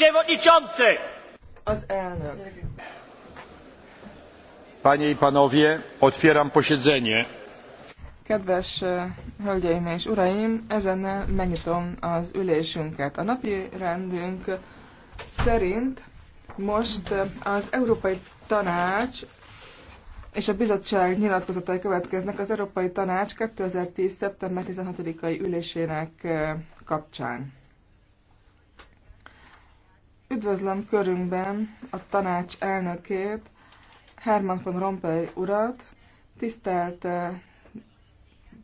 przewodniczący! Panie i panowie, otwieram posiedzenie. Kedves e, hölgyeim és uraim, ezennel megnyitom az ülésünket. A napi rendünk szerint most az Európai Tanács és a bizottság nyilatkozatai következnek az Európai Tanács 2010. szeptember 16-ai ülésének e, kapcsán. Üdvözlöm körünkben a tanács elnökét, Herman von Rompuy urat, tisztelt eh,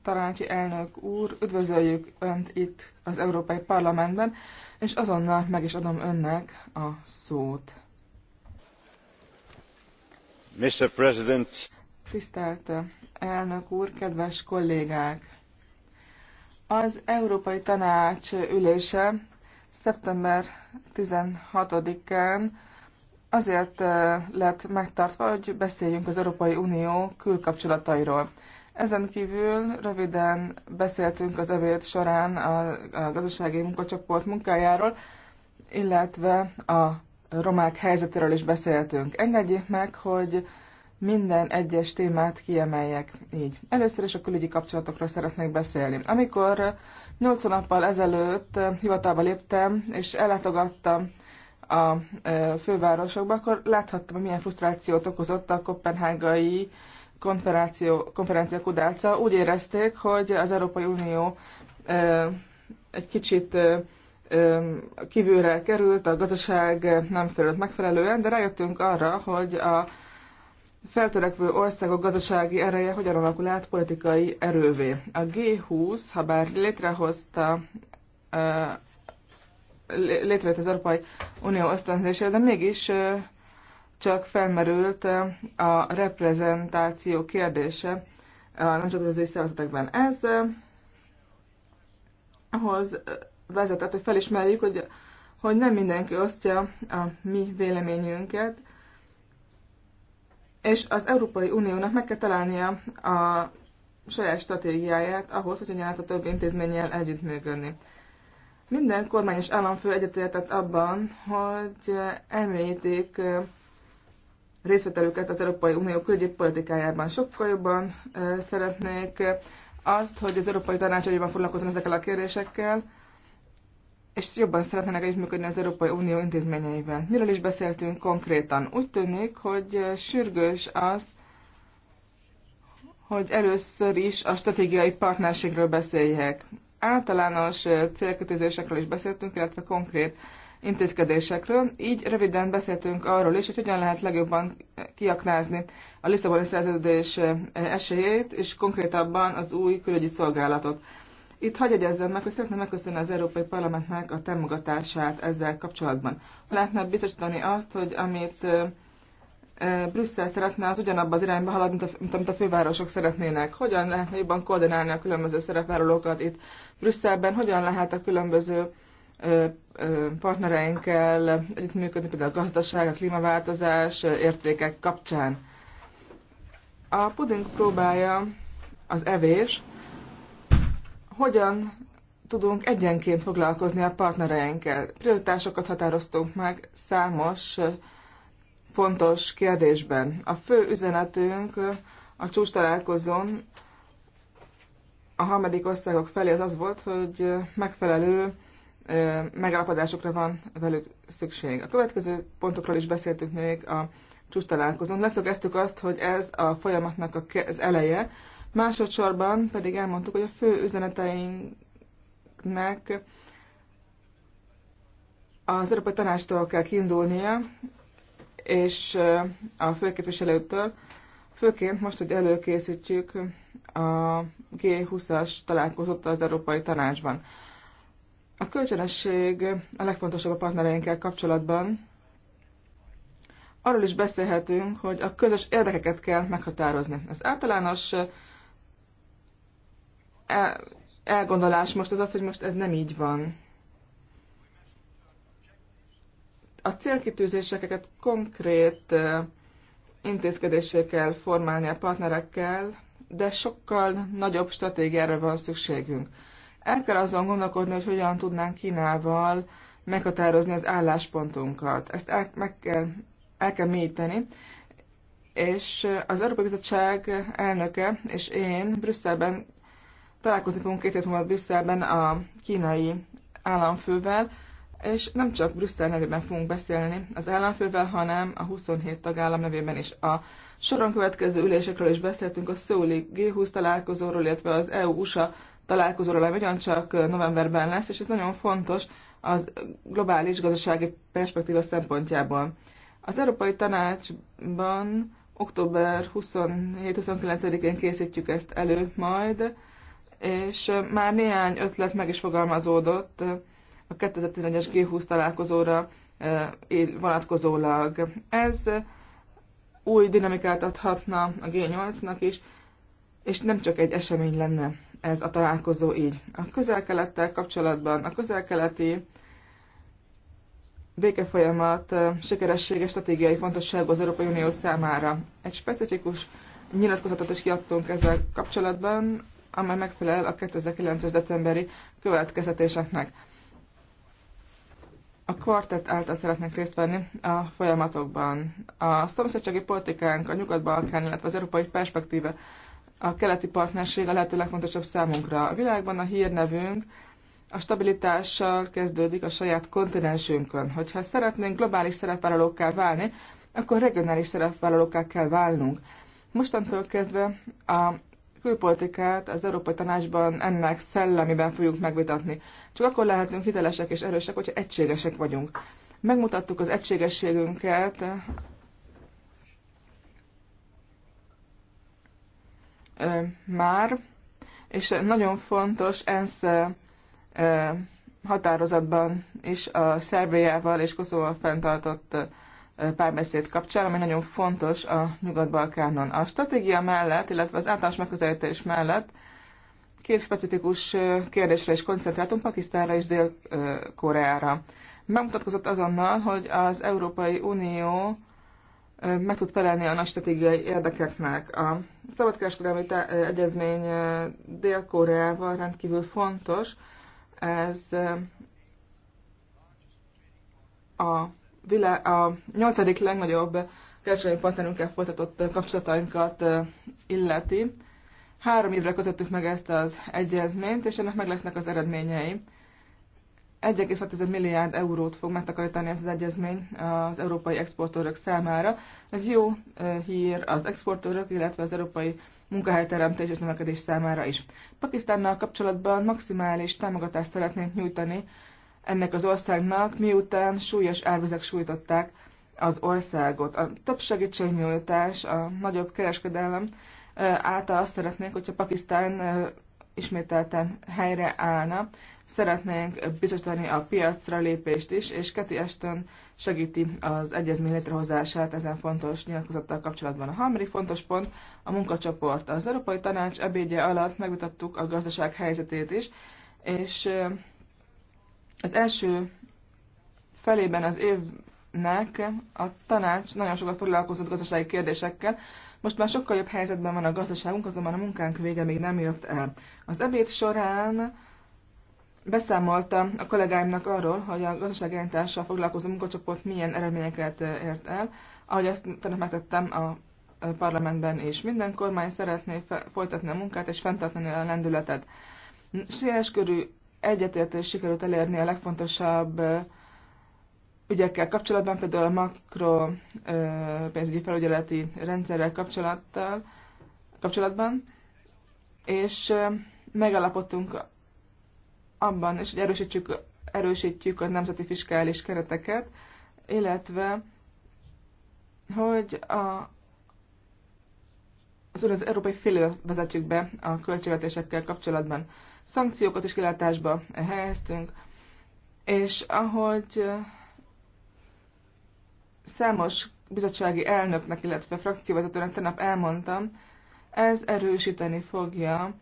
tanácsi elnök úr, üdvözöljük Önt itt az Európai Parlamentben, és azonnal meg is adom Önnek a szót. Mr. President. Tisztelt eh, elnök úr, kedves kollégák! Az Európai Tanács ülése szeptember 16-án azért eh, lett megtartva, hogy beszéljünk az Európai Unió külkapcsolatairól. Ezen kívül röviden beszéltünk az evét során a, a gazdasági munkacsoport munkájáról, illetve a romák helyzetéről is beszéltünk. Engedjék meg, hogy minden egyes témát kiemeljek így. Először is a külügyi kapcsolatokról szeretnék beszélni. Amikor Nyolc hónappal ezelőtt hivatalba léptem, és ellátogattam a fővárosokba, akkor láthattam, milyen frusztrációt okozott a kopenhágai konferencia kudálca. Úgy érezték, hogy az Európai Unió egy kicsit kívülre került, a gazdaság nem felelt megfelelően, de rájöttünk arra, hogy a feltörekvő országok gazdasági ereje hogyan alakul át politikai erővé. A G20, ha bár létrehozta létrejött az Európai Unió ösztönzésére, de mégis csak felmerült a reprezentáció kérdése a nemzetközi szervezetekben. Ez ahhoz vezetett, hogy felismerjük, hogy, hogy nem mindenki osztja a mi véleményünket, és az Európai Uniónak meg kell találnia a saját stratégiáját ahhoz, hogy hogyan lehet a több intézménnyel együttműködni. Minden kormány és államfő egyetértett abban, hogy elmélyítik részvételüket az Európai Unió külügyi politikájában. Sokkal jobban szeretnék azt, hogy az Európai Tanács egyébként foglalkozzon ezekkel a kérésekkel, és jobban szeretnének együttműködni az Európai Unió intézményeivel. Miről is beszéltünk konkrétan? Úgy tűnik, hogy sürgős az, hogy először is a stratégiai partnerségről beszéljek. Általános célkötőzésekről is beszéltünk, illetve konkrét intézkedésekről. Így röviden beszéltünk arról is, hogy hogyan lehet legjobban kiaknázni a Lisszaboni szerződés esélyét, és konkrétabban az új külügyi szolgálatot. Itt hagyj egyezzem meg, hogy szeretném megköszönni az Európai Parlamentnek a támogatását ezzel kapcsolatban. Lehetne biztosítani azt, hogy amit Brüsszel szeretne, az ugyanabba az irányba halad, mint, a, mint amit a fővárosok szeretnének. Hogyan lehetne jobban koordinálni a különböző szerepvállalókat itt Brüsszelben, hogyan lehet a különböző partnereinkkel együttműködni, például a gazdaság, a klímaváltozás értékek kapcsán. A puding próbája az evés, hogyan tudunk egyenként foglalkozni a partnereinkkel. Prioritásokat határoztunk meg számos fontos kérdésben. A fő üzenetünk a csúcs találkozón a harmadik országok felé az az volt, hogy megfelelő megállapodásokra van velük szükség. A következő pontokról is beszéltünk még a csúcs találkozón. Leszögeztük azt, hogy ez a folyamatnak az eleje, Másodszorban pedig elmondtuk, hogy a fő üzeneteinknek az Európai Tanástól kell kiindulnia, és a főképviselőtől, főként most, hogy előkészítjük a G20-as találkozót az Európai Tanácsban. A kölcsönösség a legfontosabb a partnereinkkel kapcsolatban. Arról is beszélhetünk, hogy a közös érdekeket kell meghatározni. Az általános elgondolás most az az, hogy most ez nem így van. A célkitűzéseket konkrét intézkedésekkel kell formálni a partnerekkel, de sokkal nagyobb stratégiára van szükségünk. El kell azon gondolkodni, hogy hogyan tudnánk Kínával meghatározni az álláspontunkat. Ezt el, meg kell, el kell mélyíteni, és az Európai Bizottság elnöke és én Brüsszelben Találkozni fogunk két hét múlva Brüsszelben a kínai államfővel, és nem csak Brüsszel nevében fogunk beszélni az államfővel, hanem a 27 tagállam nevében is. A soron következő ülésekről is beszéltünk, a Szóli G20 találkozóról, illetve az EU-USA találkozóról, ami ugyancsak novemberben lesz, és ez nagyon fontos az globális gazdasági perspektíva szempontjából. Az Európai Tanácsban október 27-29-én készítjük ezt elő majd, és már néhány ötlet meg is fogalmazódott a 2011-es G20 találkozóra vonatkozólag. Ez új dinamikát adhatna a G8-nak is, és nem csak egy esemény lenne ez a találkozó így. A közel-kelettel kapcsolatban a közel-keleti békefolyamat sikeressége stratégiai fontosságú az Európai Unió számára. Egy specifikus nyilatkozatot is kiadtunk ezzel kapcsolatban amely megfelel a 2009-es decemberi következtetéseknek. A kvartett által szeretnék részt venni a folyamatokban. A szomszédsági politikánk, a Nyugat-Balkán, illetve az európai perspektíve, a keleti partnerség a lehető legfontosabb számunkra. A világban a hírnevünk a stabilitással kezdődik a saját kontinensünkön. Hogyha szeretnénk globális szerepvállalókká válni, akkor regionális szerepvállalókká kell válnunk. Mostantól kezdve a külpolitikát az Európai Tanácsban ennek szellemiben fogjuk megvitatni. Csak akkor lehetünk hitelesek és erősek, hogyha egységesek vagyunk. Megmutattuk az egységességünket már, és nagyon fontos ENSZ határozatban is a Szerbiával és Koszóval fenntartott párbeszéd kapcsán, ami nagyon fontos a Nyugat-Balkánon. A stratégia mellett, illetve az általános megközelítés mellett két specifikus kérdésre is koncentráltunk, Pakisztánra és Dél-Koreára. Megmutatkozott azonnal, hogy az Európai Unió meg tud felelni a nagy stratégiai érdekeknek. A szabadkereskedelmi egyezmény Dél-Koreával rendkívül fontos. Ez a a nyolcadik legnagyobb kereskedelmi partnerünkkel folytatott kapcsolatainkat illeti. Három évre kötöttük meg ezt az egyezményt, és ennek meg lesznek az eredményei. 1,6 milliárd eurót fog megtakarítani ez az egyezmény az európai exportőrök számára. Ez jó hír az exportőrök, illetve az európai munkahelyteremtés és növekedés számára is. Pakisztánnal kapcsolatban maximális támogatást szeretnénk nyújtani ennek az országnak, miután súlyos árvizek sújtották az országot. A több segítségnyújtás, a nagyobb kereskedelem által azt szeretnénk, hogyha Pakisztán ismételten helyre állna. Szeretnénk biztosítani a piacra lépést is, és Keti Ashton segíti az egyezmény létrehozását ezen fontos nyilatkozattal kapcsolatban. A harmadik fontos pont a munkacsoport. Az Európai Tanács ebédje alatt megmutattuk a gazdaság helyzetét is, és az első felében az évnek a tanács nagyon sokat foglalkozott gazdasági kérdésekkel, most már sokkal jobb helyzetben van a gazdaságunk, azonban a munkánk vége még nem jött el. Az ebéd során beszámoltam a kollégáimnak arról, hogy a gazdaságirányítással foglalkozó munkacsoport milyen eredményeket ért el, ahogy ezt tanult megtettem a parlamentben is. Minden kormány szeretné folytatni a munkát és fenntartani a lendületet. Széleskörű egyetértés sikerült elérni a legfontosabb ügyekkel kapcsolatban, például a makro pénzügyi felügyeleti rendszerrel kapcsolattal, kapcsolatban, és megalapodtunk abban és hogy erősítjük, erősítjük a nemzeti fiskális kereteket, illetve hogy a, az az európai félő vezetjük be a költségvetésekkel kapcsolatban szankciókat is kilátásba helyeztünk. És ahogy számos bizottsági elnöknek, illetve frakcióvezetőnek tegnap elmondtam, ez erősíteni fogja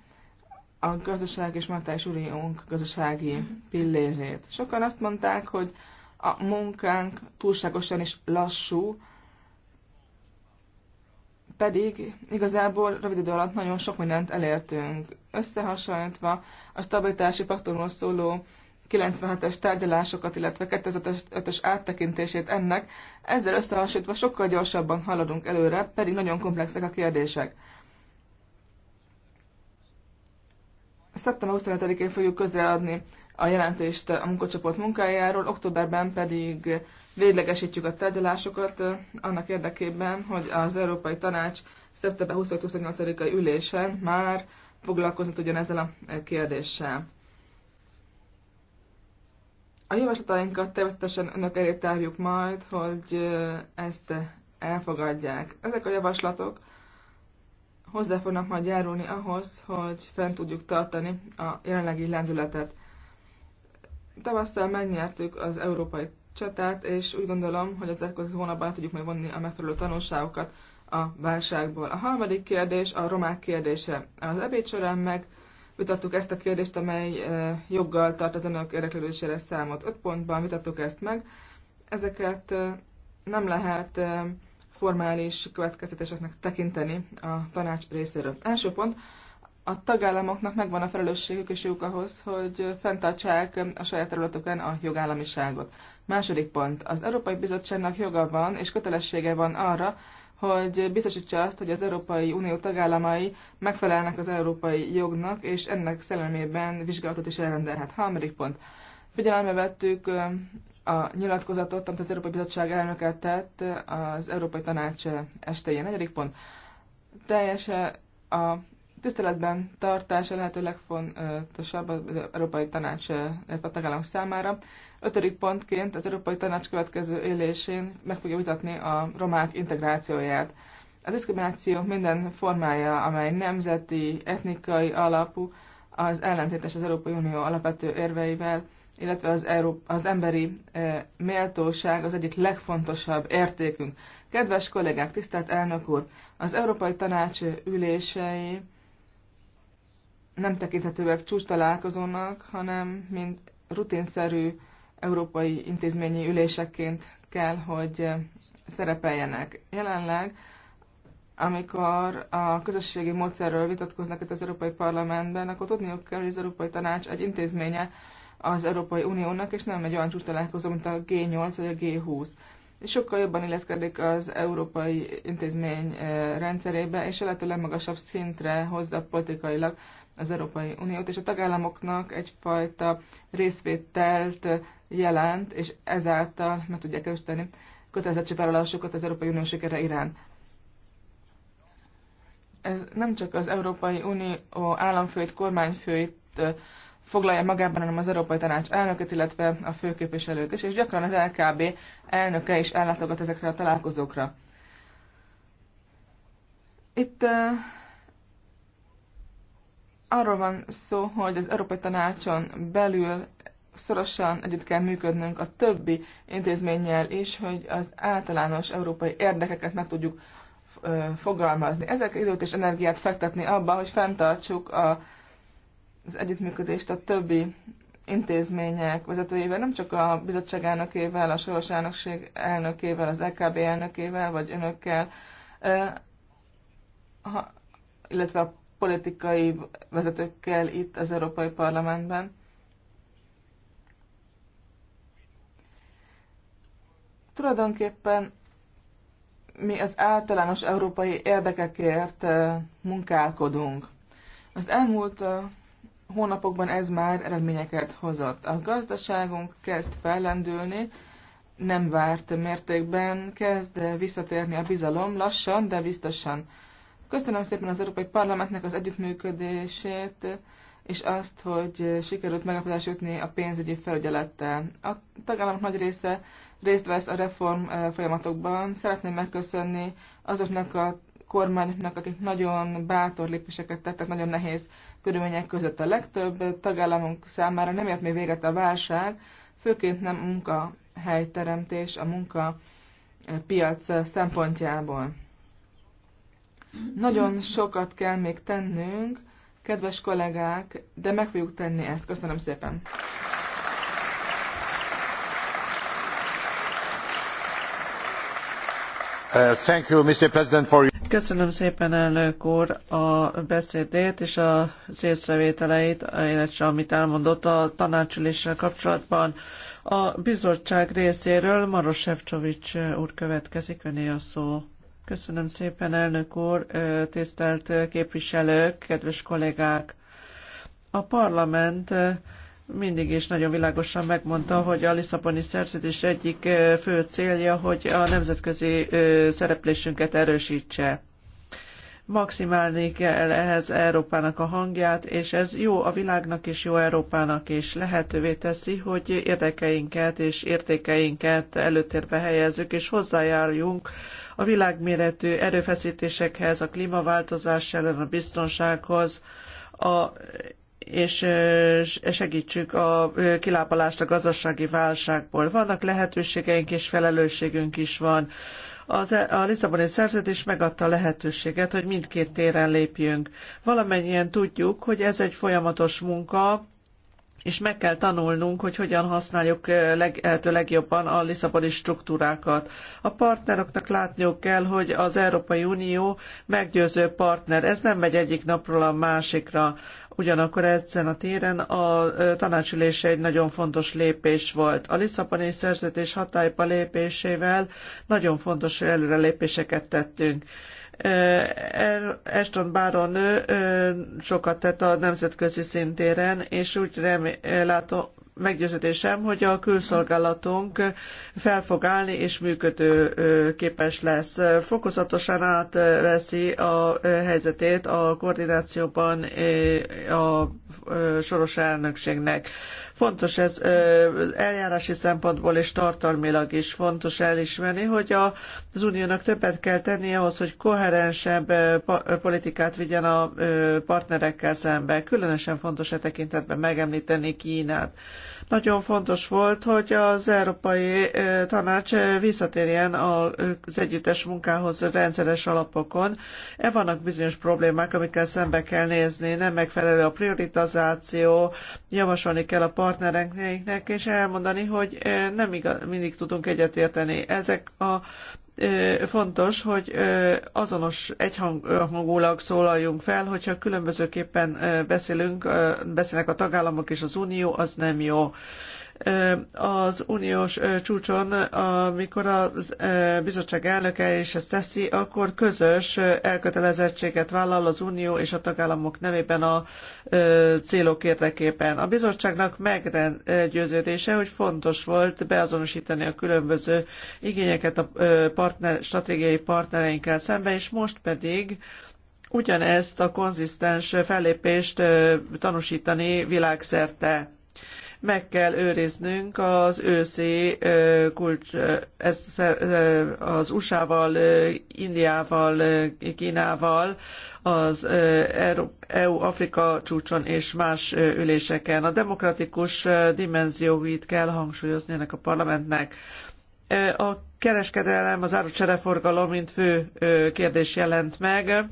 a gazdaság és monetáris uniónk gazdasági pillérét. Sokan azt mondták, hogy a munkánk túlságosan is lassú, pedig igazából rövid idő alatt nagyon sok mindent elértünk. Összehasonlítva a stabilitási paktumról szóló 97-es tárgyalásokat, illetve 2005-ös áttekintését ennek, ezzel összehasonlítva sokkal gyorsabban haladunk előre, pedig nagyon komplexek a kérdések. Szeptember 25-én fogjuk közreadni a jelentést a munkacsoport munkájáról, októberben pedig véglegesítjük a tárgyalásokat annak érdekében, hogy az Európai Tanács szeptember 25-28-ai ülésen már foglalkozni tudjon ezzel a kérdéssel. A javaslatainkat természetesen önök elé tárjuk majd, hogy ezt elfogadják. Ezek a javaslatok hozzá fognak majd járulni ahhoz, hogy fent tudjuk tartani a jelenlegi lendületet. Tavasszal megnyertük az európai csatát, és úgy gondolom, hogy az elkövetkező hónapban tudjuk majd vonni a megfelelő tanulságokat a válságból. A harmadik kérdés a romák kérdése. Az ebéd során meg vitattuk ezt a kérdést, amely eh, joggal tart az önök érdeklődésére számot. Öt pontban vitattuk ezt meg. Ezeket eh, nem lehet eh, formális következtetéseknek tekinteni a tanács részéről. Első pont, a tagállamoknak megvan a felelősségük és jók ahhoz, hogy fenntartsák a saját területükön a jogállamiságot. Második pont. Az Európai Bizottságnak joga van és kötelessége van arra, hogy biztosítsa azt, hogy az Európai Unió tagállamai megfelelnek az európai jognak, és ennek szellemében vizsgálatot is elrendelhet. Harmadik pont. Figyelembe vettük a nyilatkozatot, amit az Európai Bizottság elnöke tett az Európai Tanács estején. Negyedik pont. Teljesen a tiszteletben tartása lehető legfontosabb az Európai Tanács, a tagállamok számára. Ötödik pontként az Európai Tanács következő élésén meg fogja vitatni a romák integrációját. A diszkrimináció minden formája, amely nemzeti, etnikai alapú, az ellentétes az Európai Unió alapvető érveivel, illetve az, Európa, az emberi e, méltóság az egyik legfontosabb értékünk. Kedves kollégák, tisztelt elnök úr! Az Európai Tanács ülései nem tekinthetőek csúcs találkozónak, hanem mint rutinszerű európai intézményi ülésekként kell, hogy szerepeljenek. Jelenleg, amikor a közösségi módszerről vitatkoznak itt az Európai Parlamentben, akkor tudniuk kell, hogy az Európai Tanács egy intézménye az Európai Uniónak, és nem egy olyan csúcs találkozó, mint a G8 vagy a G20. És sokkal jobban illeszkedik az európai intézmény eh, rendszerébe, és a lehető legmagasabb szintre hozza politikailag az Európai Uniót, és a tagállamoknak egyfajta részvételt jelent, és ezáltal meg tudják erősíteni kötelezettségvállalásokat az Európai Unió sikere irán. Ez nem csak az Európai Unió államfőit, kormányfőit foglalja magában, hanem az Európai Tanács elnöket, illetve a főképviselőt is, és gyakran az LKB elnöke is ellátogat ezekre a találkozókra. Itt arról van szó, hogy az Európai Tanácson belül szorosan együtt kell működnünk a többi intézménnyel is, hogy az általános európai érdekeket meg tudjuk fogalmazni. Ezek időt és energiát fektetni abba, hogy fenntartsuk a, az együttműködést a többi intézmények vezetőjével, nem csak a bizottság elnökével, a soros elnökség elnökével, az LKB e elnökével, vagy önökkel, ha, illetve a politikai vezetőkkel itt az Európai Parlamentben. Tulajdonképpen mi az általános európai érdekekért munkálkodunk. Az elmúlt hónapokban ez már eredményeket hozott. A gazdaságunk kezd fellendülni, nem várt mértékben, kezd visszatérni a bizalom lassan, de biztosan. Köszönöm szépen az Európai Parlamentnek az együttműködését, és azt, hogy sikerült megakadás jutni a pénzügyi felügyelettel. A tagállamok nagy része részt vesz a reform eh, folyamatokban. Szeretném megköszönni azoknak a kormányoknak, akik nagyon bátor lépéseket tettek nagyon nehéz körülmények között. A legtöbb tagállamunk számára nem ért még véget a válság, főként nem munkahelyteremtés, a munka piac eh, szempontjából. Nagyon sokat kell még tennünk, kedves kollégák, de meg fogjuk tenni ezt. Köszönöm szépen! Uh, Köszönöm szépen elnök úr a beszédét és az észrevételeit, illetve amit elmondott a tanácsüléssel kapcsolatban. A bizottság részéről Maros Sefcovics úr következik, öné a szó. Köszönöm szépen, elnök úr, tisztelt képviselők, kedves kollégák! A parlament mindig is nagyon világosan megmondta, hogy a Lisszaboni szerződés egyik fő célja, hogy a nemzetközi szereplésünket erősítse maximálni kell ehhez Európának a hangját, és ez jó a világnak és jó Európának is lehetővé teszi, hogy érdekeinket és értékeinket előtérbe helyezzük, és hozzájárjunk a világméretű erőfeszítésekhez, a klímaváltozás ellen, a biztonsághoz, a és segítsük a kilábalást a gazdasági válságból. Vannak lehetőségeink és felelősségünk is van. Az, e, a Lisszaboni szerződés megadta a lehetőséget, hogy mindkét téren lépjünk. Valamennyien tudjuk, hogy ez egy folyamatos munka, és meg kell tanulnunk, hogy hogyan használjuk leg, lehető legjobban a Lisszaboni struktúrákat. A partneroknak látniuk kell, hogy az Európai Unió meggyőző partner. Ez nem megy egyik napról a másikra. Ugyanakkor ezen a téren a tanácsülése egy nagyon fontos lépés volt. A Lisszaponi szerződés hatályba lépésével nagyon fontos előrelépéseket tettünk. Eston er-, Baron nő sokat tett a nemzetközi szintéren, és úgy remé- látom, meggyőződésem, hogy a külszolgálatunk fel fog állni és működő képes lesz. Fokozatosan átveszi a helyzetét a koordinációban eh, a eh, soros elnökségnek. Fontos ez eljárási szempontból és tartalmilag is fontos elismerni, hogy a, az uniónak többet kell tennie ahhoz, hogy koherensebb politikát vigyen a partnerekkel szembe. Különösen fontos e tekintetben megemlíteni Kínát. Nagyon fontos volt, hogy az Európai Tanács visszatérjen az együttes munkához rendszeres alapokon. E vannak bizonyos problémák, amikkel szembe kell nézni. Nem megfelelő a prioritizáció, javasolni kell a partnereknek, és elmondani, hogy nem igaz, mindig tudunk egyetérteni. Ezek a fontos, hogy azonos egyhangulag szólaljunk fel, hogyha különbözőképpen beszélünk, beszélnek a tagállamok és az unió, az nem jó az uniós csúcson, amikor a bizottság elnöke is ezt teszi, akkor közös elkötelezettséget vállal az unió és a tagállamok nevében a célok érdekében. A bizottságnak meggyőződése, hogy fontos volt beazonosítani a különböző igényeket a partner, stratégiai partnereinkkel szemben, és most pedig ugyanezt a konzisztens fellépést tanúsítani világszerte meg kell őriznünk az őszi kulcs, ez, az USA-val, Indiával, Kínával, az EU-Afrika csúcson és más üléseken. A demokratikus dimenzióit kell hangsúlyozni ennek a parlamentnek. A kereskedelem, az csereforgalom, mint fő kérdés jelent meg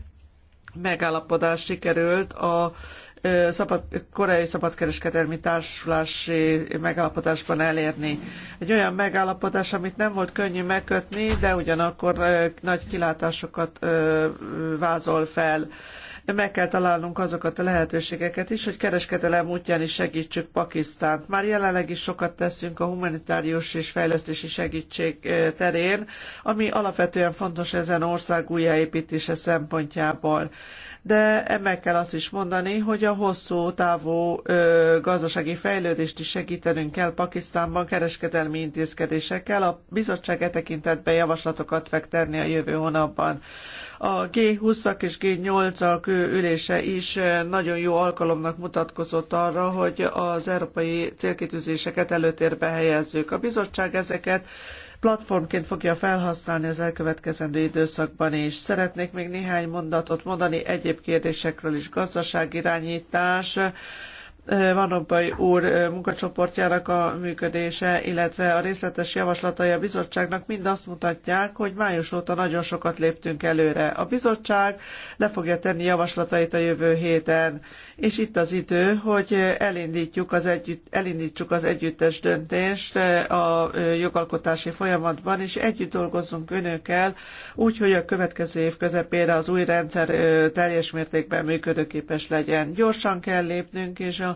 megállapodás sikerült a szabad, koreai szabadkereskedelmi társulási megállapodásban elérni. Egy olyan megállapodás, amit nem volt könnyű megkötni, de ugyanakkor nagy kilátásokat vázol fel meg kell találnunk azokat a lehetőségeket is, hogy kereskedelem útján is segítsük Pakisztánt. Már jelenleg is sokat teszünk a humanitárius és fejlesztési segítség terén, ami alapvetően fontos ezen ország újjáépítése szempontjából de meg kell azt is mondani, hogy a hosszú távú gazdasági fejlődést is segítenünk kell Pakisztánban kereskedelmi intézkedésekkel. A bizottság e tekintetben javaslatokat fog tenni a jövő hónapban. A G20-ak és G8-ak ülése is nagyon jó alkalomnak mutatkozott arra, hogy az európai célkitűzéseket előtérbe helyezzük. A bizottság ezeket platformként fogja felhasználni az elkövetkezendő időszakban is. Szeretnék még néhány mondatot mondani egyéb kérdésekről is. Gazdaságirányítás, van Rompuy úr munkacsoportjának a működése, illetve a részletes javaslatai a bizottságnak mind azt mutatják, hogy május óta nagyon sokat léptünk előre. A bizottság le fogja tenni javaslatait a jövő héten, és itt az idő, hogy elindítjuk az együtt, elindítsuk az együttes döntést a jogalkotási folyamatban, és együtt dolgozzunk önökkel, úgy, hogy a következő év közepére az új rendszer teljes mértékben működőképes legyen. Gyorsan kell lépnünk, és a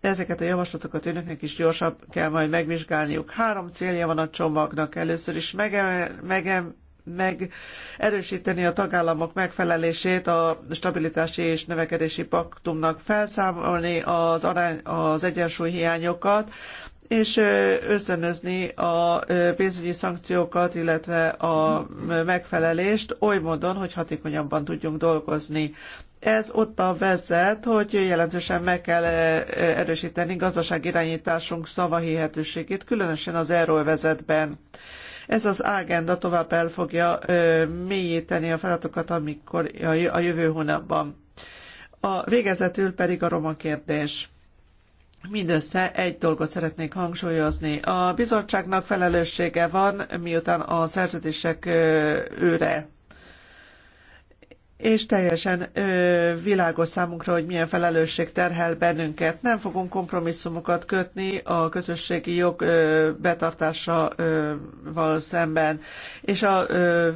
Ezeket a javaslatokat önöknek is gyorsabb kell majd megvizsgálniuk. Három célja van a csomagnak. Először is mege, meg erősíteni a tagállamok megfelelését a stabilitási és növekedési paktumnak, felszámolni az, arány, az egyensúlyhiányokat, és ösztönözni a pénzügyi szankciókat, illetve a megfelelést oly módon, hogy hatékonyabban tudjunk dolgozni. Ez oda vezet, hogy jelentősen meg kell erősíteni irányításunk szavahihetőségét, különösen az euróvezetben. Ez az ágenda tovább el fogja ö, mélyíteni a feladatokat, amikor a, jövő hónapban. A végezetül pedig a roma kérdés. Mindössze egy dolgot szeretnék hangsúlyozni. A bizottságnak felelőssége van, miután a szerződések őre és teljesen ö, világos számunkra, hogy milyen felelősség terhel bennünket. Nem fogunk kompromisszumokat kötni a közösségi jog ö, betartásával szemben, és a ö,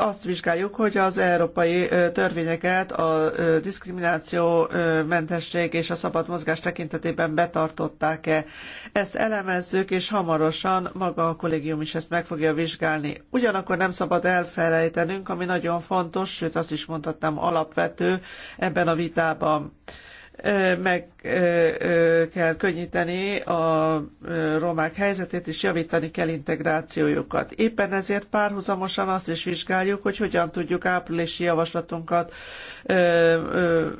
azt vizsgáljuk, hogy az európai törvényeket a diszkrimináció mentesség és a szabad mozgás tekintetében betartották-e. Ezt elemezzük, és hamarosan maga a kollégium is ezt meg fogja vizsgálni. Ugyanakkor nem szabad elfelejtenünk, ami nagyon fontos, sőt azt is mondhatnám alapvető ebben a vitában meg kell könnyíteni a romák helyzetét, és javítani kell integrációjukat. Éppen ezért párhuzamosan azt is vizsgáljuk, hogy hogyan tudjuk áprilisi javaslatunkat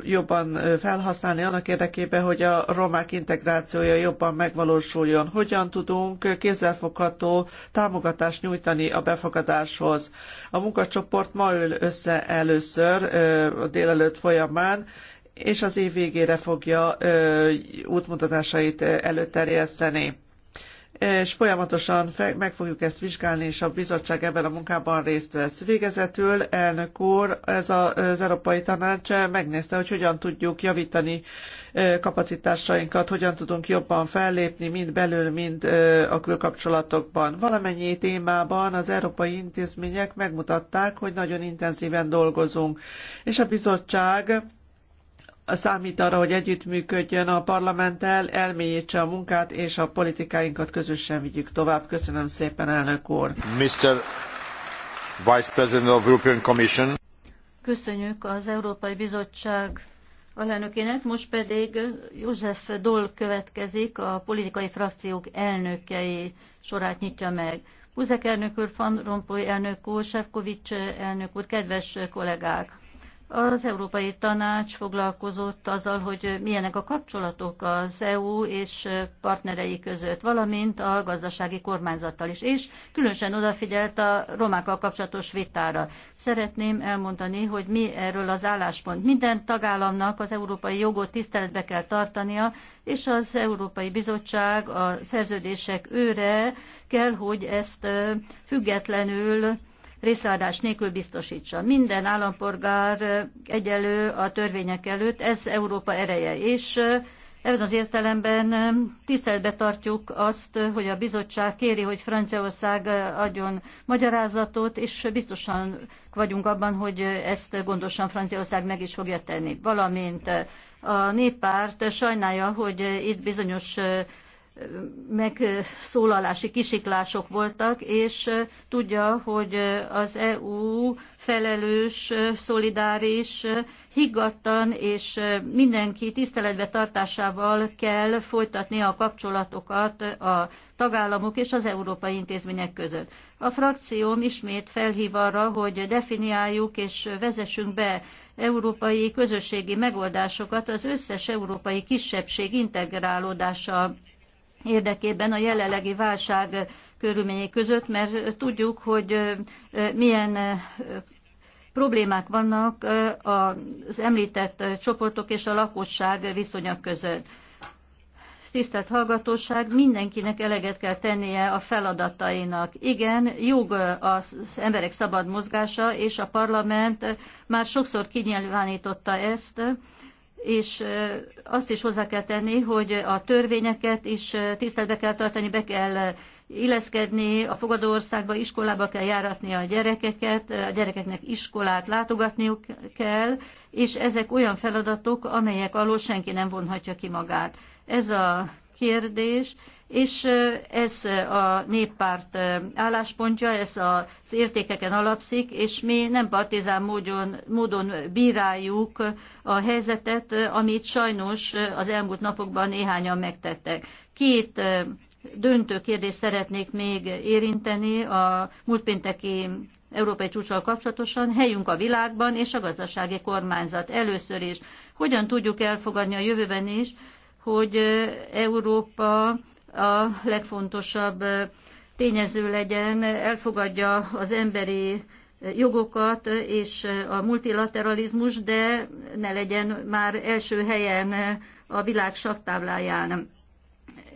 jobban felhasználni annak érdekében, hogy a romák integrációja jobban megvalósuljon. Hogyan tudunk kézzelfogható támogatást nyújtani a befogadáshoz. A munkacsoport ma ül össze először a délelőtt folyamán, és az év végére fogja ö, útmutatásait előterjeszteni és folyamatosan meg fogjuk ezt vizsgálni, és a bizottság ebben a munkában részt vesz. Végezetül, elnök úr, ez a, az Európai Tanács megnézte, hogy hogyan tudjuk javítani kapacitásainkat, hogyan tudunk jobban fellépni, mind belül, mind a külkapcsolatokban. Valamennyi témában az európai intézmények megmutatták, hogy nagyon intenzíven dolgozunk, és a bizottság számít arra, hogy együttműködjön a parlamenttel, elmélyítse a munkát, és a politikáinkat közösen vigyük tovább. Köszönöm szépen, elnök úr! Mr. Vice President of European Commission. Köszönjük az Európai Bizottság alelnökének, most pedig József Dol következik, a politikai frakciók elnökei sorát nyitja meg. Buzek elnök úr, Van Rompuy elnök úr, Sefcovics elnök úr, kedves kollégák! Az Európai Tanács foglalkozott azzal, hogy milyenek a kapcsolatok az EU és partnerei között, valamint a gazdasági kormányzattal is, és különösen odafigyelt a romákkal kapcsolatos vitára. Szeretném elmondani, hogy mi erről az álláspont. Minden tagállamnak az európai jogot tiszteletbe kell tartania, és az Európai Bizottság a szerződések őre kell, hogy ezt függetlenül részeadás nélkül biztosítsa. Minden állampolgár egyelő a törvények előtt, ez Európa ereje, és Ebben az értelemben tiszteletbe tartjuk azt, hogy a bizottság kéri, hogy Franciaország adjon magyarázatot, és biztosan vagyunk abban, hogy ezt gondosan Franciaország meg is fogja tenni. Valamint a néppárt sajnálja, hogy itt bizonyos megszólalási kisiklások voltak, és tudja, hogy az EU felelős, szolidáris, higgadtan és mindenki tiszteletbe tartásával kell folytatni a kapcsolatokat a tagállamok és az európai intézmények között. A frakcióm ismét felhív arra, hogy definiáljuk és vezessünk be európai közösségi megoldásokat az összes európai kisebbség integrálódása érdekében a jelenlegi válság körülményei között, mert tudjuk, hogy milyen problémák vannak az említett csoportok és a lakosság viszonya között. Tisztelt hallgatóság, mindenkinek eleget kell tennie a feladatainak. Igen, jog az emberek szabad mozgása, és a parlament már sokszor kinyilvánította ezt, és azt is hozzá kell tenni, hogy a törvényeket is tiszteletbe kell tartani, be kell illeszkedni, a fogadó országba, iskolába kell járatni a gyerekeket, a gyerekeknek iskolát látogatniuk kell, és ezek olyan feladatok, amelyek alól senki nem vonhatja ki magát. Ez a kérdés és ez a néppárt álláspontja, ez az értékeken alapszik, és mi nem partizán módon, módon bíráljuk a helyzetet, amit sajnos az elmúlt napokban néhányan megtettek. Két döntő kérdést szeretnék még érinteni a múlt pénteki európai csúcsal kapcsolatosan, helyünk a világban és a gazdasági kormányzat először is. Hogyan tudjuk elfogadni a jövőben is, hogy Európa a legfontosabb tényező legyen, elfogadja az emberi jogokat és a multilateralizmus, de ne legyen már első helyen a világ saktábláján.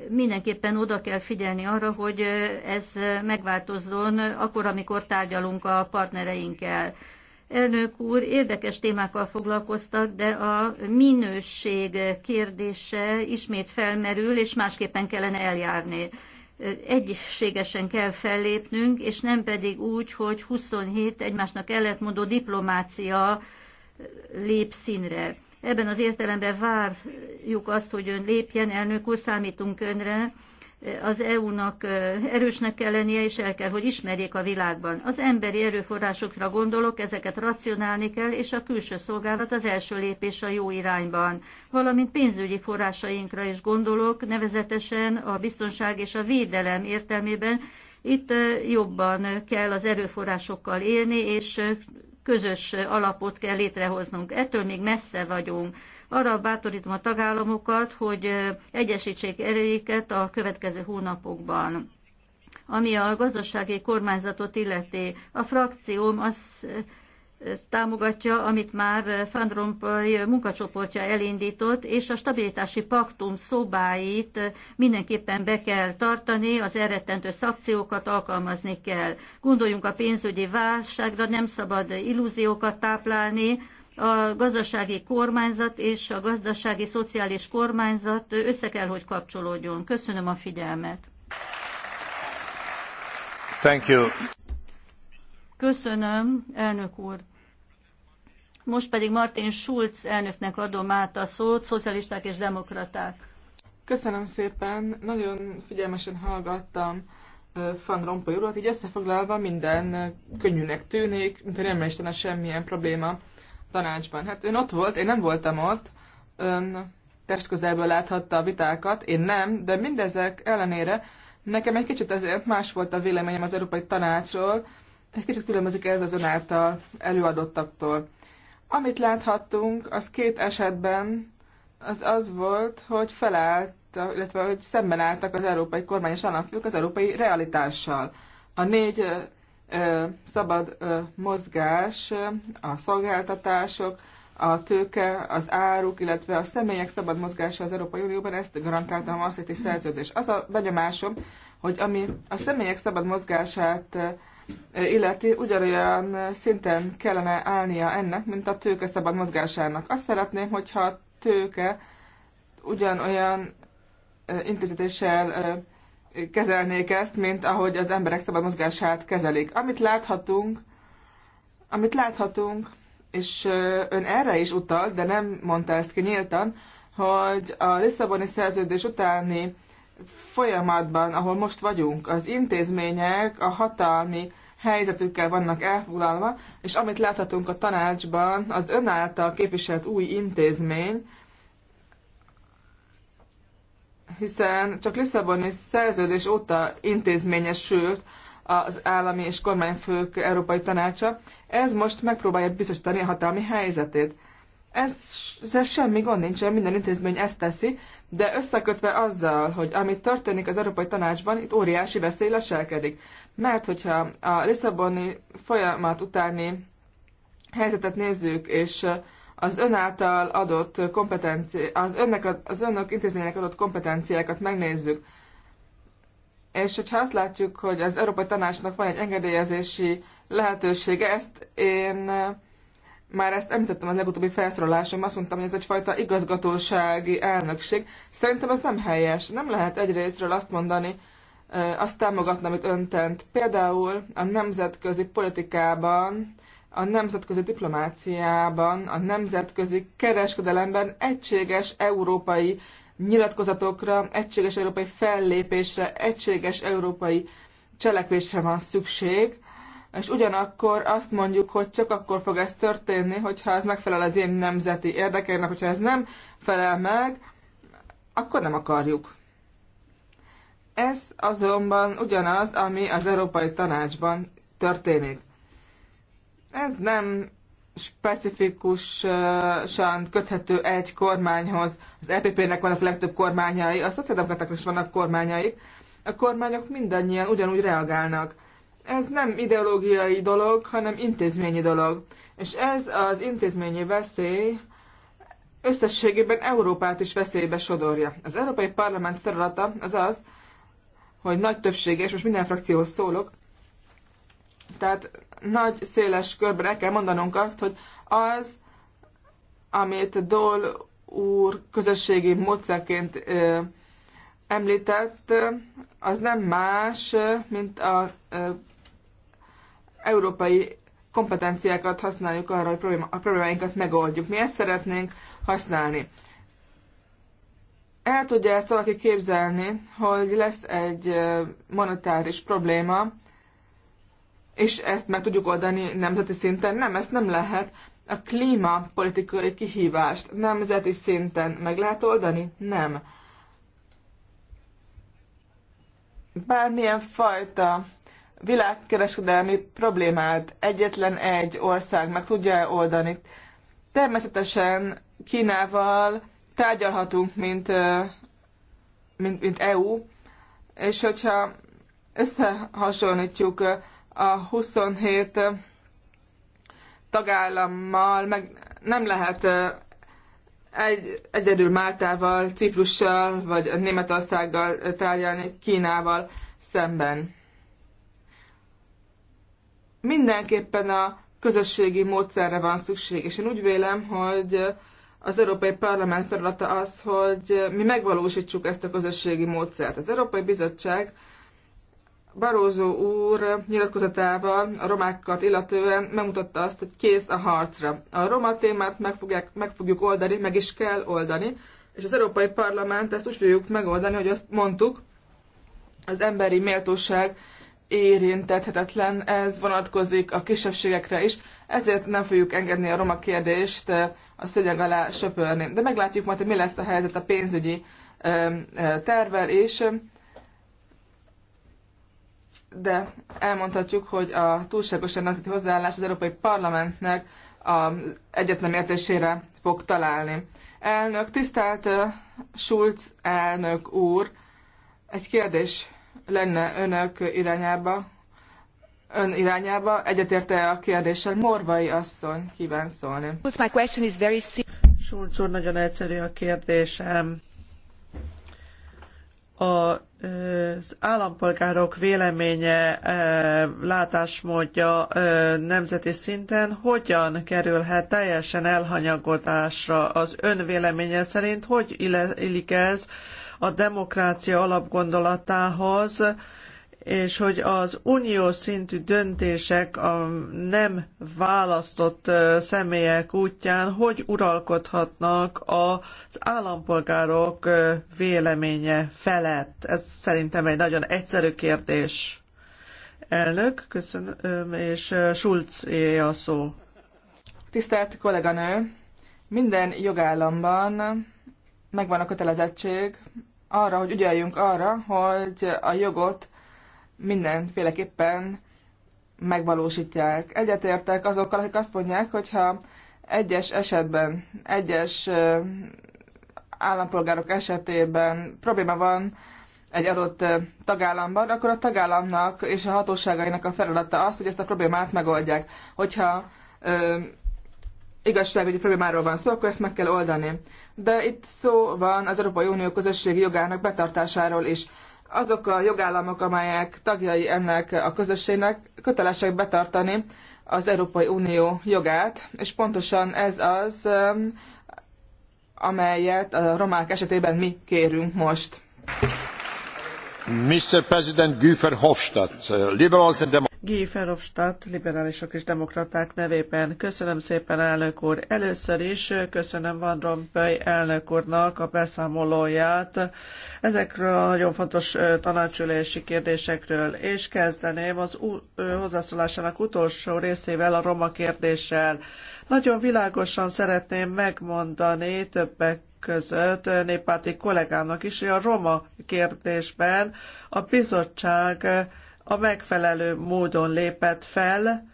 Mindenképpen oda kell figyelni arra, hogy ez megváltozzon akkor, amikor tárgyalunk a partnereinkkel elnök úr, érdekes témákkal foglalkoztak, de a minőség kérdése ismét felmerül, és másképpen kellene eljárni. Egységesen kell fellépnünk, és nem pedig úgy, hogy 27 egymásnak ellentmondó diplomácia lép színre. Ebben az értelemben várjuk azt, hogy ön lépjen, elnök úr, számítunk önre, az EU-nak erősnek kell lennie, és el kell, hogy ismerjék a világban. Az emberi erőforrásokra gondolok, ezeket racionálni kell, és a külső szolgálat az első lépés a jó irányban. Valamint pénzügyi forrásainkra is gondolok, nevezetesen a biztonság és a védelem értelmében. Itt jobban kell az erőforrásokkal élni, és közös alapot kell létrehoznunk. Ettől még messze vagyunk arra bátorítom a tagállamokat, hogy egyesítsék erőiket a következő hónapokban. Ami a gazdasági kormányzatot illeti, a frakcióm azt támogatja, amit már Van Rompuy munkacsoportja elindított, és a stabilitási paktum szobáit mindenképpen be kell tartani, az elrettentő szakciókat alkalmazni kell. Gondoljunk a pénzügyi válságra, nem szabad illúziókat táplálni, a gazdasági kormányzat és a gazdasági szociális kormányzat össze kell, hogy kapcsolódjon. Köszönöm a figyelmet. Thank you. Köszönöm, elnök úr. Most pedig Martin Schulz elnöknek adom át a szót, szocialisták és demokraták. Köszönöm szépen, nagyon figyelmesen hallgattam Van Rompuy urat, így összefoglalva minden könnyűnek tűnik, mint nem lenne semmilyen probléma tanácsban. Hát ön ott volt, én nem voltam ott, ön testközelből láthatta a vitákat, én nem, de mindezek ellenére nekem egy kicsit azért más volt a véleményem az Európai Tanácsról, egy kicsit különbözik ez az ön által előadottaktól. Amit láthattunk, az két esetben az az volt, hogy felállt, illetve hogy szemben álltak az európai kormány és államfők az európai realitással. A négy szabad mozgás, a szolgáltatások, a tőke, az áruk, illetve a személyek szabad mozgása az Európai Unióban, ezt garantálta a Maastrichti szerződés. Az a benyomásom, hogy ami a személyek szabad mozgását illeti, ugyanolyan szinten kellene állnia ennek, mint a tőke szabad mozgásának. Azt szeretném, hogyha a tőke ugyanolyan intézetéssel kezelnék ezt, mint ahogy az emberek szabad mozgását kezelik. Amit láthatunk, amit láthatunk, és ön erre is utalt, de nem mondta ezt ki nyíltan, hogy a Lisszaboni szerződés utáni folyamatban, ahol most vagyunk, az intézmények a hatalmi helyzetükkel vannak elfoglalva, és amit láthatunk a tanácsban, az ön által képviselt új intézmény, hiszen csak Lisszaboni szerződés óta intézményesült az állami és kormányfők Európai Tanácsa, ez most megpróbálja biztosítani a hatalmi helyzetét. Ez, ez semmi gond nincsen, minden intézmény ezt teszi, de összekötve azzal, hogy amit történik az Európai Tanácsban, itt óriási veszély leselkedik. Mert hogyha a Lisszaboni folyamat utáni helyzetet nézzük, és az ön által adott kompetenci, az, önnek, az önök intézményének adott kompetenciákat megnézzük, és hogyha azt látjuk, hogy az Európai Tanácsnak van egy engedélyezési lehetősége, ezt én már ezt említettem az legutóbbi felszorolásom, azt mondtam, hogy ez egyfajta igazgatósági elnökség. Szerintem ez nem helyes. Nem lehet egyrésztről azt mondani, azt támogatni, amit öntent. Például a nemzetközi politikában a nemzetközi diplomáciában, a nemzetközi kereskedelemben egységes európai nyilatkozatokra, egységes európai fellépésre, egységes európai cselekvésre van szükség, és ugyanakkor azt mondjuk, hogy csak akkor fog ez történni, hogyha ez megfelel az én nemzeti érdekeimnek, hogyha ez nem felel meg, akkor nem akarjuk. Ez azonban ugyanaz, ami az Európai Tanácsban történik. Ez nem specifikusan köthető egy kormányhoz. Az EPP-nek vannak a legtöbb kormányai, a szociáldemokratáknak is vannak kormányaik. A kormányok mindannyian ugyanúgy reagálnak. Ez nem ideológiai dolog, hanem intézményi dolog. És ez az intézményi veszély összességében Európát is veszélybe sodorja. Az Európai Parlament feladata az az, hogy nagy többsége, és most minden frakcióhoz szólok, tehát nagy, széles körben el kell mondanunk azt, hogy az, amit Dol úr közösségi módszerként ö, említett, az nem más, mint a ö, európai kompetenciákat használjuk arra, hogy probléma, a problémáinkat megoldjuk. Mi ezt szeretnénk használni. El tudja ezt valaki képzelni, hogy lesz egy monetáris probléma, és ezt meg tudjuk oldani nemzeti szinten. Nem, ezt nem lehet. A klímapolitikai kihívást nemzeti szinten meg lehet oldani? Nem. Bármilyen fajta világkereskedelmi problémát egyetlen egy ország meg tudja oldani. Természetesen Kínával tárgyalhatunk, mint, mint, mint EU, és hogyha összehasonlítjuk a 27 tagállammal meg nem lehet egy, egyedül Máltával, Ciprussal, vagy Németországgal tárgyalni Kínával szemben. Mindenképpen a közösségi módszerre van szükség, és én úgy vélem, hogy az Európai Parlament feladata az, hogy mi megvalósítsuk ezt a közösségi módszert. Az Európai Bizottság Barózó úr nyilatkozatával a romákat illetően megmutatta azt, hogy kész a harcra. A roma témát meg, fogják, meg fogjuk oldani, meg is kell oldani, és az Európai Parlament ezt úgy fogjuk megoldani, hogy azt mondtuk, az emberi méltóság érintethetetlen, ez vonatkozik a kisebbségekre is, ezért nem fogjuk engedni a roma kérdést eh, a szönyeg alá söpörni. De meglátjuk majd, hogy mi lesz a helyzet a pénzügyi eh, tervel, és de elmondhatjuk, hogy a túlságosan nagy hozzáállás az Európai Parlamentnek a egyetlen értésére fog találni. Elnök, tisztelt Schulz elnök úr, egy kérdés lenne önök irányába, ön irányába. Egyetérte a kérdéssel? Morvai asszony kíván szólni. Schulz úr, nagyon egyszerű a kérdésem az állampolgárok véleménye, e, látásmódja e, nemzeti szinten hogyan kerülhet teljesen elhanyagodásra az ön véleménye szerint, hogy illik ez a demokrácia alapgondolatához, és hogy az uniós szintű döntések a nem választott személyek útján hogy uralkodhatnak az állampolgárok véleménye felett. Ez szerintem egy nagyon egyszerű kérdés. Elnök, köszönöm, és Schulz a szó. Tisztelt kolléganő, minden jogállamban megvan a kötelezettség arra, hogy ügyeljünk arra, hogy a jogot mindenféleképpen megvalósítják. Egyetértek azokkal, akik azt mondják, hogyha egyes esetben, egyes állampolgárok esetében probléma van egy adott tagállamban, akkor a tagállamnak és a hatóságainak a feladata az, hogy ezt a problémát megoldják. Hogyha igazságügyi problémáról van szó, akkor ezt meg kell oldani. De itt szó van az Európai Unió közösségi jogának betartásáról is azok a jogállamok, amelyek tagjai ennek a közösségnek kötelesek betartani az Európai Unió jogát, és pontosan ez az, um, amelyet a romák esetében mi kérünk most. Mr. President Güfer Hofstadt, uh, Liberals and Democrats. Guy Verhofstadt, liberálisok és demokraták nevében. Köszönöm szépen, elnök úr. Először is köszönöm Van Rompuy elnök úrnak a beszámolóját ezekről a nagyon fontos tanácsülési kérdésekről, és kezdeném az hozzászólásának utolsó részével, a roma kérdéssel. Nagyon világosan szeretném megmondani többek között néppárti kollégámnak is, hogy a roma kérdésben a bizottság a megfelelő módon lépett fel,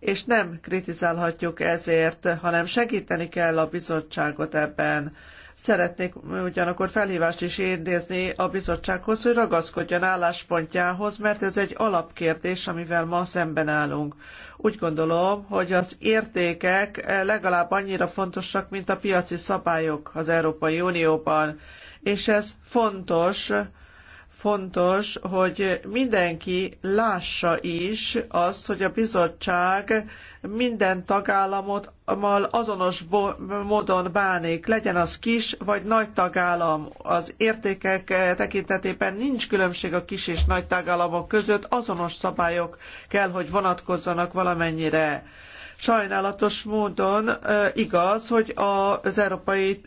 és nem kritizálhatjuk ezért, hanem segíteni kell a bizottságot ebben. Szeretnék ugyanakkor felhívást is intézni a bizottsághoz, hogy ragaszkodjon álláspontjához, mert ez egy alapkérdés, amivel ma szemben állunk. Úgy gondolom, hogy az értékek legalább annyira fontosak, mint a piaci szabályok az Európai Unióban, és ez fontos, fontos, hogy mindenki lássa is azt, hogy a bizottság minden tagállamot azonos módon bánik, legyen az kis vagy nagy tagállam. Az értékek tekintetében nincs különbség a kis és nagy tagállamok között, azonos szabályok kell, hogy vonatkozzanak valamennyire sajnálatos módon igaz, hogy az európai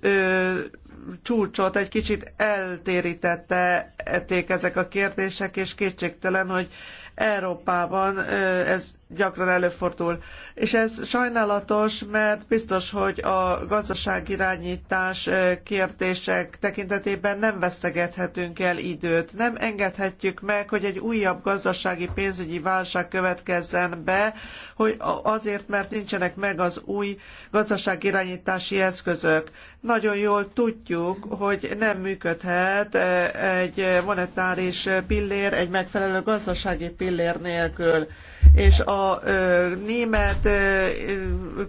csúcsot egy kicsit eltérítették ezek a kérdések, és kétségtelen, hogy Európában ez gyakran előfordul. És ez sajnálatos, mert biztos, hogy a gazdaságirányítás kérdések tekintetében nem vesztegethetünk el időt. Nem engedhetjük meg, hogy egy újabb gazdasági pénzügyi válság következzen be, hogy azért, mert nincsenek meg az új gazdaságirányítási eszközök. Nagyon jól tudjuk, hogy nem működhet eh, egy monetáris pillér, egy megfelelő gazdasági pillér nélkül és a német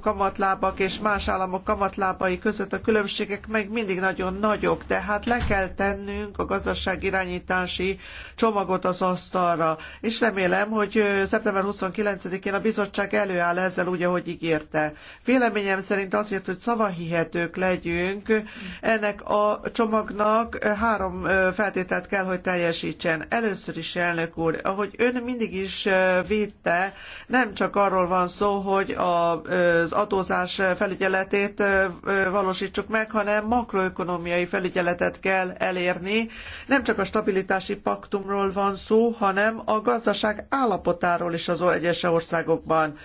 kamatlábak és más államok kamatlábai között a különbségek meg mindig nagyon nagyok, tehát le kell tennünk a gazdaságirányítási csomagot az asztalra, és remélem, hogy szeptember 29-én a bizottság előáll ezzel úgy, ahogy ígérte. Véleményem szerint azért, hogy szavahihetők legyünk, ennek a csomagnak három feltételt kell, hogy teljesítsen. Először is, elnök úr, ahogy ön mindig is védte, tette. Nem csak arról van szó, hogy az adózás felügyeletét valósítsuk meg, hanem makroökonomiai felügyeletet kell elérni. Nem csak a stabilitási paktumról van szó, hanem a gazdaság állapotáról is az egyes országokban.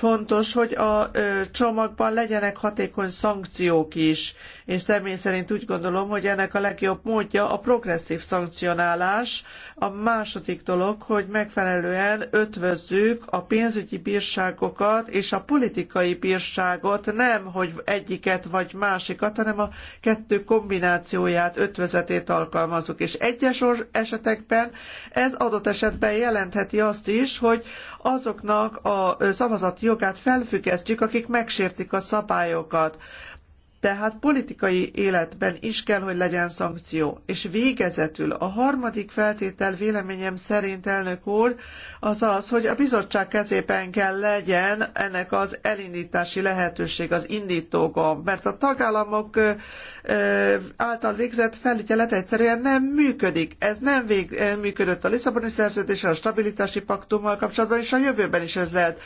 Fontos, hogy a csomagban legyenek hatékony szankciók is. Én személy szerint úgy gondolom, hogy ennek a legjobb módja a progresszív szankcionálás. A második dolog, hogy megfelelően ötvözzük a pénzügyi bírságokat és a politikai bírságot, nem hogy egyiket vagy másikat, hanem a kettő kombinációját, ötvözetét alkalmazzuk. És egyes esetekben ez adott esetben jelentheti azt is, hogy azoknak a szavazati jogát felfüggesztjük, akik megsértik a szabályokat tehát politikai életben is kell, hogy legyen szankció. És végezetül a harmadik feltétel véleményem szerint, elnök úr, az az, hogy a bizottság kezében kell legyen ennek az elindítási lehetőség, az indítóga, mert a tagállamok által végzett felügyelet egyszerűen nem működik. Ez nem vég, eh, működött a Lisszaboni szerződéssel, a stabilitási paktummal kapcsolatban, és a jövőben is ez lehet.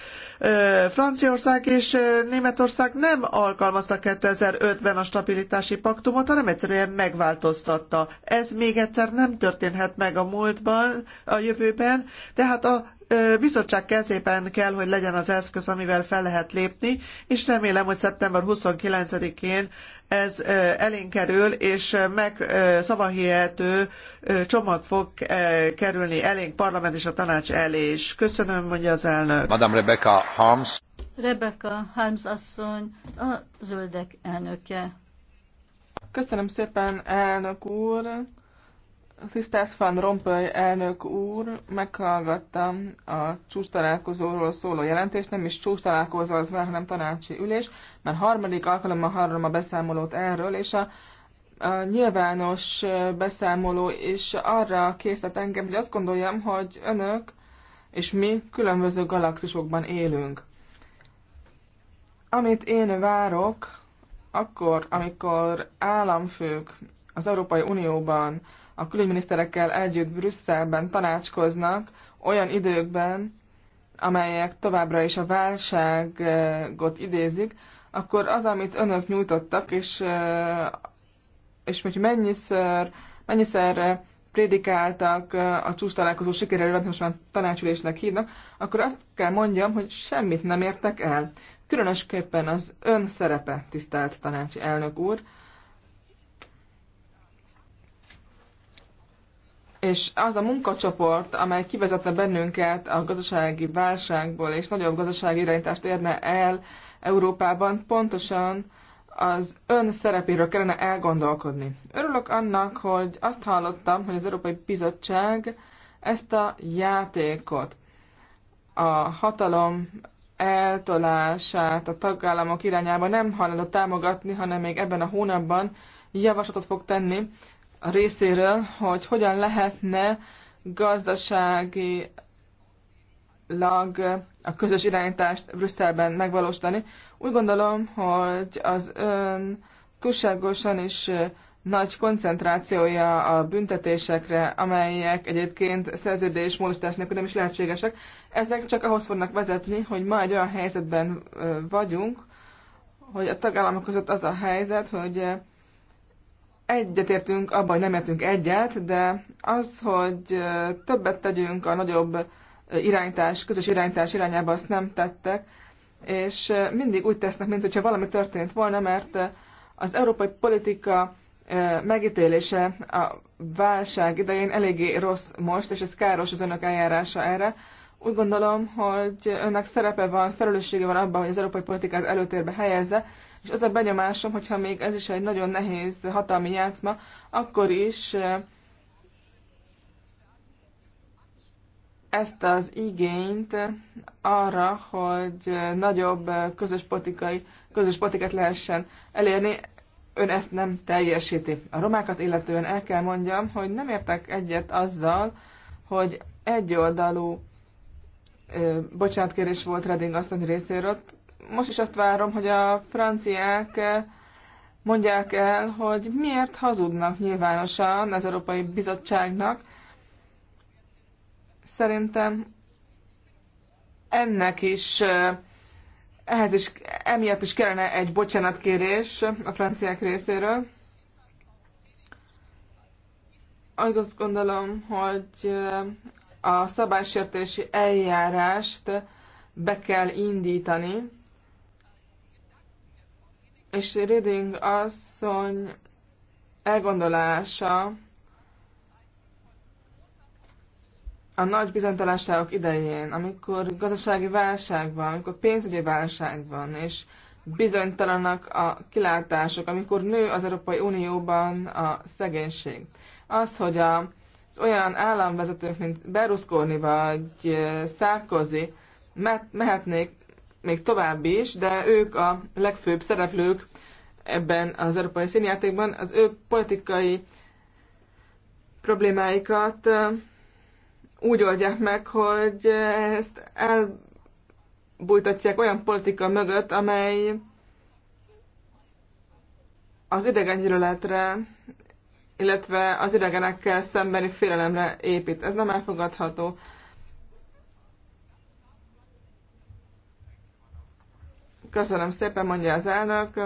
Franciaország és Németország nem alkalmazta 2005-ben a stabilitási paktumot, hanem egyszerűen megváltoztatta. Ez még egyszer nem történhet meg a múltban, a jövőben, tehát a bizottság kezében kell, hogy legyen az eszköz, amivel fel lehet lépni, és remélem, hogy szeptember 29-én ez elénk kerül, és meg szavahihető csomag fog kerülni elénk parlament és a tanács elé is. Köszönöm, mondja az elnök. Madame Rebecca Harms. Rebecca Harms asszony, a zöldek elnöke. Köszönöm szépen, elnök úr. Tisztelt Van Rompuy elnök úr, meghallgattam a csúcs találkozóról szóló jelentést, nem is csúcs találkozó az már, hanem tanácsi ülés, mert harmadik alkalommal hallom a beszámolót erről, és a, a nyilvános beszámoló is arra készített engem, hogy azt gondoljam, hogy önök és mi különböző galaxisokban élünk. Amit én várok, akkor, amikor államfők az Európai Unióban a külügyminiszterekkel együtt Brüsszelben tanácskoznak olyan időkben, amelyek továbbra is a válságot idézik, akkor az, amit önök nyújtottak, és, eh, és hogy mennyiszer, mennyiszer prédikáltak eh, a csúcs találkozó sikeréről, amit most már tanácsülésnek hívnak, akkor azt kell mondjam, hogy semmit nem értek el. Különösképpen az ön szerepe, tisztelt tanácsi elnök úr, és az a munkacsoport, amely kivezette bennünket a gazdasági válságból, és nagyobb gazdasági irányítást érne el Európában, pontosan az ön szerepéről kellene elgondolkodni. Örülök annak, hogy azt hallottam, hogy az Európai Bizottság ezt a játékot, a hatalom eltolását a tagállamok irányába nem hajlandó támogatni, hanem még ebben a hónapban javaslatot fog tenni a részéről, hogy hogyan lehetne gazdasági lag a közös irányítást Brüsszelben megvalósítani. Úgy gondolom, hogy az ön túlságosan is nagy koncentrációja a büntetésekre, amelyek egyébként szerződés módosítás nélkül nem is lehetségesek. Ezek csak ahhoz fognak vezetni, hogy ma egy olyan helyzetben vagyunk, hogy a tagállamok között az a helyzet, hogy egyetértünk abban, hogy nem értünk egyet, de az, hogy többet tegyünk a nagyobb iránytás, közös iránytás irányába, azt nem tettek, és mindig úgy tesznek, mint hogyha valami történt volna, mert az európai politika megítélése a válság idején eléggé rossz most, és ez káros az önök eljárása erre. Úgy gondolom, hogy önnek szerepe van, felelőssége van abban, hogy az európai politikát előtérbe helyezze, és az a benyomásom, hogyha még ez is egy nagyon nehéz hatalmi játszma, akkor is eh, ezt az igényt arra, hogy eh, nagyobb eh, közös, politikai, közös politikát lehessen elérni, ön ezt nem teljesíti. A romákat illetően el kell mondjam, hogy nem értek egyet azzal, hogy egyoldalú bocsánatkérés volt Reding asszony részéről, most is azt várom, hogy a franciák eh, mondják el, hogy miért hazudnak nyilvánosan az Európai Bizottságnak. Szerintem ennek is, eh, ehhez is, emiatt is kellene egy bocsánatkérés a franciák részéről. Azt gondolom, hogy eh, a szabálysértési eljárást be kell indítani, és Reading asszony elgondolása a nagy bizonytalanságok idején, amikor gazdasági válság van, amikor pénzügyi válság van, és bizonytalanak a kilátások, amikor nő az Európai Unióban a szegénység. Az, hogy a, az olyan államvezetők, mint Berlusconi vagy Sarkozy mehetnék még tovább is, de ők a legfőbb szereplők ebben az európai színjátékban. Az ő politikai problémáikat úgy oldják meg, hogy ezt elbújtatják olyan politika mögött, amely az gyűlöletre, illetve az idegenekkel szembeni félelemre épít. Ez nem elfogadható. Köszönöm szépen, mondja az elnök.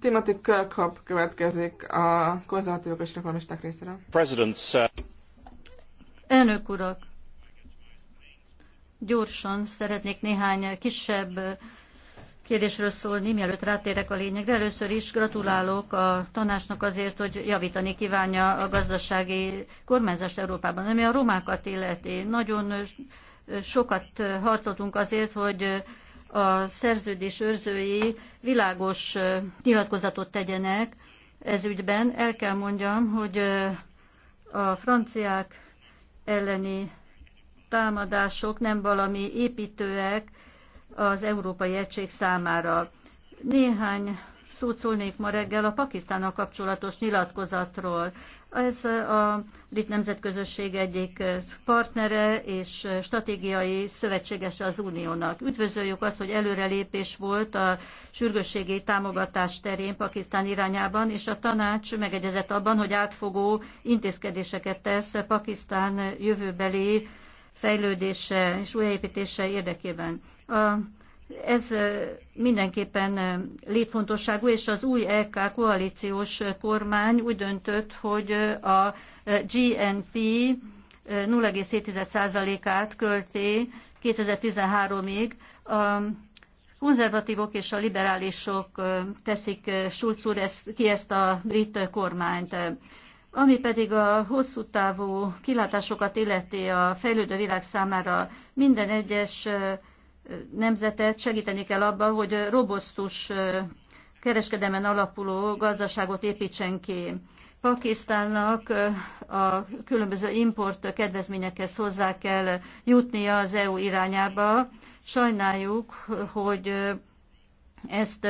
Timothy Kirkhope következik a konzervatívok és reformisták részéről. Elnök urak, gyorsan szeretnék néhány kisebb kérdésről szólni, mielőtt rátérek a lényegre. Először is gratulálok a tanácsnak azért, hogy javítani kívánja a gazdasági kormányzást Európában, ami a romákat illeti. Nagyon sokat harcoltunk azért, hogy a szerződés őrzői világos nyilatkozatot tegyenek ez ügyben. El kell mondjam, hogy a franciák elleni támadások nem valami építőek az Európai Egység számára. Néhány szót szólnék ma reggel a Pakisztánnal kapcsolatos nyilatkozatról. Ez a brit nemzetközösség egyik partnere és stratégiai szövetségese az Uniónak. Üdvözöljük azt, hogy előrelépés volt a sürgősségi támogatás terén Pakisztán irányában, és a tanács megegyezett abban, hogy átfogó intézkedéseket tesz Pakisztán jövőbeli fejlődése és újjáépítése érdekében. A ez mindenképpen létfontosságú, és az új EK koalíciós kormány úgy döntött, hogy a GNP 0,7%-át költi 2013-ig. A konzervatívok és a liberálisok teszik Schulz úr ezt, ki ezt a brit kormányt. Ami pedig a hosszú távú kilátásokat illeti a fejlődő világ számára minden egyes nemzetet segíteni kell abban, hogy robosztus kereskedemen alapuló gazdaságot építsen ki. Pakisztánnak a különböző import kedvezményekhez hozzá kell jutnia az EU irányába. Sajnáljuk, hogy ezt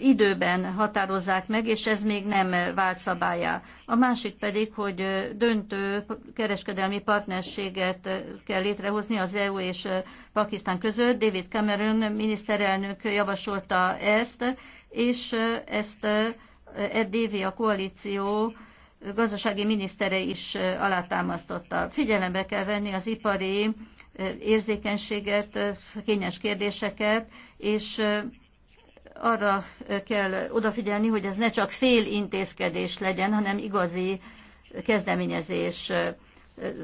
időben határozzák meg, és ez még nem vált szabályá. A másik pedig, hogy döntő kereskedelmi partnerséget kell létrehozni az EU és Pakisztán között. David Cameron miniszterelnök javasolta ezt, és ezt Ed a koalíció gazdasági minisztere is alátámasztotta. Figyelembe kell venni az ipari érzékenységet, kényes kérdéseket, és arra eh, kell odafigyelni, hogy ez ne csak fél intézkedés legyen, hanem igazi kezdeményezés. Eh,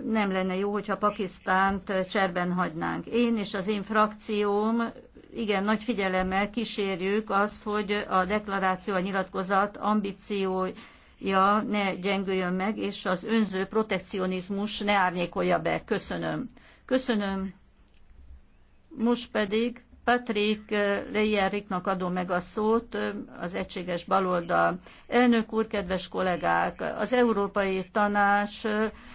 nem lenne jó, hogyha Pakisztánt eh, cserben hagynánk. Én és az én frakcióm igen nagy figyelemmel kísérjük azt, hogy a deklaráció, a nyilatkozat ambíciója ne gyengüljön meg, és az önző protekcionizmus ne árnyékolja be. Köszönöm. Köszönöm. Most pedig Patrik Leijeriknak adom meg a szót, az egységes baloldal. Elnök úr, kedves kollégák, az Európai Tanács,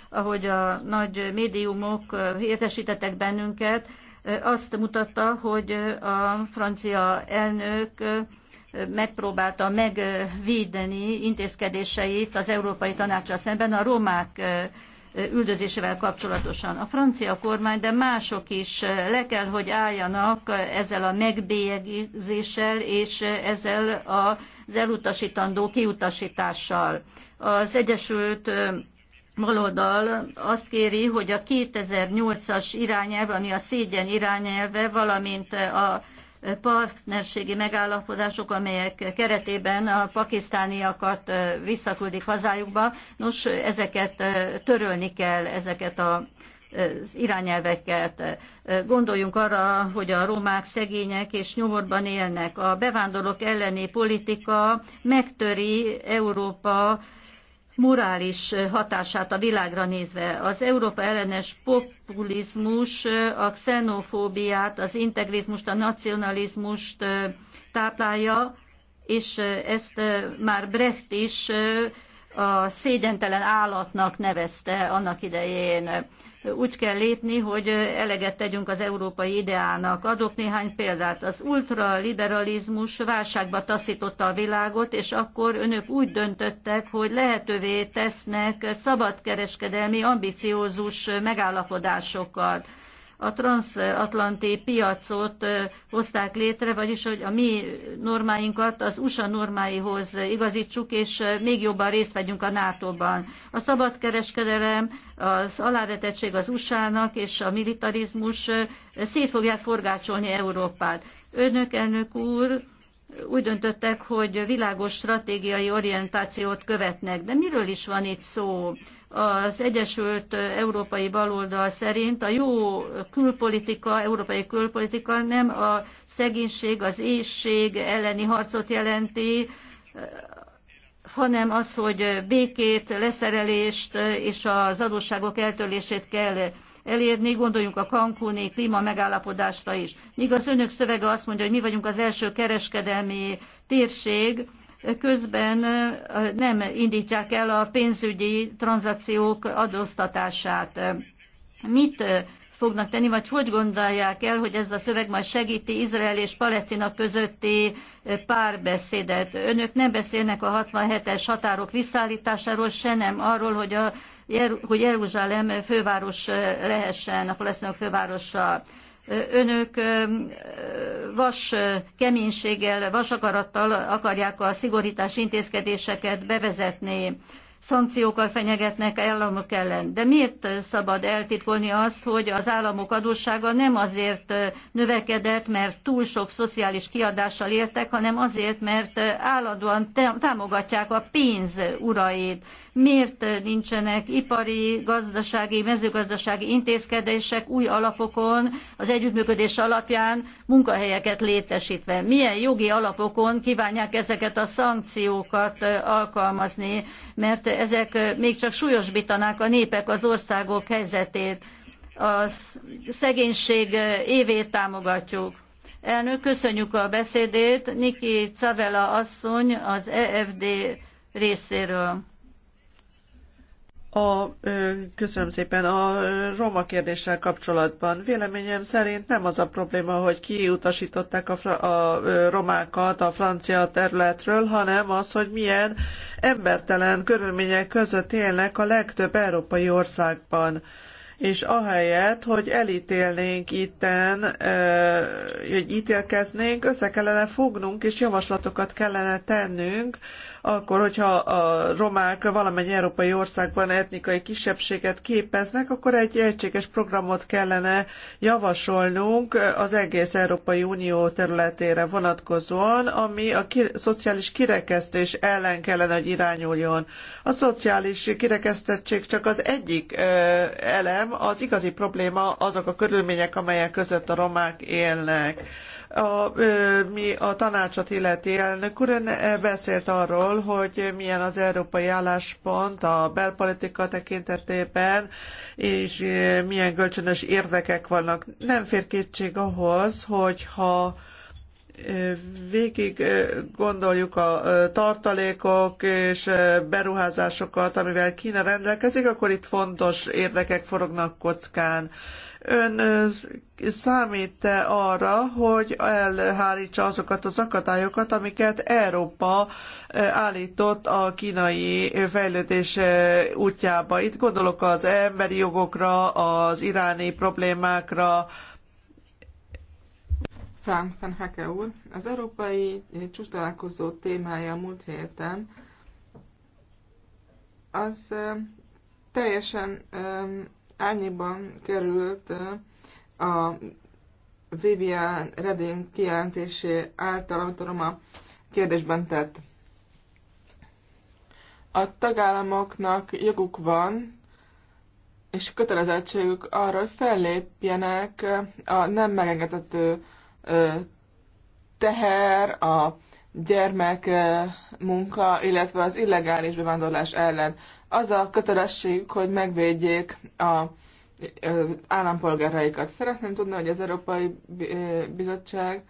ahogy a nagy médiumok értesítettek bennünket, azt mutatta, hogy a francia elnök megpróbálta megvédeni intézkedéseit az Európai Tanácsra szemben a romák üldözésével kapcsolatosan. A francia kormány, de mások is eh, le kell, hogy álljanak eh, ezzel a megbélyegzéssel és eh, ezzel az elutasítandó kiutasítással. Az Egyesült baloldal azt kéri, hogy a 2008-as irányelv, ami a szégyen irányelve, valamint a partnerségi megállapodások, amelyek keretében a pakisztániakat visszaküldik hazájukba. Nos, ezeket törölni kell, ezeket a az irányelveket. Gondoljunk arra, hogy a romák szegények és nyomorban élnek. A bevándorlók elleni politika megtöri Európa morális hatását a világra nézve. Az Európa ellenes populizmus a xenofóbiát, az integrizmust, a nacionalizmust táplálja, és ezt már Brecht is a szégyentelen állatnak nevezte annak idején. Úgy kell lépni, hogy eleget tegyünk az európai ideának. Adok néhány példát. Az ultraliberalizmus válságba taszította a világot, és akkor önök úgy döntöttek, hogy lehetővé tesznek szabadkereskedelmi ambiciózus megállapodásokat a transatlanti piacot hozták létre, vagyis hogy a mi normáinkat az USA normáihoz igazítsuk, és még jobban részt vegyünk a NATO-ban. A szabadkereskedelem, az alávetettség az USA-nak és a militarizmus szét fogják forgácsolni Európát. Önök, elnök úr, úgy döntöttek, hogy világos stratégiai orientációt követnek. De miről is van itt szó? az Egyesült Európai Baloldal szerint a jó külpolitika, európai külpolitika nem a szegénység, az éjség elleni harcot jelenti, hanem az, hogy békét, leszerelést és az adósságok eltörlését kell elérni, gondoljunk a Cancúni klíma megállapodásra is. Míg az önök szövege azt mondja, hogy mi vagyunk az első kereskedelmi térség, közben nem indítsák el a pénzügyi tranzakciók adóztatását. Mit fognak tenni, vagy hogy gondolják el, hogy ez a szöveg majd segíti Izrael és Palesztina közötti párbeszédet. Önök nem beszélnek a 67-es határok visszaállításáról, se nem arról, hogy, a, hogy Jeruzsálem főváros lehessen, a palesztinok fővárosa önök vas keménységgel, vas akarattal akarják a szigorítási intézkedéseket bevezetni, szankciókkal fenyegetnek államok ellen. De miért szabad eltitkolni azt, hogy az államok adóssága nem azért növekedett, mert túl sok szociális kiadással értek, hanem azért, mert állandóan támogatják a pénz urait miért nincsenek ipari, gazdasági, mezőgazdasági intézkedések új alapokon, az együttműködés alapján munkahelyeket létesítve. Milyen jogi alapokon kívánják ezeket a szankciókat alkalmazni, mert ezek még csak súlyosbítanák a népek, az országok helyzetét. A szegénység évét támogatjuk. Elnök, köszönjük a beszédét. Niki Cavella asszony az EFD részéről. A, köszönöm szépen. A roma kérdéssel kapcsolatban véleményem szerint nem az a probléma, hogy kiutasították a, a, romákat a francia területről, hanem az, hogy milyen embertelen körülmények között élnek a legtöbb európai országban. És ahelyett, hogy elítélnénk itten, hogy ítélkeznénk, össze kellene fognunk, és javaslatokat kellene tennünk, akkor, hogyha a romák valamennyi európai országban etnikai kisebbséget képeznek, akkor egy egységes programot kellene javasolnunk az egész Európai Unió területére vonatkozóan, ami a ki, szociális kirekesztés ellen kellene, hogy irányuljon. A szociális kirekesztettség csak az egyik ö, elem, az igazi probléma azok a körülmények, amelyek között a romák élnek a, mi a tanácsot illeti elnök úr ön beszélt arról, hogy milyen az európai álláspont a belpolitika tekintetében, és milyen kölcsönös érdekek vannak. Nem fér kétség ahhoz, hogyha végig gondoljuk a tartalékok és beruházásokat, amivel Kína rendelkezik, akkor itt fontos érdekek forognak kockán. Ön számít-e arra, hogy elhárítsa azokat az akadályokat, amiket Európa állított a kínai fejlődés útjába? Itt gondolok az emberi jogokra, az iráni problémákra. Frank van Hacke úr, az európai csúcstalálkozó témája a múlt héten az teljesen annyiban került a Vivian Redding kijelentésé által, amit a kérdésben tett. A tagállamoknak joguk van, és kötelezettségük arra, hogy fellépjenek a nem megengedhető teher, a gyermek munka, illetve az illegális bevándorlás ellen az a kötelességük, hogy megvédjék a állampolgáraikat. Szeretném tudni, hogy az Európai Bizottság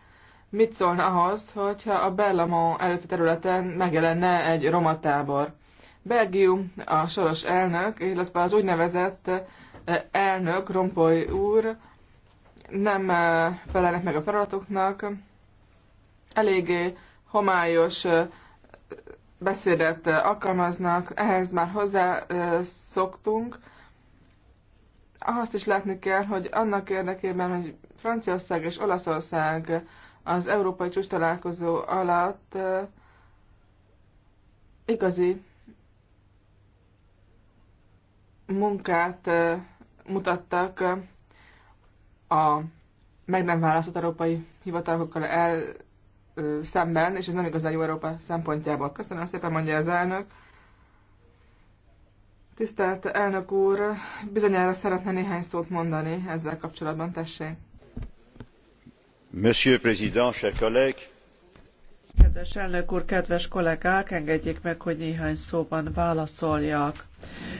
mit szólna ahhoz, hogyha a Bellamo előtti területen megjelenne egy romatábor. Belgium a soros elnök, illetve az úgynevezett elnök, Rompoy úr, nem felelnek meg a feladatoknak, eléggé homályos beszédet alkalmaznak, ehhez már hozzá szoktunk. Azt is látni kell, hogy annak érdekében, hogy Franciaország és Olaszország az európai csúcs találkozó alatt igazi munkát mutattak a meg nem választott európai hivatalokkal el szemben, és ez nem igazán jó Európa szempontjából. Köszönöm szépen, mondja az elnök. Tisztelt elnök úr, bizonyára szeretne néhány szót mondani ezzel kapcsolatban, tessék. Monsieur Président, chers collègues. Kedves elnök úr, kedves kollégák, engedjék meg, hogy néhány szóban válaszoljak.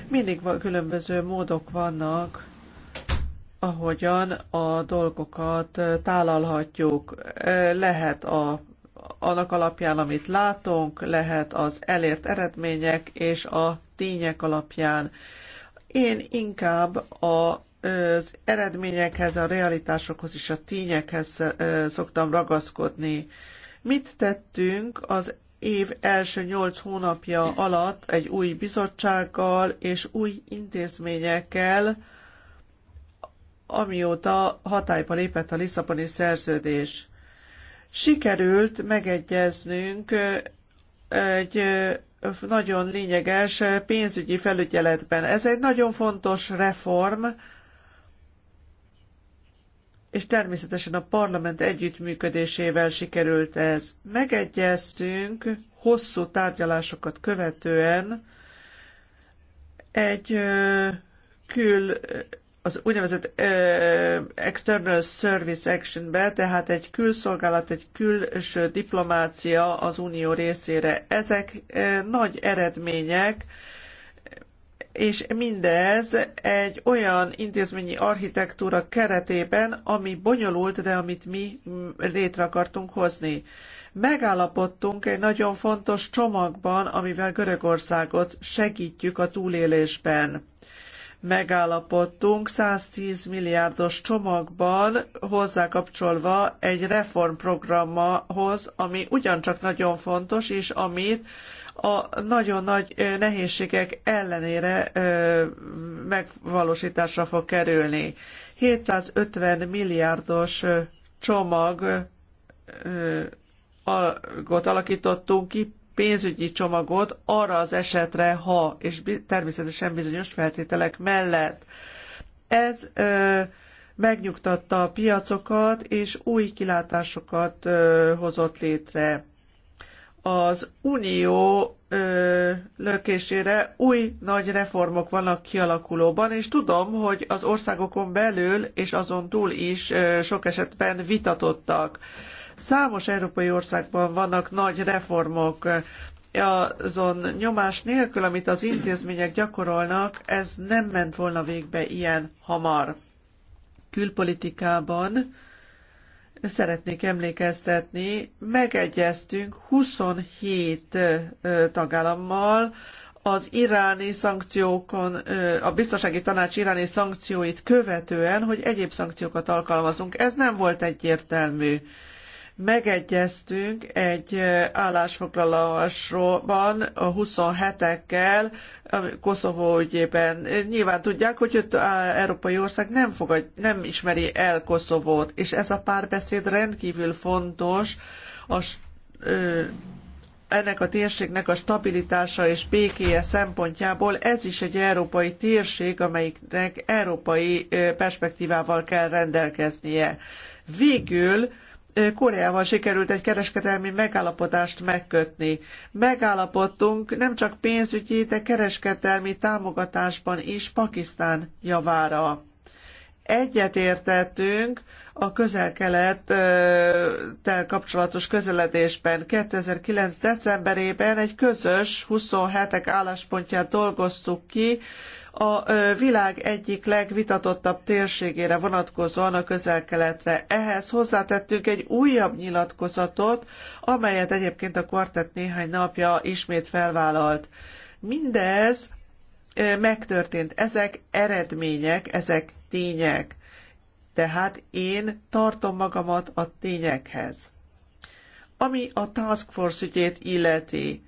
Mindig különböző módok vannak ahogyan a dolgokat tálalhatjuk. Lehet a, annak alapján, amit látunk, lehet az elért eredmények és a tények alapján. Én inkább a az eredményekhez, a realitásokhoz és a tényekhez szoktam ragaszkodni. Mit tettünk az év első nyolc hónapja alatt egy új bizottsággal és új intézményekkel, amióta hatályba lépett a Lisszaboni szerződés. Sikerült megegyeznünk egy nagyon lényeges pénzügyi felügyeletben. Ez egy nagyon fontos reform, és természetesen a parlament együttműködésével sikerült ez. Megegyeztünk hosszú tárgyalásokat követően egy kül az úgynevezett uh, External Service Action-be, tehát egy külszolgálat, egy külső diplomácia az Unió részére. Ezek uh, nagy eredmények, és mindez egy olyan intézményi architektúra keretében, ami bonyolult, de amit mi létre akartunk hozni. Megállapodtunk egy nagyon fontos csomagban, amivel Görögországot segítjük a túlélésben megállapodtunk 110 milliárdos csomagban hozzákapcsolva egy reformprogramhoz, ami ugyancsak nagyon fontos, és amit a nagyon nagy nehézségek ellenére megvalósításra fog kerülni. 750 milliárdos csomag alakítottunk ki pénzügyi csomagot arra az esetre, ha, és természetesen bizonyos feltételek mellett. Ez ö, megnyugtatta a piacokat, és új kilátásokat ö, hozott létre. Az unió ö, lökésére új nagy reformok vannak kialakulóban, és tudom, hogy az országokon belül és azon túl is ö, sok esetben vitatottak. Ö, Számos európai országban vannak nagy reformok, azon nyomás nélkül, amit az intézmények gyakorolnak, ez nem ment volna végbe ilyen hamar. Külpolitikában szeretnék emlékeztetni, megegyeztünk 27 tagállammal, az iráni szankciókon, a biztonsági tanács iráni szankcióit követően, hogy egyéb szankciókat alkalmazunk. Ez nem volt egyértelmű megegyeztünk egy állásfoglalásban a 27-ekkel Koszovó ügyében. Nyilván tudják, hogy öt európai ország nem, fogad, nem ismeri el Koszovót, és ez a párbeszéd rendkívül fontos a ennek a térségnek a stabilitása és békéje szempontjából ez is egy európai térség, amelyiknek európai perspektívával kell rendelkeznie. Végül Koreával sikerült egy kereskedelmi megállapodást megkötni. Megállapodtunk nem csak pénzügyi, de kereskedelmi támogatásban is Pakisztán javára. Egyetértettünk a közel-kelettel kapcsolatos közeledésben 2009. decemberében egy közös 27-ek álláspontját dolgoztuk ki, a világ egyik legvitatottabb térségére vonatkozóan a közel-keletre. Ehhez hozzátettünk egy újabb nyilatkozatot, amelyet egyébként a kvartett néhány napja ismét felvállalt. Mindez megtörtént. Ezek eredmények, ezek tények. Tehát én tartom magamat a tényekhez. Ami a Task Force ügyét illeti,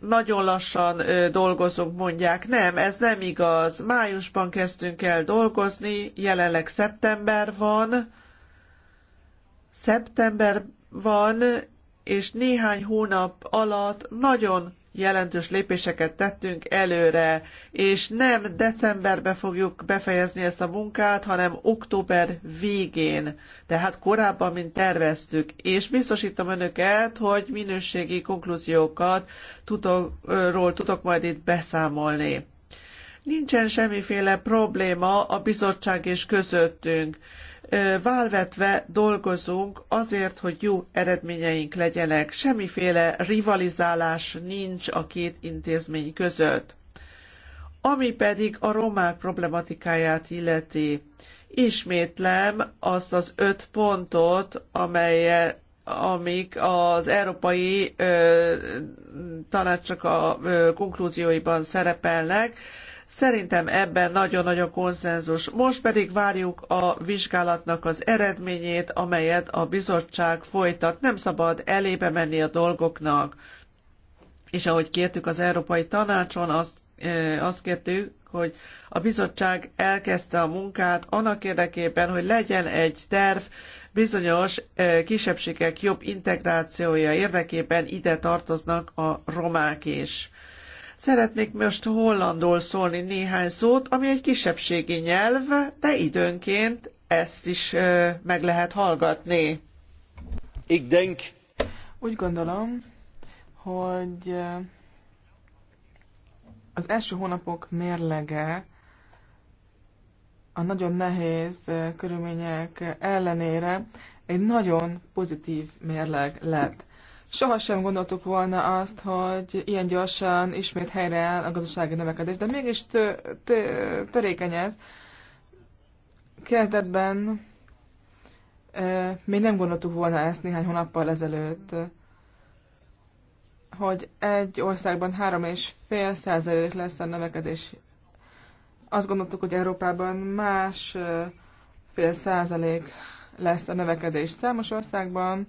nagyon lassan dolgozunk, mondják. Nem, ez nem igaz. Májusban kezdtünk el dolgozni, jelenleg szeptember van. Szeptember van, és néhány hónap alatt nagyon jelentős lépéseket tettünk előre, és nem decemberben fogjuk befejezni ezt a munkát, hanem október végén, tehát korábban, mint terveztük. És biztosítom önöket, hogy minőségi konklúziókat tudok, ról tudok majd itt beszámolni. Nincsen semmiféle probléma a bizottság és közöttünk válvetve dolgozunk azért, hogy jó eredményeink legyenek. Semmiféle rivalizálás nincs a két intézmény között. Ami pedig a romák problematikáját illeti. Ismétlem azt az öt pontot, amelye, amik az európai ö, tanácsok a ö, konklúzióiban szerepelnek, Szerintem ebben nagyon-nagyon konszenzus. Most pedig várjuk a vizsgálatnak az eredményét, amelyet a bizottság folytat. Nem szabad elébe menni a dolgoknak. És ahogy kértük az Európai Tanácson, azt, e, azt kértük, hogy a bizottság elkezdte a munkát annak érdekében, hogy legyen egy terv, bizonyos kisebbségek jobb integrációja érdekében ide tartoznak a romák is. Szeretnék most hollandul szólni néhány szót, ami egy kisebbségi nyelv, de időnként ezt is meg lehet hallgatni. Ik denk. Úgy gondolom, hogy az első hónapok mérlege a nagyon nehéz körülmények ellenére egy nagyon pozitív mérleg lett. Sohasem gondoltuk volna azt, hogy ilyen gyorsan ismét helyreáll a gazdasági növekedés, de mégis tő, tő, törékeny ez. Kezdetben e, még nem gondoltuk volna ezt néhány hónappal ezelőtt, hogy egy országban 3,5 százalék lesz a növekedés. Azt gondoltuk, hogy Európában más fél százalék lesz a növekedés. Számos országban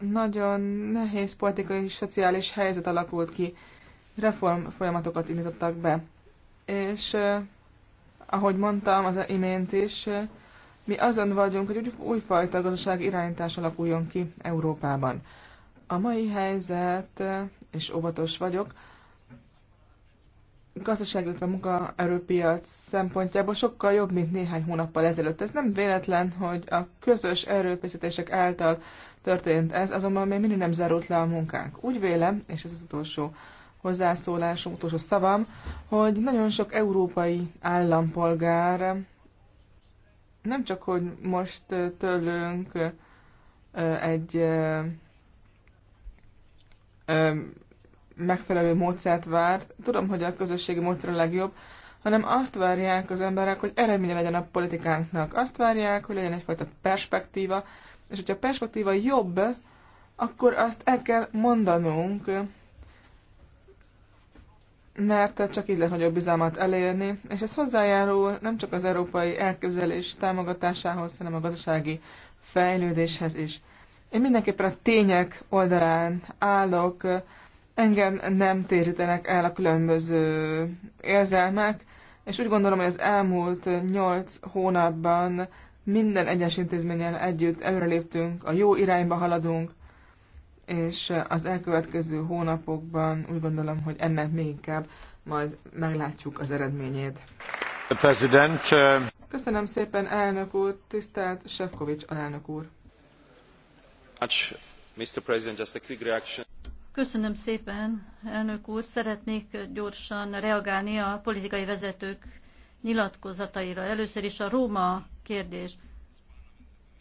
nagyon nehéz politikai és szociális helyzet alakult ki. Reform folyamatokat indítottak be. És ahogy mondtam az imént is, mi azon vagyunk, hogy úgy, újfajta gazdasági irányítás alakuljon ki Európában. A mai helyzet, és óvatos vagyok, gazdaság, illetve munkaerőpiac szempontjából sokkal jobb, mint néhány hónappal ezelőtt. Ez nem véletlen, hogy a közös erőfeszítések által történt ez, azonban még mindig nem zárult le a munkánk. Úgy vélem, és ez az utolsó hozzászólásom, utolsó szavam, hogy nagyon sok európai állampolgár nem csak, hogy most tőlünk egy megfelelő módszert vár, tudom, hogy a közösségi módszer a legjobb, hanem azt várják az emberek, hogy eredménye legyen a politikánknak. Azt várják, hogy legyen egyfajta perspektíva, és hogyha a perspektíva jobb, akkor azt el kell mondanunk, mert csak így lehet nagyobb bizalmat elérni, és ez hozzájárul nem csak az európai elképzelés támogatásához, hanem a gazdasági fejlődéshez is. Én mindenképpen a tények oldalán állok, engem nem térítenek el a különböző érzelmek, és úgy gondolom, hogy az elmúlt nyolc hónapban minden egyes intézménnyel együtt előreléptünk, a jó irányba haladunk, és az elkövetkező hónapokban úgy gondolom, hogy ennek még inkább majd meglátjuk az eredményét. Uh, Köszönöm szépen, elnök úr, tisztelt Sefkovics alelnök úr. Mr. President, just a quick reaction. Köszönöm szépen, elnök úr. Szeretnék gyorsan reagálni a politikai vezetők nyilatkozataira. Először is a Róma kérdés.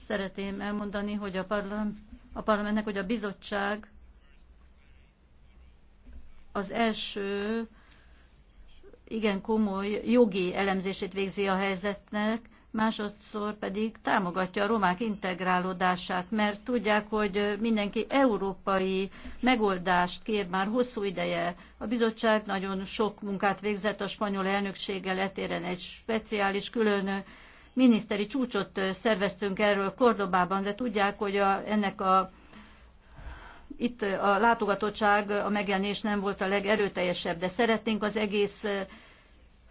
Szeretném elmondani, hogy a, parlam, a parlamentnek, hogy a bizottság az első igen komoly jogi elemzését végzi a helyzetnek, másodszor pedig támogatja a romák integrálódását, mert tudják, hogy mindenki európai megoldást kér már hosszú ideje. A bizottság nagyon sok munkát végzett a spanyol elnökséggel etéren egy speciális külön miniszteri csúcsot szerveztünk erről Kordobában, de tudják, hogy a, ennek a itt a látogatottság, a megjelenés nem volt a legerőteljesebb, de szeretnénk az egész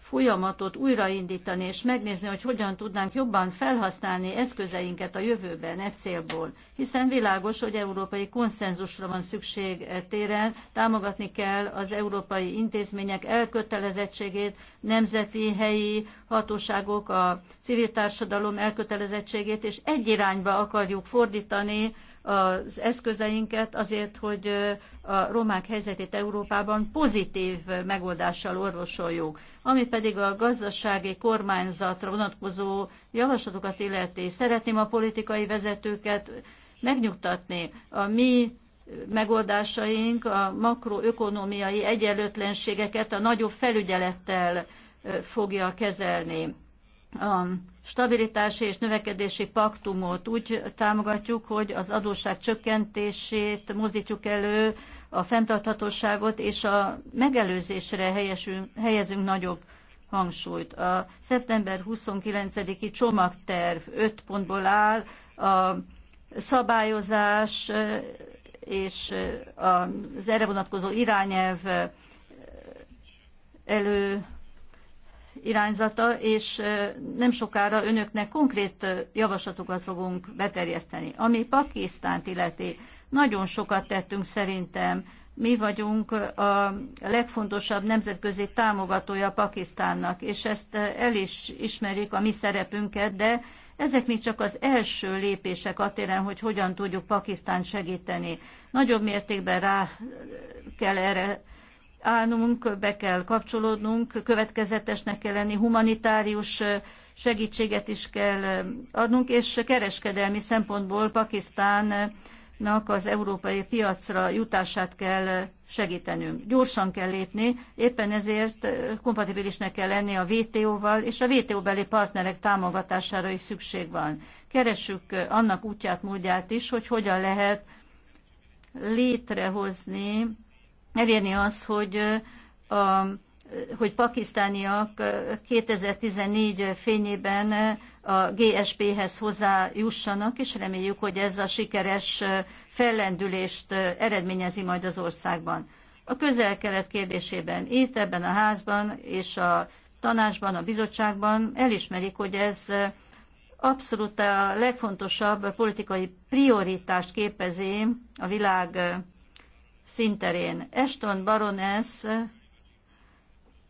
folyamatot újraindítani, és megnézni, hogy hogyan tudnánk jobban felhasználni eszközeinket a jövőben e célból. Hiszen világos, hogy európai konszenzusra van szükség e téren, támogatni kell az európai intézmények elkötelezettségét, nemzeti, helyi hatóságok, a civil társadalom elkötelezettségét, és egy irányba akarjuk fordítani az eszközeinket azért, hogy a romák helyzetét Európában pozitív megoldással orvosoljuk. Ami pedig a gazdasági kormányzatra vonatkozó javaslatokat illeti, szeretném a politikai vezetőket megnyugtatni. A mi megoldásaink a makroökonomiai egyenlőtlenségeket a nagyobb felügyelettel fogja kezelni a stabilitási és növekedési paktumot úgy támogatjuk, hogy az adósság csökkentését mozdítjuk elő, a fenntarthatóságot és a megelőzésre helyesünk, helyezünk nagyobb hangsúlyt. A szeptember 29-i csomagterv 5 pontból áll, a szabályozás és az erre vonatkozó irányelv elő irányzata, és nem sokára önöknek konkrét javaslatokat fogunk beterjeszteni. Ami Pakisztánt illeti, nagyon sokat tettünk szerintem. Mi vagyunk a legfontosabb nemzetközi támogatója Pakisztánnak, és ezt el is ismerik a mi szerepünket, de ezek még csak az első lépések a téren, hogy hogyan tudjuk Pakisztánt segíteni. Nagyobb mértékben rá kell erre állnunk, be kell kapcsolódnunk, következetesnek kell lenni, humanitárius segítséget is kell adnunk, és kereskedelmi szempontból Pakisztánnak az európai piacra jutását kell segítenünk. Gyorsan kell lépni, éppen ezért kompatibilisnek kell lenni a WTO-val, és a WTO-beli partnerek támogatására is szükség van. Keressük annak útját, módját is, hogy hogyan lehet létrehozni elérni az, hogy a hogy pakisztániak 2014 fényében a GSP-hez hozzájussanak, és reméljük, hogy ez a sikeres fellendülést eredményezi majd az országban. A közel-kelet kérdésében itt, ebben a házban és a tanácsban, a bizottságban elismerik, hogy ez abszolút a legfontosabb politikai prioritást képezi a világ szinterén. Eston Baroness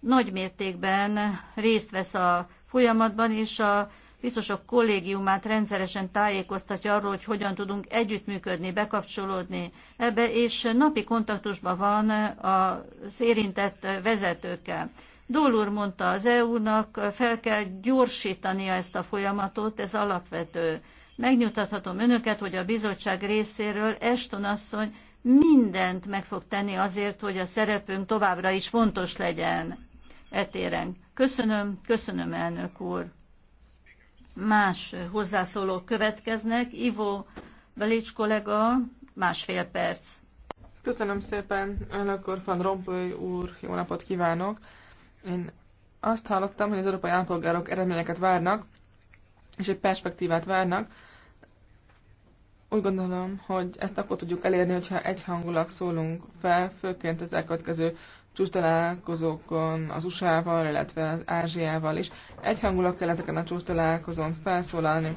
nagy mértékben részt vesz a folyamatban, és a biztosok kollégiumát rendszeresen tájékoztatja arról, hogy hogyan tudunk együttműködni, bekapcsolódni ebbe, és napi kontaktusban van az érintett vezetőkkel. Dól úr mondta, az EU-nak fel kell gyorsítania ezt a folyamatot, ez alapvető. Megnyugtathatom önöket, hogy a bizottság részéről Eston asszony mindent meg fog tenni azért, hogy a szerepünk továbbra is fontos legyen etéren. Köszönöm, köszönöm elnök úr. Más hozzászólók következnek. Ivo Belics kollega, másfél perc. Köszönöm szépen, elnök úr, Van Rompuy úr, jó napot kívánok. Én azt hallottam, hogy az európai állampolgárok eredményeket várnak, és egy perspektívát várnak, úgy gondolom, hogy ezt akkor tudjuk elérni, hogyha egyhangulag szólunk fel, főként az elkövetkező csúsztalálkozókon, az USA-val, illetve az Ázsiával is. Egyhangulag kell ezeken a csúsztalálkozón felszólalni.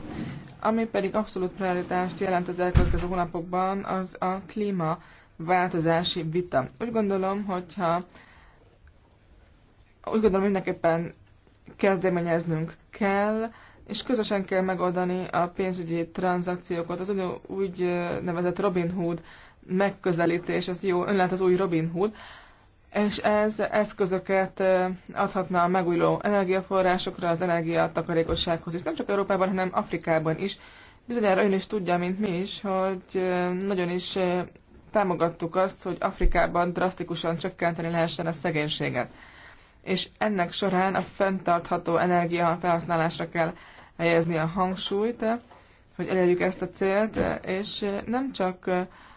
Ami pedig abszolút prioritást jelent az elkövetkező hónapokban, az a klímaváltozási vita. Úgy gondolom, hogyha úgy gondolom, mindenképpen kezdeményeznünk kell, és közösen kell megoldani a pénzügyi tranzakciókat. Az úgy nevezett Robin Hood megközelítés, ez jó, ön lehet az új Robin Hood, és ez eszközöket adhatna a megújuló energiaforrásokra, az energiatakarékossághoz is, nem csak Európában, hanem Afrikában is. Bizonyára ön is tudja, mint mi is, hogy nagyon is támogattuk azt, hogy Afrikában drasztikusan csökkenteni lehessen a szegénységet. És ennek során a fenntartható energiafelhasználásra kell helyezni a hangsúlyt, hogy elérjük ezt a célt, és nem csak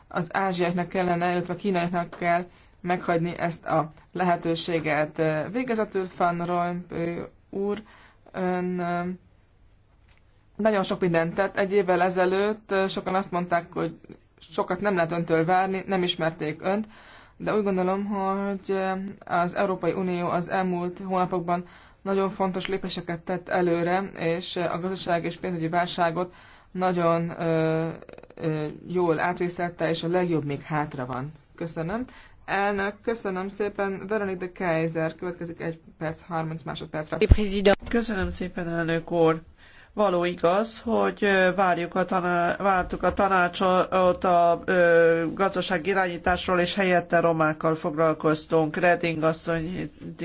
az ázsiaknak kellene, illetve a kínaiaknak kell meghagyni ezt a lehetőséget. Végezetül Fan Rompuy úr ön eh, nagyon sok mindent tett. Egy évvel ezelőtt sokan azt mondták, hogy sokat nem lehet öntől várni, nem ismerték önt, de úgy gondolom, hogy az Európai Unió az elmúlt hónapokban nagyon fontos lépéseket tett előre, és a gazdaság és pénzügyi válságot nagyon ö, ö, jól átvészelte, és a legjobb még hátra van. Köszönöm. Elnök, köszönöm szépen. Veronique de Kaiser következik egy perc, 30 másodpercre. Köszönöm szépen, elnök úr. Való igaz, hogy várjuk a taná- vártuk a tanácsot a ö, gazdaság irányításról, és helyette romákkal foglalkoztunk. Reding asszonyt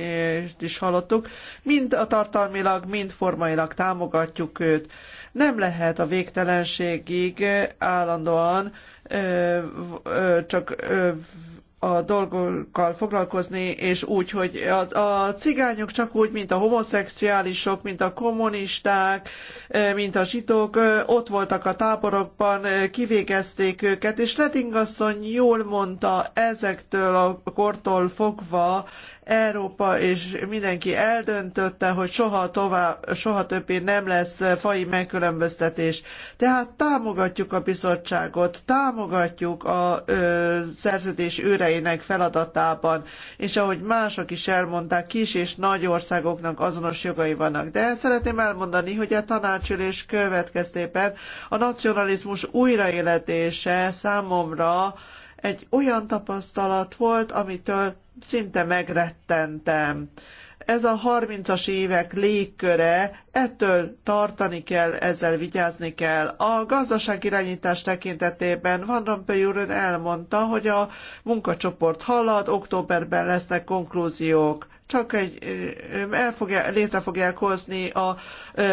is hallottuk. Mind a tartalmilag, mind formailag támogatjuk őt. Nem lehet a végtelenségig állandóan ö, ö, csak ö, a dolgokkal foglalkozni, és úgy, hogy a, a cigányok csak úgy, mint a homoszexuálisok, mint a kommunisták, mint a zsidók, ott voltak a táborokban, kivégezték őket, és Reding asszony jól mondta, ezektől a kortól fogva Európa és mindenki eldöntötte, hogy soha tovább, soha többé nem lesz faji megkülönböztetés. Tehát támogatjuk a bizottságot, támogatjuk a ö, szerződés őreinek feladatában, és ahogy mások is elmondták, kis és nagy országoknak azonos jogai vannak. De szeretném elmondani, hogy a tanácsülés következtében a nacionalizmus újraéletése számomra egy olyan tapasztalat volt, amitől szinte megrettentem. Ez a 30-as évek légköre, ettől tartani kell, ezzel vigyázni kell. A irányítás tekintetében Van Rompuy úr elmondta, hogy a munkacsoport halad, októberben lesznek konklúziók csak egy, el fogja, létre fogják hozni a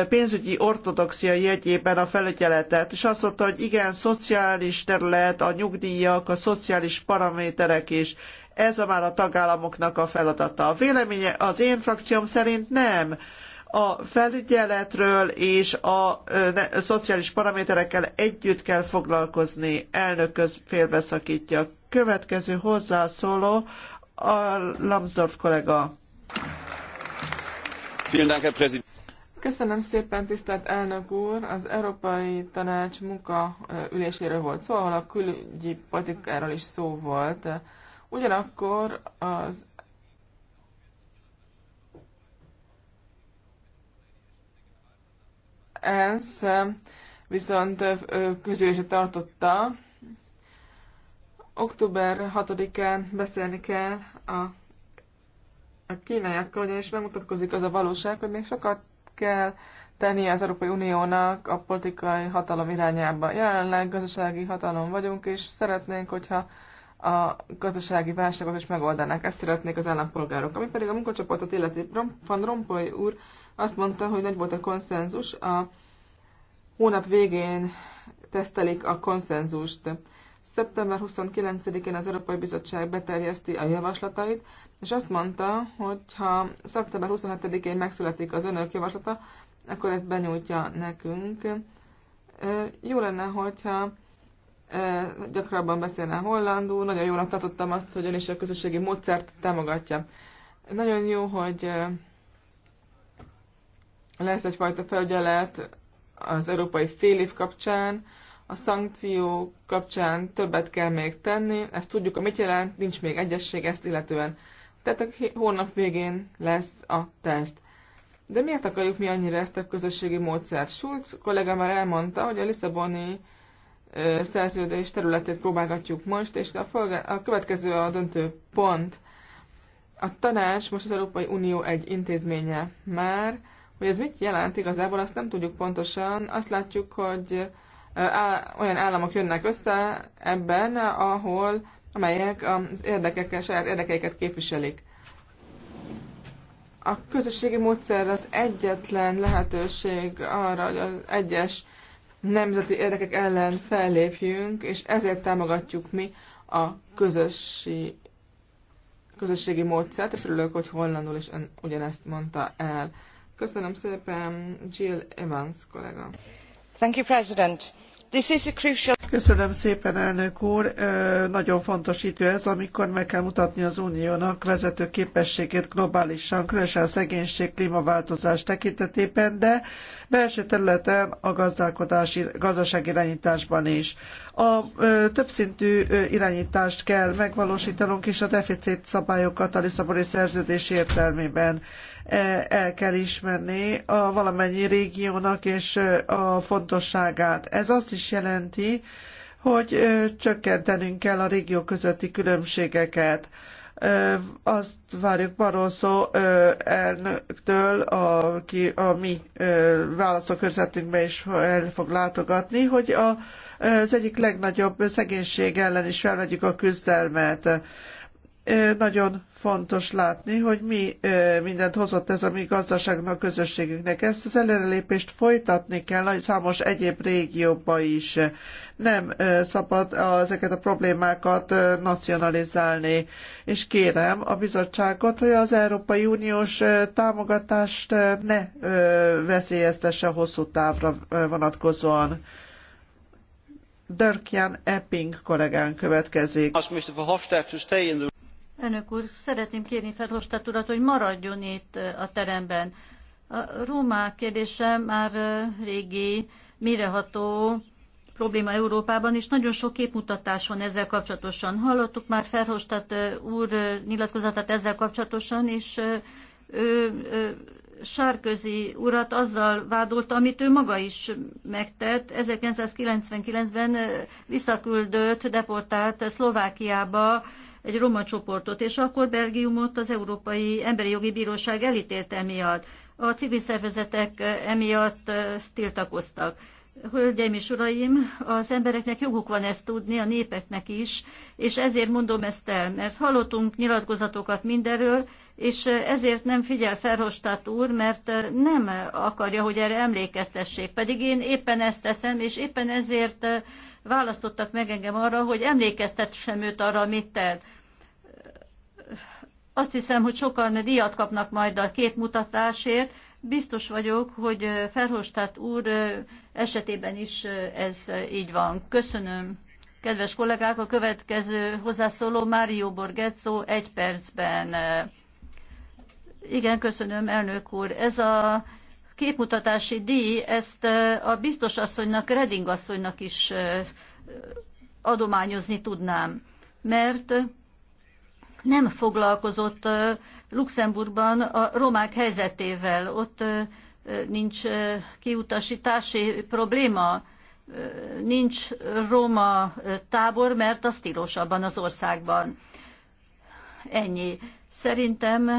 pénzügyi ortodoxia jegyében a felügyeletet, és azt mondta, hogy igen, szociális terület, a nyugdíjak, a szociális paraméterek is. Ez már a tagállamoknak a feladata. A véleménye az én frakcióm szerint nem a felügyeletről és a ne, szociális paraméterekkel együtt kell foglalkozni. Elnök köz félbeszakítja. Következő hozzászóló a Lambsdorff kollega. Köszönöm szépen, tisztelt elnök úr! Az Európai Tanács munka üléséről volt szó, ahol a külügyi politikáról is szó volt. Ugyanakkor az ENSZ viszont közülése tartotta. Október 6-án beszélni kell a, a kínaiakkal, ugyanis megmutatkozik az a valóság, hogy még sokat kell tenni az Európai Uniónak a politikai hatalom irányába. Jelenleg gazdasági hatalom vagyunk, és szeretnénk, hogyha a gazdasági válságot is megoldanák. Ezt szeretnék az állampolgárok. Ami pedig a munkacsoportot illeti, Van Rompuy úr azt mondta, hogy nagy volt a konszenzus, a hónap végén tesztelik a konszenzust. Szeptember 29-én az Európai Bizottság beterjeszti a javaslatait, és azt mondta, hogy ha szeptember 27-én megszületik az önök javaslata, akkor ezt benyújtja nekünk. Jó lenne, hogyha gyakrabban beszélne hollandul, nagyon jónak tartottam azt, hogy ön is a közösségi módszert támogatja. Nagyon jó, hogy lesz egyfajta felügyelet az európai fél év kapcsán, a szankció kapcsán többet kell még tenni, ezt tudjuk, amit jelent, nincs még egyesség ezt illetően. Tehát a hónap végén lesz a teszt. De miért akarjuk mi annyira ezt a közösségi módszert? Schulz kollega már elmondta, hogy a Lisszaboni szerződés területét próbálgatjuk most, és a, folga- a következő a döntő pont. A tanács most az Európai Unió egy intézménye már, hogy ez mit jelent igazából, azt nem tudjuk pontosan. Azt látjuk, hogy olyan államok jönnek össze ebben, ahol amelyek az érdekeket, saját érdekeiket képviselik. A közösségi módszer az egyetlen lehetőség arra, hogy az egyes nemzeti érdekek ellen fellépjünk, és ezért támogatjuk mi a közösi, közösségi módszert, és örülök, hogy hollandul is ugyanezt mondta el. Köszönöm szépen, Jill Evans kollega. Thank you, President. Köszönöm szépen, elnök úr. Nagyon fontos idő ez, amikor meg kell mutatni az uniónak vezető képességét globálisan, különösen a szegénység, klímaváltozás tekintetében, de belső területen a gazdálkodási, irányításban is. A többszintű irányítást kell megvalósítanunk, és a deficit szabályokat a Lisszaboni szerződés értelmében. E, el kell ismerni a valamennyi régiónak és e, a fontosságát. Ez azt is jelenti, hogy e, csökkentenünk kell a régió közötti különbségeket. Azt várjuk Barroso elnöktől, aki a mi választókörzetünkbe is el fog látogatni, hogy az egyik legnagyobb szegénység ellen is felvegyük a küzdelmet nagyon fontos látni, hogy mi mindent hozott ez a mi gazdaságnak, közösségünknek. Ezt az előrelépést folytatni kell nagy számos egyéb régióba is. Nem szabad ezeket a problémákat nacionalizálni. És kérem a bizottságot, hogy az Európai Uniós támogatást ne veszélyeztesse hosszú távra vonatkozóan. Dörkján Epping kollégán következik. Önök úr, szeretném kérni Ferhostat urat, hogy maradjon itt a teremben. A Róma kérdése már régi, mireható probléma Európában, és nagyon sok képmutatás van ezzel kapcsolatosan. Hallottuk már Ferhostat úr nyilatkozatát ezzel kapcsolatosan, és ő, ő Sárközi urat azzal vádolta, amit ő maga is megtett. 1999-ben visszaküldött, deportált Szlovákiába egy roma csoportot, és akkor Belgiumot az Európai Emberi Jogi Bíróság elítélte emiatt. A civil szervezetek emiatt tiltakoztak. Hölgyeim és uraim, az embereknek joguk van ezt tudni, a népeknek is, és ezért mondom ezt el, mert hallottunk nyilatkozatokat mindenről, és ezért nem figyel Ferhostát úr, mert nem akarja, hogy erre emlékeztessék. Pedig én éppen ezt teszem, és éppen ezért választottak meg engem arra, hogy emlékeztessem őt arra, mit tett. Azt hiszem, hogy sokan díjat kapnak majd a két mutatásért. Biztos vagyok, hogy Ferhostát úr esetében is ez így van. Köszönöm. Kedves kollégák, a következő hozzászóló Mário Borgetszó egy percben. Igen, köszönöm, elnök úr. Ez a képmutatási díj, ezt a biztos asszonynak, Reding asszonynak is adományozni tudnám, mert nem foglalkozott Luxemburgban a romák helyzetével. Ott nincs kiutasítási probléma, nincs roma tábor, mert az tilos abban az országban. Ennyi. Szerintem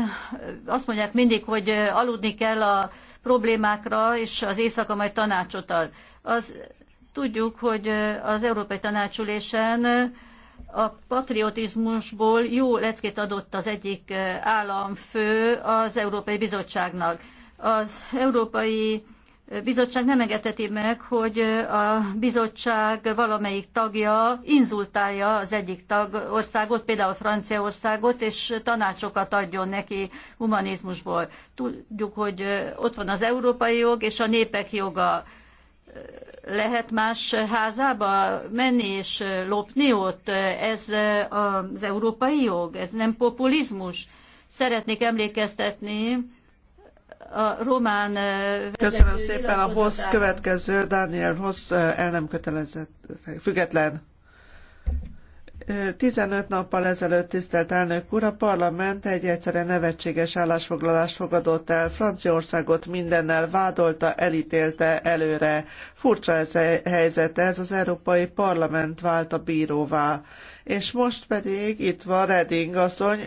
azt mondják mindig, hogy aludni kell a problémákra, és az éjszaka majd tanácsot ad. Az, tudjuk, hogy az Európai Tanácsülésen a patriotizmusból jó leckét adott az egyik eh, államfő az Európai Bizottságnak. Az Európai Bizottság nem engedheti meg, hogy eh, a bizottság valamelyik tagja inzultálja az egyik tagországot, például Franciaországot, és tanácsokat adjon neki humanizmusból. Tudjuk, hogy eh, ott van az európai jog és a népek joga lehet más házába menni és lopni ott? Ez az európai jog? Ez nem populizmus? Szeretnék emlékeztetni a román Köszönöm szépen a hossz következő, Daniel Hossz el nem kötelezett, független. 15 nappal ezelőtt, tisztelt elnök úr, a parlament egy egyszerűen nevetséges állásfoglalást fogadott el. Franciaországot mindennel vádolta, elítélte előre. Furcsa ez a helyzet, ez az Európai Parlament vált a bíróvá. És most pedig itt van Reding asszony,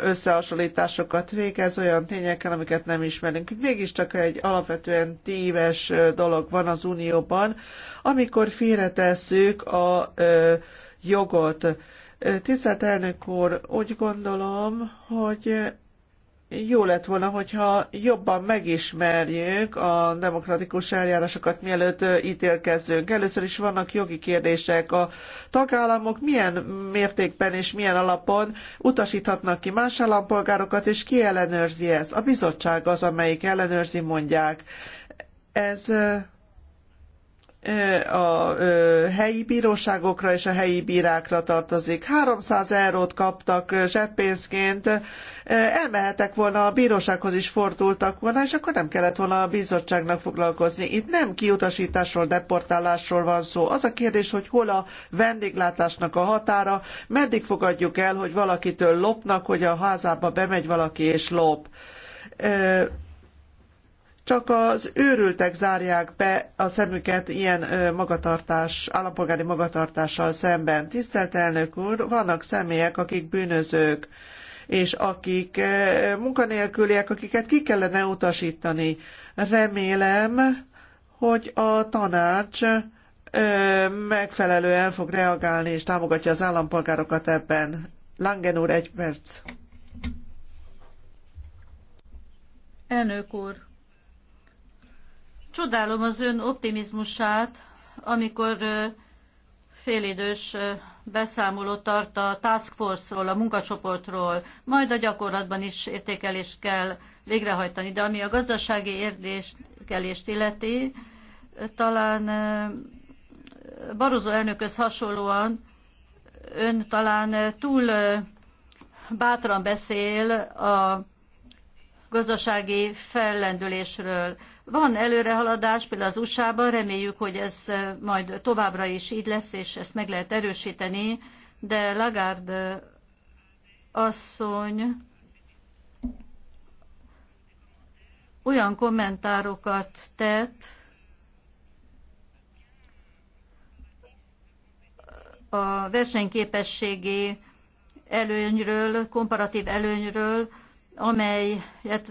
összehasonlításokat végez olyan tényekkel, amiket nem ismerünk. Mégiscsak egy alapvetően téves dolog van az Unióban, amikor félretesszük a ö, jogot. Tisztelt elnök úr, úgy gondolom, hogy jó lett volna, hogyha jobban megismerjük a demokratikus eljárásokat, mielőtt ítélkezzünk. Először is vannak jogi kérdések. A tagállamok milyen mértékben és milyen alapon utasíthatnak ki más állampolgárokat, és ki ellenőrzi ezt? A bizottság az, amelyik ellenőrzi, mondják. Ez a helyi bíróságokra és a helyi bírákra tartozik. 300 eurót kaptak zseppénzként, elmehettek volna, a bírósághoz is fordultak volna, és akkor nem kellett volna a bizottságnak foglalkozni. Itt nem kiutasításról, deportálásról van szó. Az a kérdés, hogy hol a vendéglátásnak a határa, meddig fogadjuk el, hogy valakitől lopnak, hogy a házába bemegy valaki és lop csak az őrültek zárják be a szemüket ilyen magatartás, állampolgári magatartással szemben. Tisztelt elnök úr, vannak személyek, akik bűnözők és akik munkanélküliek, akiket ki kellene utasítani. Remélem, hogy a tanács megfelelően fog reagálni és támogatja az állampolgárokat ebben. Langen úr, egy perc. Elnök úr, Csodálom az ön optimizmusát, amikor félidős beszámolót tart a Task Force-ról, a munkacsoportról, majd a gyakorlatban is értékelés kell végrehajtani. De ami a gazdasági értékelést illeti, talán Barozó elnökhöz hasonlóan ön talán túl bátran beszél a gazdasági fellendülésről. Van előrehaladás, például az USA-ban, reméljük, hogy ez majd továbbra is így lesz, és ezt meg lehet erősíteni, de Lagarde asszony olyan kommentárokat tett a versenyképességi előnyről, komparatív előnyről, amelyet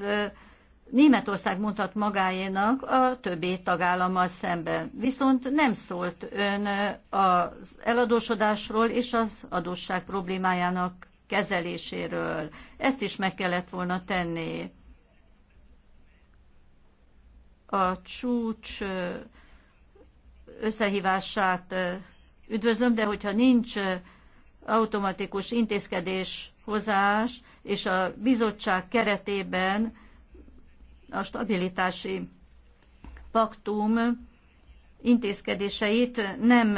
Németország mondhat magáénak a többi tagállammal szemben. Viszont nem szólt ön az eladósodásról és az adósság problémájának kezeléséről. Ezt is meg kellett volna tenni. A csúcs összehívását üdvözlöm, de hogyha nincs automatikus intézkedés hozás, és a bizottság keretében a stabilitási paktum intézkedéseit nem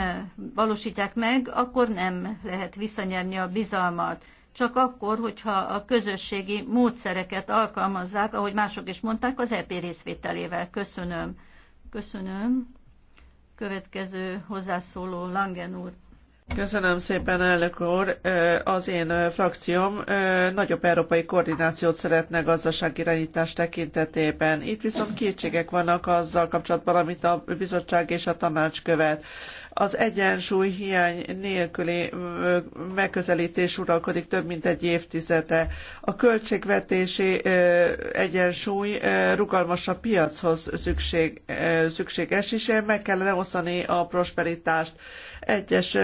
valósítják meg, akkor nem lehet visszanyerni a bizalmat. Csak akkor, hogyha a közösségi módszereket alkalmazzák, ahogy mások is mondták, az EP részvételével. Köszönöm. Köszönöm. Következő hozzászóló Langen úr. Köszönöm szépen, elnök úr. Az én frakcióm nagyobb európai koordinációt szeretne gazdaságirányítás tekintetében. Itt viszont kétségek vannak azzal kapcsolatban, amit a bizottság és a tanács követ az egyensúly hiány nélküli megközelítés uralkodik több mint egy évtizede. A költségvetési egyensúly rugalmasabb piachoz szükség, szükséges, és meg kellene osztani a prosperitást. Egyes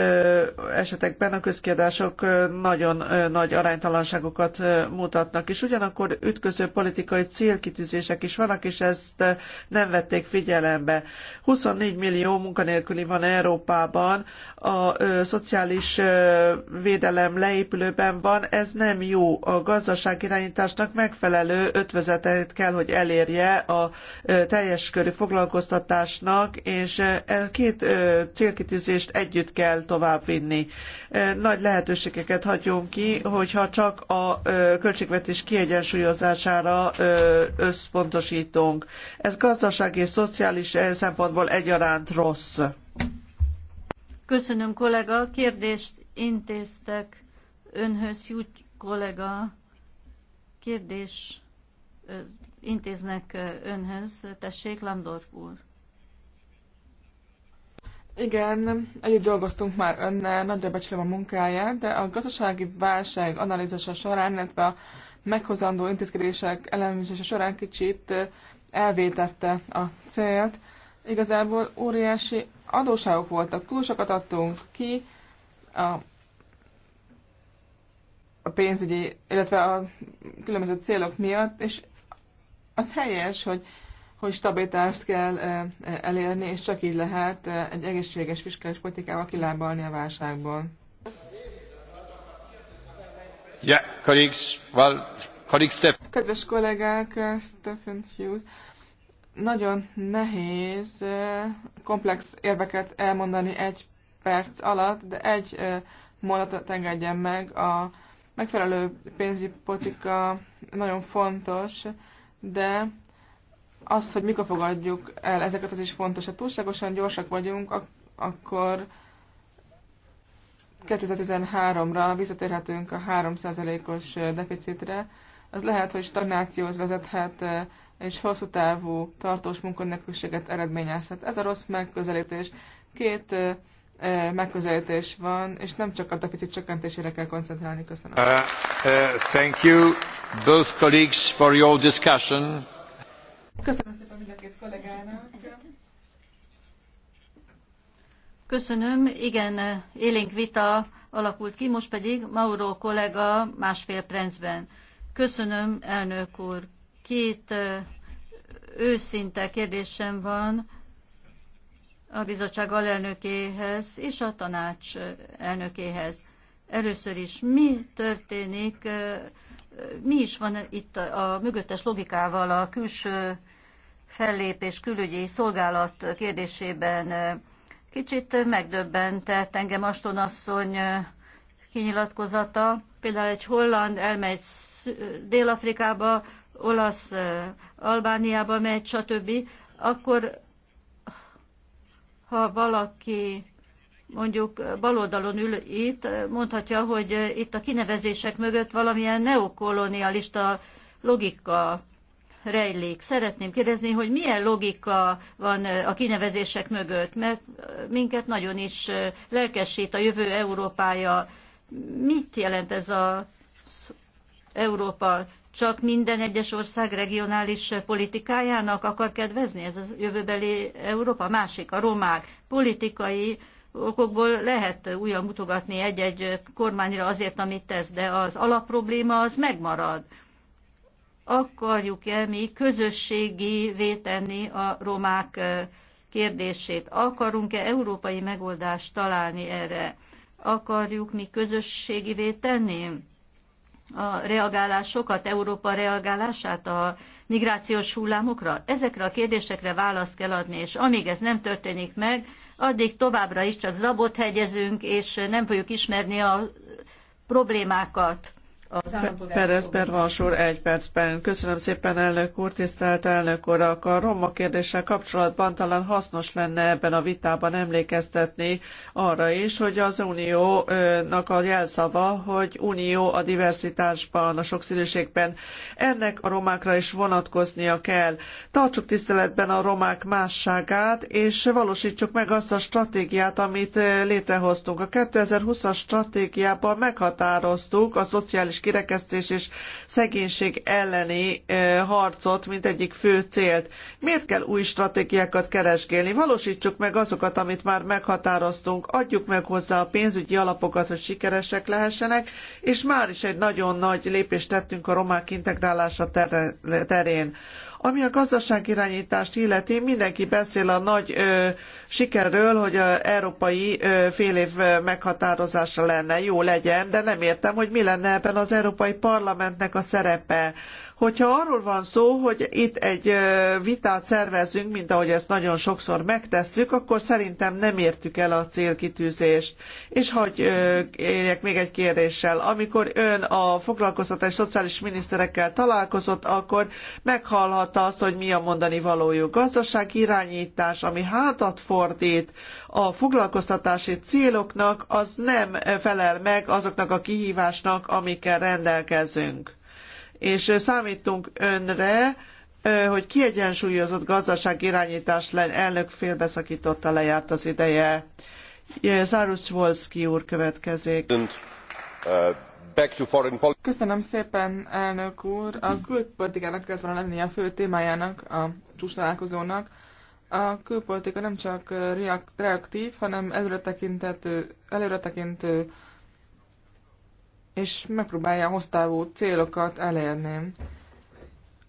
esetekben a közkiadások nagyon nagy aránytalanságokat mutatnak, és ugyanakkor ütköző politikai célkitűzések is vannak, és ezt nem vették figyelembe. 24 millió munkanélküli van Európában, Európában a ö, szociális ö, védelem leépülőben van, ez nem jó. A gazdaságirányításnak megfelelő ötvözetet kell, hogy elérje a ö, teljes körű foglalkoztatásnak, és e, két ö, célkitűzést együtt kell továbbvinni. nagy lehetőségeket hagyunk ki, hogyha csak a ö, költségvetés kiegyensúlyozására ö, összpontosítunk. Ez gazdasági és szociális szempontból egyaránt rossz. Köszönöm, kollega. Kérdést intéztek önhöz, Jut kollega. Kérdés intéznek önhöz. Tessék, Landorf úr. Igen, együtt dolgoztunk már önnel, nagyra becsülöm a munkáját, de a gazdasági válság analízisa során, illetve a meghozandó intézkedések elemzése során kicsit elvétette a célt. Igazából óriási adóságok voltak, túl sokat adtunk ki a, a pénzügyi, illetve a különböző célok miatt, és az helyes, hogy, hogy stabilitást kell elérni, és csak így lehet egy egészséges fiskális politikával kilábalni a válságból. Yeah, colleagues, well, colleagues Kedves kollégák, Stephen Hughes, nagyon nehéz komplex érveket elmondani egy perc alatt, de egy mondatot engedjen meg. A megfelelő pénzügyi politika nagyon fontos, de az, hogy mikor fogadjuk el ezeket, az is fontos. Ha túlságosan gyorsak vagyunk, akkor 2013-ra visszatérhetünk a 3%-os deficitre. Az lehet, hogy stagnációhoz vezethet és hosszú távú tartós munkanélküliséget eredményezhet. Ez a rossz megközelítés. Két megközelítés van, és nem csak a deficit csökkentésére kell koncentrálni. Köszönöm. Uh, uh, thank you both colleagues for your discussion. Köszönöm szépen mind a két kollégának. Köszönöm, igen, élénk vita alakult ki, most pedig Mauro kollega másfél percben. Köszönöm, elnök úr. Két őszinte kérdésem van a bizottság alelnökéhez és a tanács elnökéhez. Először is, mi történik, mi is van itt a mögöttes logikával a külső fellépés külügyi szolgálat kérdésében? Kicsit megdöbbentett engem Aston asszony kinyilatkozata. Például egy holland elmegy Dél-Afrikába, olasz Albániába megy, stb., akkor ha valaki mondjuk baloldalon ül itt, mondhatja, hogy itt a kinevezések mögött valamilyen neokolonialista logika rejlik. Szeretném kérdezni, hogy milyen logika van a kinevezések mögött, mert minket nagyon is lelkesít a jövő Európája. Mit jelent ez az Európa? csak minden egyes ország regionális politikájának akar kedvezni? Ez a jövőbeli Európa másik, a romák politikai okokból lehet újra mutogatni egy-egy kormányra azért, amit tesz, de az alapprobléma az megmarad. Akarjuk-e mi közösségi vétenni a romák kérdését? Akarunk-e európai megoldást találni erre? Akarjuk mi közösségivé tenni? a reagálásokat, Európa reagálását a migrációs hullámokra? Ezekre a kérdésekre választ kell adni, és amíg ez nem történik meg, addig továbbra is csak zabot hegyezünk, és nem fogjuk ismerni a problémákat. Perez Pervansúr egy percben. Köszönöm szépen, elnök úr, tisztelt elnök A roma kérdéssel kapcsolatban talán hasznos lenne ebben a vitában emlékeztetni arra is, hogy az uniónak a jelszava, hogy unió a diversitásban, a sokszínűségben. Ennek a romákra is vonatkoznia kell. Tartsuk tiszteletben a romák másságát, és valósítsuk meg azt a stratégiát, amit eh, létrehoztunk. A 2020-as stratégiában meghatároztuk a szociális kirekesztés és szegénység elleni harcot, mint egyik fő célt. Miért kell új stratégiákat keresgélni? Valósítsuk meg azokat, amit már meghatároztunk, adjuk meg hozzá a pénzügyi alapokat, hogy sikeresek lehessenek, és már is egy nagyon nagy lépést tettünk a romák integrálása terén. Ami a gazdaságirányítást illeti, mindenki beszél a nagy ö, sikerről, hogy a európai ö, fél év meghatározása lenne, jó legyen, de nem értem, hogy mi lenne ebben az Európai Parlamentnek a szerepe. Hogyha arról van szó, hogy itt egy vitát szervezünk, mint ahogy ezt nagyon sokszor megtesszük, akkor szerintem nem értük el a célkitűzést. És hogy éljek még egy kérdéssel. Amikor ön a foglalkoztatás szociális miniszterekkel találkozott, akkor meghallhatta azt, hogy mi a mondani valójuk. Gazdaság irányítás, ami hátat fordít a foglalkoztatási céloknak, az nem felel meg azoknak a kihívásnak, amikkel rendelkezünk és számítunk önre, hogy kiegyensúlyozott gazdaságirányítás legyen. Elnök félbeszakította, lejárt az ideje. Zárusz Wolski úr következik. Uh, Köszönöm szépen, elnök úr. A külpolitikának kellett volna lennie a fő témájának, a csúcstalálkozónak. A külpolitika nem csak reaktív, hanem előretekintő, előretekintő és megpróbálja hoztávú célokat elérni.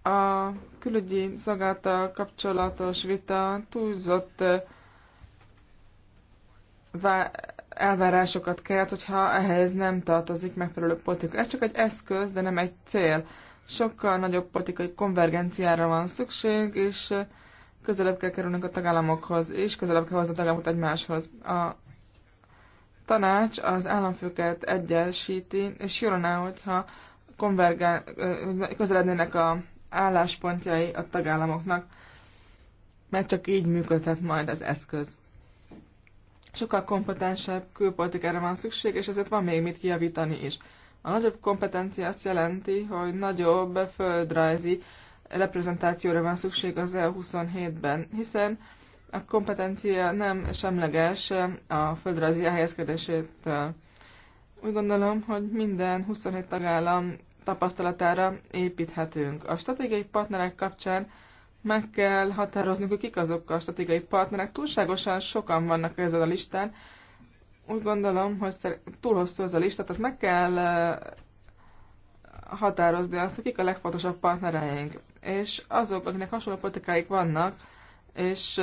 A külügyi szolgálata kapcsolatos vita túlzott elvárásokat kelt, hogyha ehhez nem tartozik megfelelő politika. Ez csak egy eszköz, de nem egy cél. Sokkal nagyobb politikai konvergenciára van szükség, és közelebb kell kerülnünk a tagállamokhoz, és közelebb kell hozni a tagállamokat egymáshoz. A tanács az államfőket egyesíti, és jól lenne, hogyha konvergál, közelednének a álláspontjai a tagállamoknak, mert csak így működhet majd az eszköz. Sokkal kompetensebb külpolitikára van szükség, és ezért van még mit kijavítani is. A nagyobb kompetencia azt jelenti, hogy nagyobb földrajzi reprezentációra van szükség az EU27-ben, hiszen a kompetencia nem semleges a földrajzi elhelyezkedésétől. Úgy gondolom, hogy minden 27 tagállam tapasztalatára építhetünk. A stratégiai partnerek kapcsán meg kell határoznunk, hogy kik azok a stratégiai partnerek. Túlságosan sokan vannak ezen a listán. Úgy gondolom, hogy túl hosszú ez a lista, tehát meg kell eh, határozni azt, hogy kik a legfontosabb partnereink. És azok, akinek hasonló politikáik vannak, és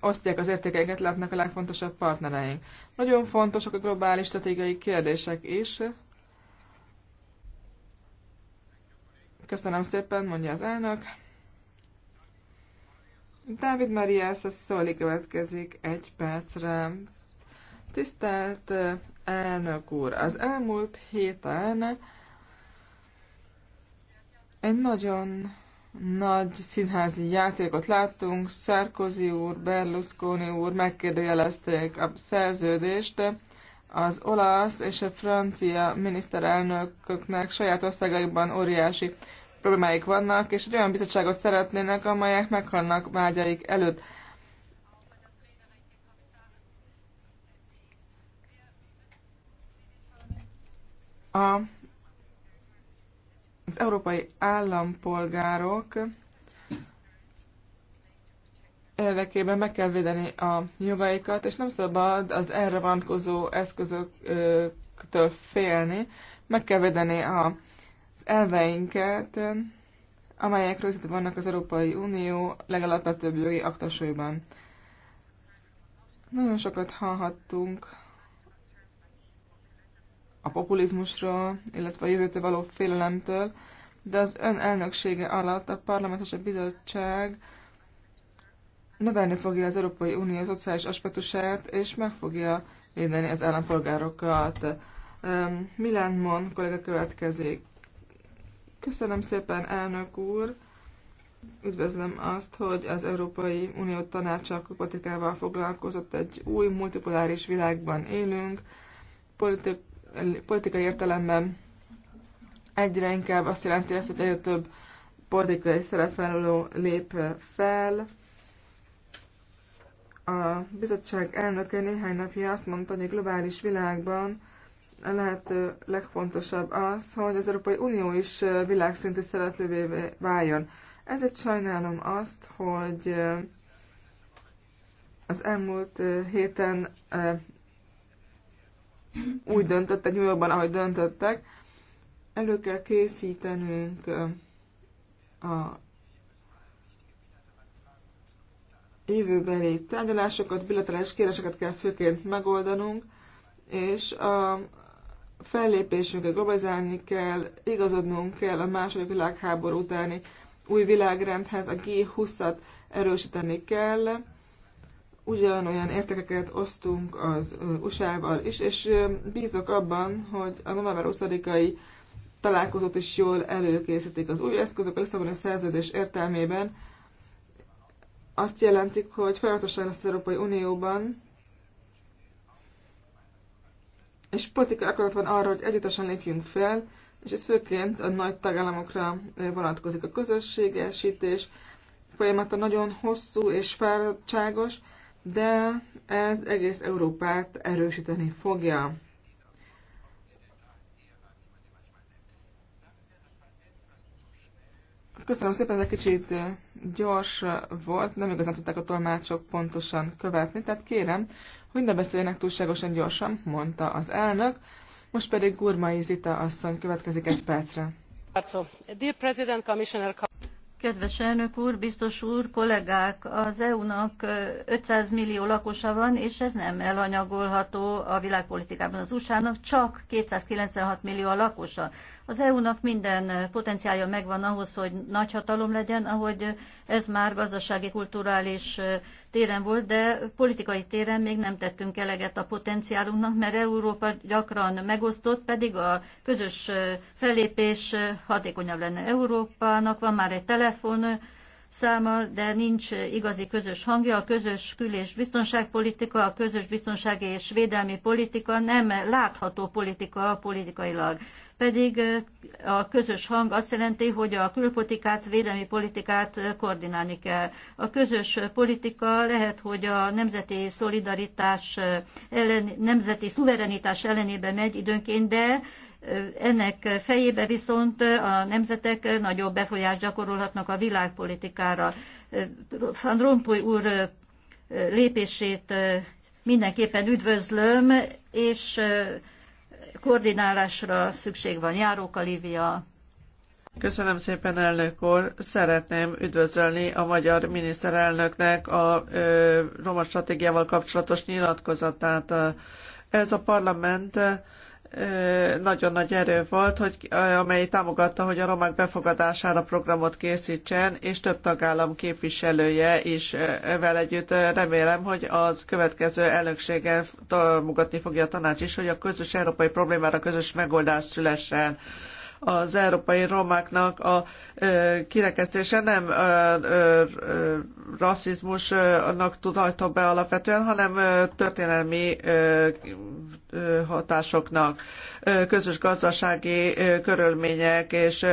osztják az értékeinket, látnak a legfontosabb partnereink. Nagyon fontosak a globális stratégiai kérdések is. Köszönöm szépen, mondja az elnök. Dávid Marias szóli következik egy percre. Tisztelt elnök úr, az elmúlt héten egy nagyon nagy színházi játékot láttunk, Sarkozy úr, Berlusconi úr megkérdőjelezték a szerződést, az olasz és a francia miniszterelnököknek saját országaiban óriási problémáik vannak, és olyan bizottságot szeretnének, amelyek meghalnak vágyaik előtt. A az európai állampolgárok érdekében meg kell védeni a jogaikat, és nem szabad az erre vonatkozó eszközöktől félni, meg kell védeni az elveinket, amelyek rögzítve vannak az Európai Unió legalapvetőbb jogi aktasaiban. Nagyon sokat hallhattunk a populizmusról, illetve a jövőtől való félelemtől, de az ön elnöksége alatt a parlament és a bizottság növelni fogja az Európai Unió szociális aspektusát, és meg fogja védeni az állampolgárokat. Milán Mon kollega következik. Köszönöm szépen, elnök úr! Üdvözlöm azt, hogy az Európai Unió tanácsa politikával foglalkozott. Egy új multipoláris világban élünk. Politik, politikai értelemben egyre inkább azt jelenti ezt, hogy egyre több politikai szerepvállaló lép fel. A bizottság elnöke néhány napja azt mondta, hogy a globális világban a lehető legfontosabb az, hogy az Európai Unió is világszintű szereplővé váljon. Ezért sajnálom azt, hogy az elmúlt héten úgy döntöttek New Yorkban, ahogy döntöttek. Elő kell készítenünk a jövőbeli tárgyalásokat, bilaterális kérdéseket kell főként megoldanunk, és a fellépésünket globalizálni kell, igazodnunk kell a második világháború utáni új világrendhez, a G20-at erősíteni kell, ugyanolyan értékeket osztunk az USA-val is, és bízok abban, hogy a november 20-ai találkozót is jól előkészítik. Az új eszközök a Lisszaboni szerződés értelmében azt jelentik, hogy folyamatosan lesz az Európai Unióban, és politikai akarat van arra, hogy együttesen lépjünk fel, és ez főként a nagy tagállamokra vonatkozik. A közösségesítés folyamata nagyon hosszú és fáradtságos, de ez egész Európát erősíteni fogja. Köszönöm szépen, ez egy kicsit eh, gyors volt, nem igazán tudták a tolmácsok pontosan követni, tehát kérem, hogy ne beszéljenek túlságosan gyorsan, mondta az elnök. Most pedig Gurmai Zita asszony következik egy percre. Dear President, Commissioner... Kedves elnök úr, biztos úr, kollégák, az EU-nak 500 millió lakosa van, és ez nem elhanyagolható a világpolitikában. Az USA-nak csak 296 millió a lakosa. Az EU-nak minden potenciálja megvan ahhoz, hogy nagy hatalom legyen, ahogy ez már gazdasági, kulturális téren volt, de politikai téren még nem tettünk eleget a potenciálunknak, mert Európa gyakran megosztott, pedig a közös fellépés hatékonyabb lenne Európának. Van már egy telefon, száma, de nincs igazi közös hangja. A közös kül- és biztonságpolitika, a közös biztonsági és védelmi politika nem látható politika politikailag pedig a közös hang azt jelenti, hogy a külpolitikát, védelmi politikát koordinálni kell. A közös politika lehet, hogy a nemzeti szolidaritás ellen, nemzeti szuverenitás ellenébe megy időnként, de ennek fejébe viszont a nemzetek nagyobb befolyást gyakorolhatnak a világpolitikára. Van Rompuy úr lépését mindenképpen üdvözlöm, és koordinálásra szükség van. Járóka Lívia. Köszönöm szépen, elnök úr! Szeretném üdvözölni a magyar miniszterelnöknek a ö, roma stratégiával kapcsolatos nyilatkozatát. Ez a parlament nagyon nagy erő volt, hogy, amely támogatta, hogy a romák befogadására programot készítsen, és több tagállam képviselője is vele együtt. Remélem, hogy az következő elnökségen támogatni fogja a tanács is, hogy a közös európai problémára közös megoldás szülessen az európai romáknak a kirekesztése nem rasszizmusnak tudható be alapvetően, hanem történelmi hatásoknak, közös gazdasági körülmények és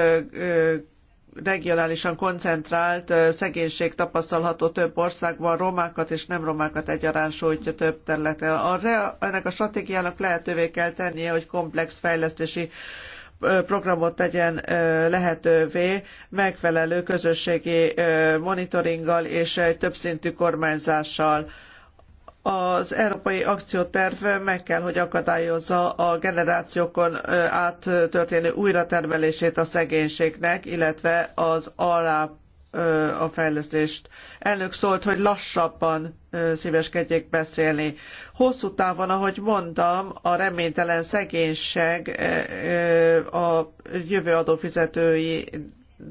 regionálisan koncentrált szegénység tapasztalható több országban, romákat és nem romákat egyaránt sújtja több területen. A ennek a stratégiának lehetővé kell tennie, hogy komplex fejlesztési programot tegyen lehetővé megfelelő közösségi monitoringgal és egy többszintű kormányzással. Az Európai Akcióterv meg kell, hogy akadályozza a generációkon át történő újratermelését a szegénységnek, illetve az alá a fejlesztést. Elnök szólt, hogy lassabban szíveskedjék beszélni. Hosszú távon, ahogy mondtam, a reménytelen szegénység a jövő adófizetői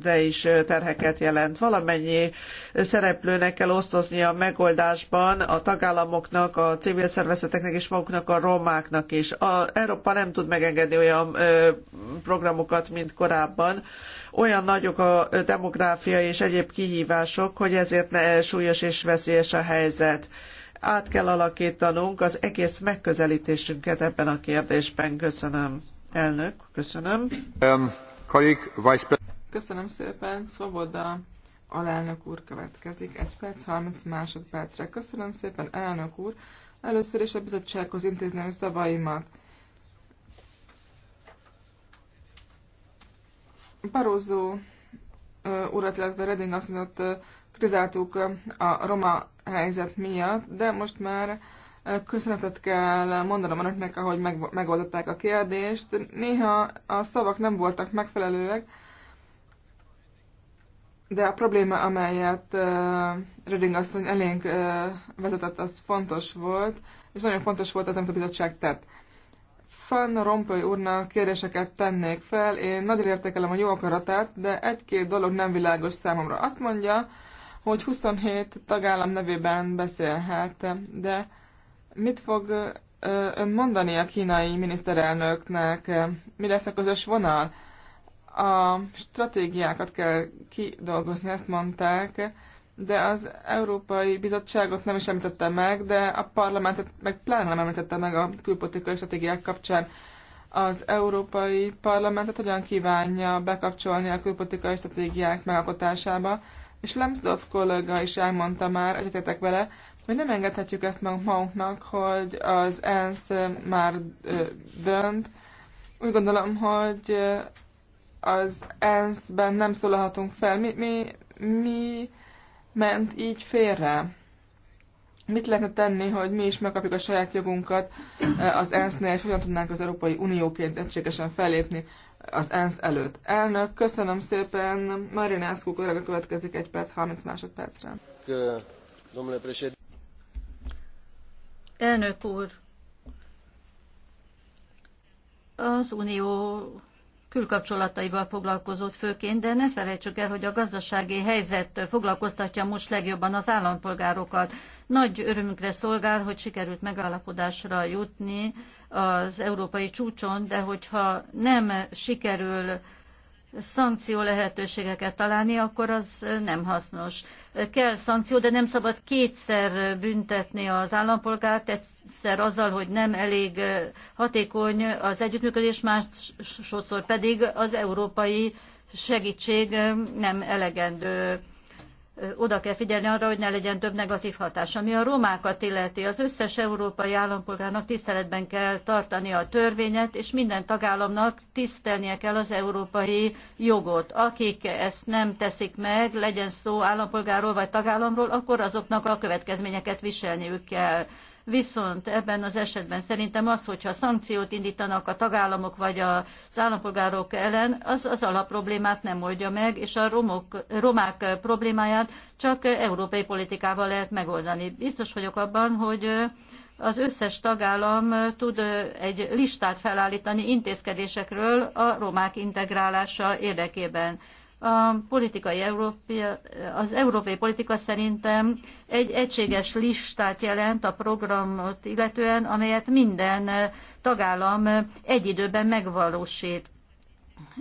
de is terheket jelent. Valamennyi szereplőnek kell osztoznia a megoldásban, a tagállamoknak, a civil szervezeteknek és maguknak, a romáknak is. A, Európa nem tud megengedni olyan ö, programokat, mint korábban. Olyan nagyok a demográfiai és egyéb kihívások, hogy ezért ne súlyos és veszélyes a helyzet. Át kell alakítanunk az egész megközelítésünket ebben a kérdésben. Köszönöm. Elnök, köszönöm. Um, vice Köszönöm szépen, Szoboda alelnök úr következik, 1 perc 30 másodpercre. Köszönöm szépen, elnök úr. Először is a bizottsághoz intézném szavaimat. Barózó urat, illetve Redding asszonyt kritizáltuk a roma helyzet miatt, de most már köszönetet kell mondanom önöknek, ahogy megoldották a kérdést. Néha a szavak nem voltak megfelelőek, de a probléma, amelyet uh, Reding asszony elénk uh, vezetett, az fontos volt, és nagyon fontos volt az, amit a bizottság tett. Fan Rompuy úrnak kérdéseket tennék fel, én nagyon értékelem a jó akaratát, de egy-két dolog nem világos számomra. Azt mondja, hogy 27 tagállam nevében beszélhet, de mit fog uh, ön mondani a kínai miniszterelnöknek? Mi lesz a közös vonal? A stratégiákat kell kidolgozni, ezt mondták, de az Európai Bizottságot nem is említette meg, de a parlamentet meg pláne nem említette meg a külpolitikai stratégiák kapcsán. Az Európai Parlamentet hogyan kívánja bekapcsolni a külpolitikai stratégiák megalkotásába, és Lemsdorf kollega is elmondta már, egyetetek vele, hogy nem engedhetjük ezt magunknak, hogy az ENSZ már dönt. Úgy gondolom, hogy az ENSZ-ben nem szólalhatunk fel. Mi, mi, mi ment így félre? Mit lehetne tenni, hogy mi is megkapjuk a saját jogunkat eh, az ENSZ-nél, és hogyan tudnánk az Európai Unióként egységesen fellépni az ENSZ előtt? Elnök, köszönöm szépen. Marinászkó kollega következik egy perc, 30 másodpercre. Elnök úr, az Unió külkapcsolataival foglalkozott főként, de ne felejtsük el, hogy a gazdasági helyzet foglalkoztatja most legjobban az állampolgárokat. Nagy örömünkre szolgál, hogy sikerült megállapodásra jutni az európai csúcson, de hogyha nem sikerül szankció lehetőségeket találni, akkor az nem hasznos. Kell szankció, de nem szabad kétszer büntetni az állampolgárt, egyszer azzal, hogy nem elég hatékony az együttműködés, másodszor pedig az európai segítség nem elegendő oda kell figyelni arra, hogy ne legyen több negatív hatás. Ami a romákat illeti, az összes európai állampolgárnak tiszteletben kell tartani a törvényet, és minden tagállamnak tisztelnie kell az európai jogot. Akik ezt nem teszik meg, legyen szó állampolgáról vagy tagállamról, akkor azoknak a következményeket viselniük kell viszont ebben az esetben szerintem az, hogyha szankciót indítanak a tagállamok vagy az állampolgárok ellen, az az alapproblémát nem oldja meg, és a romok, romák problémáját csak európai politikával lehet megoldani. Biztos vagyok abban, hogy az összes tagállam tud egy listát felállítani intézkedésekről a romák integrálása érdekében. A politikai Európia, az európai politika szerintem egy egységes listát jelent a programot illetően, amelyet minden tagállam egy időben megvalósít.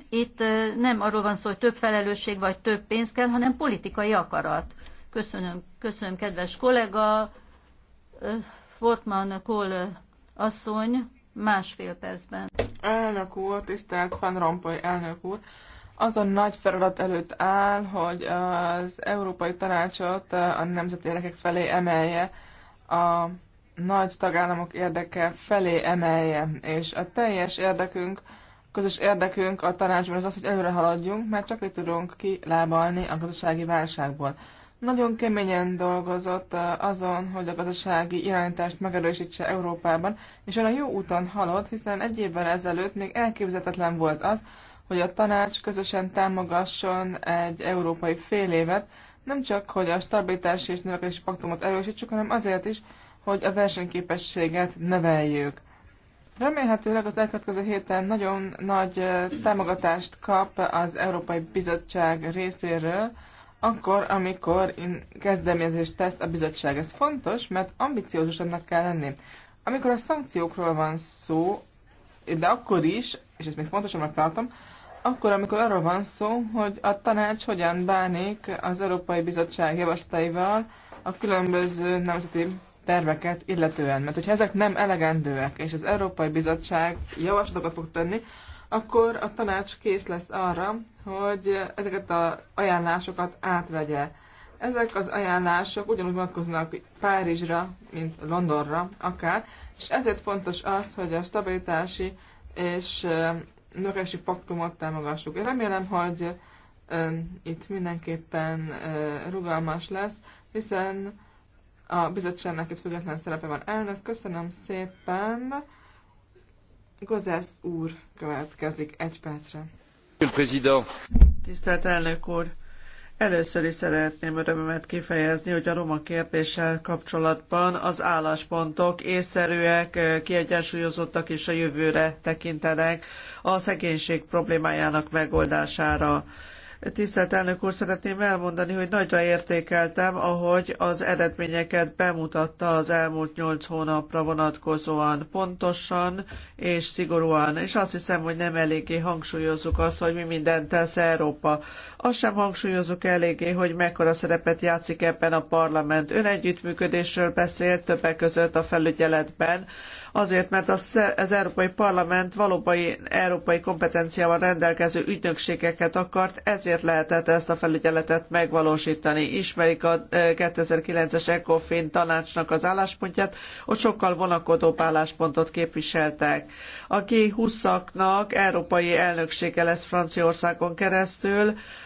Itt nem arról van szó, hogy több felelősség vagy több pénz kell, hanem politikai akarat. Köszönöm, köszönöm kedves kollega. Fortman Kohl asszony másfél percben. Elnök úr, tisztelt Van Rompuy elnök úr! azon nagy feladat előtt áll, hogy az Európai Tanácsot a nemzeti érdekek felé emelje, a nagy tagállamok érdeke felé emelje, és a teljes érdekünk, közös érdekünk a tanácsban az az, hogy előre haladjunk, mert csak így tudunk kilábalni a gazdasági válságból. Nagyon keményen dolgozott eh, azon, hogy a gazdasági irányítást megerősítse Európában, és olyan jó úton halott, hiszen egy évvel ezelőtt még elképzelhetetlen volt az, hogy a tanács közösen támogasson egy európai fél évet, nem csak, hogy a stabilitási és növekedési paktumot erősítsük, hanem azért is, hogy a versenyképességet növeljük. Remélhetőleg az elkövetkező héten nagyon nagy támogatást kap az Európai Bizottság részéről, akkor, amikor kezdeményezést tesz a bizottság. Ez fontos, mert ambiciózusabbnak kell lenni. Amikor a szankciókról van szó, de akkor is, és ezt még fontosabbnak tartom, akkor, amikor arról van szó, hogy a tanács hogyan bánik az Európai Bizottság javaslataival a különböző nemzeti terveket illetően. Mert hogyha ezek nem elegendőek, és az Európai Bizottság javaslatokat fog tenni, akkor a tanács kész lesz arra, hogy ezeket az ajánlásokat átvegye. Ezek az ajánlások ugyanúgy vonatkoznak Párizsra, mint Londonra akár, és ezért fontos az, hogy a stabilitási és növekedési paktumot támogassuk. Én remélem, hogy itt mindenképpen rugalmas lesz, hiszen a bizottságnak itt független szerepe van. Elnök, köszönöm szépen. Gozász úr következik egy percre. Tisztelt elnök úr! Először is szeretném örömömet kifejezni, hogy a roma kérdéssel kapcsolatban az álláspontok észszerűek, kiegyensúlyozottak és a jövőre tekintenek a szegénység problémájának megoldására. Tisztelt elnök úr, szeretném elmondani, hogy nagyra értékeltem, ahogy az eredményeket bemutatta az elmúlt nyolc hónapra vonatkozóan pontosan és szigorúan, és azt hiszem, hogy nem eléggé hangsúlyozzuk azt, hogy mi mindent tesz Európa. Azt sem hangsúlyozzuk eléggé, hogy mekkora szerepet játszik ebben a parlament. Ön együttműködésről beszélt többek között a felügyeletben, azért, mert az, Európai Parlament valóban európai kompetenciával rendelkező ügynökségeket akart, ezért lehetett ezt a felügyeletet megvalósítani. Ismerik a 2009-es ECOFIN tanácsnak az álláspontját, ott sokkal vonakodóbb álláspontot képviseltek. A G20-aknak európai elnöksége lesz Franciaországon keresztül,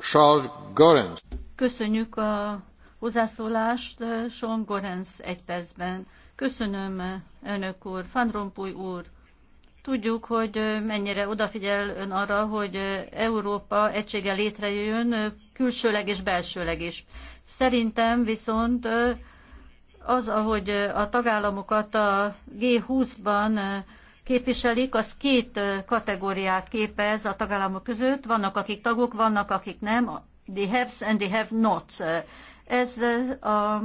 Charles Gorenz. Köszönjük a hozzászólást, Sean Gorenz egy percben. Köszönöm, önök úr, Van Rompuy úr. Tudjuk, hogy mennyire odafigyel ön arra, hogy Európa egysége létrejön külsőleg és belsőleg is. Szerintem viszont az, ahogy a tagállamokat a G20-ban képviselik, az két kategóriát képez a tagállamok között. Vannak, akik tagok, vannak, akik nem. The haves and the have nots. Ez a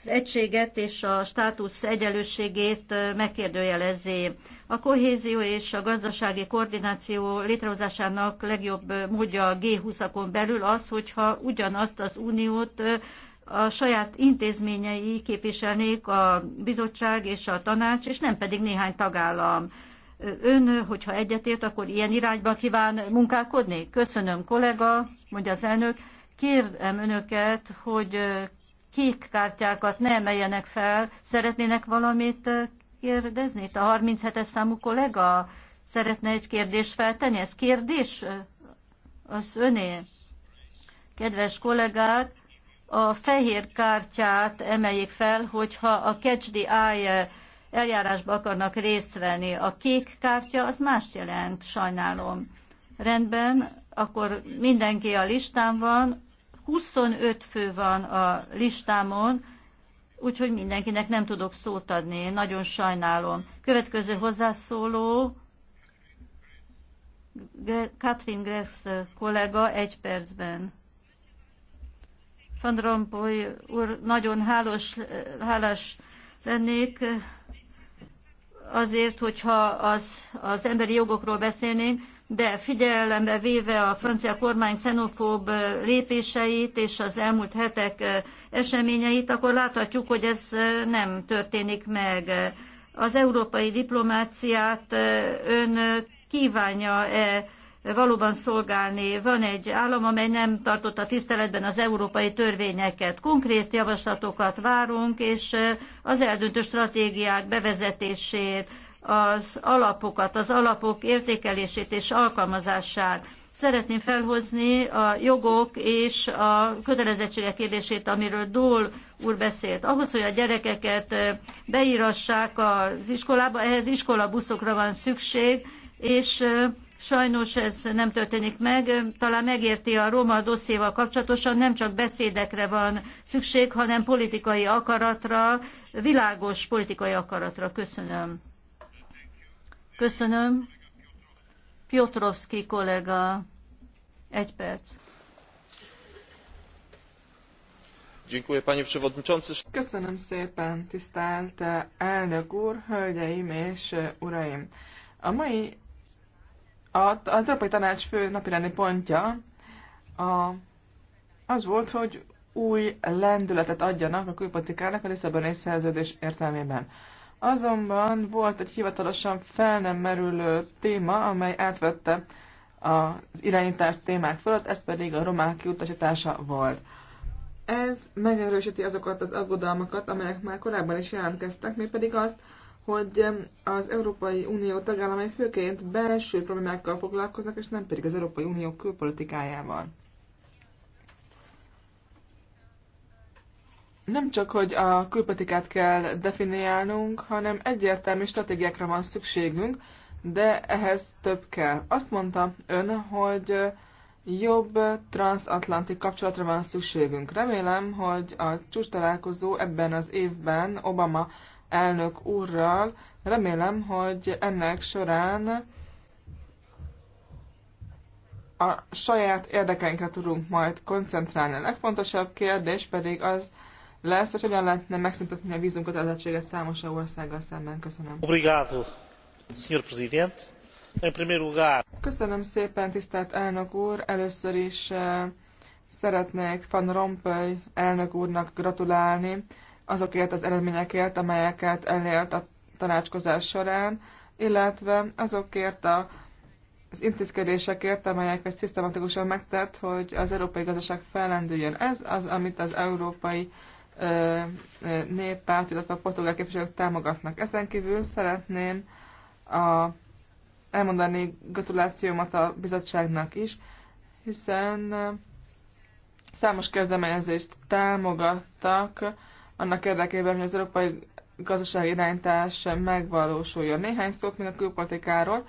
az egységet és a státusz egyenlőségét megkérdőjelezi. A kohézió és a gazdasági koordináció létrehozásának legjobb módja a G20-akon belül az, hogyha ugyanazt az uniót a saját intézményei képviselnék a bizottság és a tanács, és nem pedig néhány tagállam. Ön, hogyha egyetért, akkor ilyen irányba kíván munkálkodni? Köszönöm, kollega, mondja az elnök. Kérem önöket, hogy kék kártyákat ne emeljenek fel. Szeretnének valamit kérdezni? a 37-es számú kollega szeretne egy kérdést feltenni. Ez kérdés? Az öné. Kedves kollégák, a fehér kártyát emeljék fel, hogyha a catch the eye eljárásba akarnak részt venni. A kék kártya az mást jelent, sajnálom. Rendben, akkor mindenki a listán van, 25 fő van a listámon, úgyhogy mindenkinek nem tudok szót adni, nagyon sajnálom. Következő hozzászóló, Katrin Grefsz kollega egy percben. Van Rompuy úr, nagyon hálós, hálás lennék azért, hogyha az, az emberi jogokról beszélnénk, de figyelembe véve a francia kormány xenofób lépéseit és az elmúlt hetek eseményeit, akkor láthatjuk, hogy ez nem történik meg. Az európai diplomáciát ön kívánja-e valóban szolgálni. Van egy állam, amely nem tartotta tiszteletben az európai törvényeket. Konkrét javaslatokat várunk, és az eldöntő stratégiák bevezetését, az alapokat, az alapok értékelését és alkalmazását. Szeretném felhozni a jogok és a kötelezettségek kérdését, amiről Dól úr beszélt. Ahhoz, hogy a gyerekeket beírassák az iskolába, ehhez iskolabuszokra van szükség, és Sajnos ez nem történik meg, talán megérti a Roma dosszéval kapcsolatosan, nem csak beszédekre van szükség, hanem politikai akaratra, világos politikai akaratra. Köszönöm. Köszönöm. Piotrowski kollega, egy perc. Köszönöm szépen, tisztelt eh, elnök úr, hölgyeim és eh, uraim! A mai a, a Európai Tanács fő napirendi pontja a, az volt, hogy új lendületet adjanak a külpolitikának a Lisszaboni szerződés értelmében. Azonban volt egy hivatalosan fel nem merülő téma, amely átvette az irányítás témák fölött, ez pedig a romák kiutasítása volt. Ez megerősíti azokat az aggodalmakat, amelyek már korábban is jelentkeztek, mégpedig azt, hogy az Európai Unió tagállamai főként belső problémákkal foglalkoznak, és nem pedig az Európai Unió külpolitikájával. Nem csak, hogy a külpolitikát kell definiálnunk, hanem egyértelmű stratégiákra van szükségünk, de ehhez több kell. Azt mondta ön, hogy jobb transatlanti kapcsolatra van szükségünk. Remélem, hogy a csúcs találkozó ebben az évben Obama elnök úrral. Remélem, hogy ennek során a saját érdekeinkre tudunk majd koncentrálni. A legfontosabb kérdés pedig az lesz, hogy hogyan lehetne megszüntetni a vízumkötelezettséget számos országgal szemben. Köszönöm. Obrigado, Sr. Presidente. Em primeiro lugar. Köszönöm szépen, tisztelt elnök úr. Először is eh, szeretnék Van Rompuy elnök úrnak gratulálni azokért az eredményekért, amelyeket elért a tanácskozás során, illetve azokért a, az intézkedésekért, amelyeket szisztematikusan megtett, hogy az európai gazdaság fellendüljön. Ez az, amit az európai ö, néppárt, illetve a portugál képviselők támogatnak. Ezen kívül szeretném a, elmondani gratulációmat a bizottságnak is, hiszen számos kezdeményezést támogattak, annak érdekében, hogy az európai gazdasági iránytás megvalósuljon. Néhány szót még a külpolitikáról,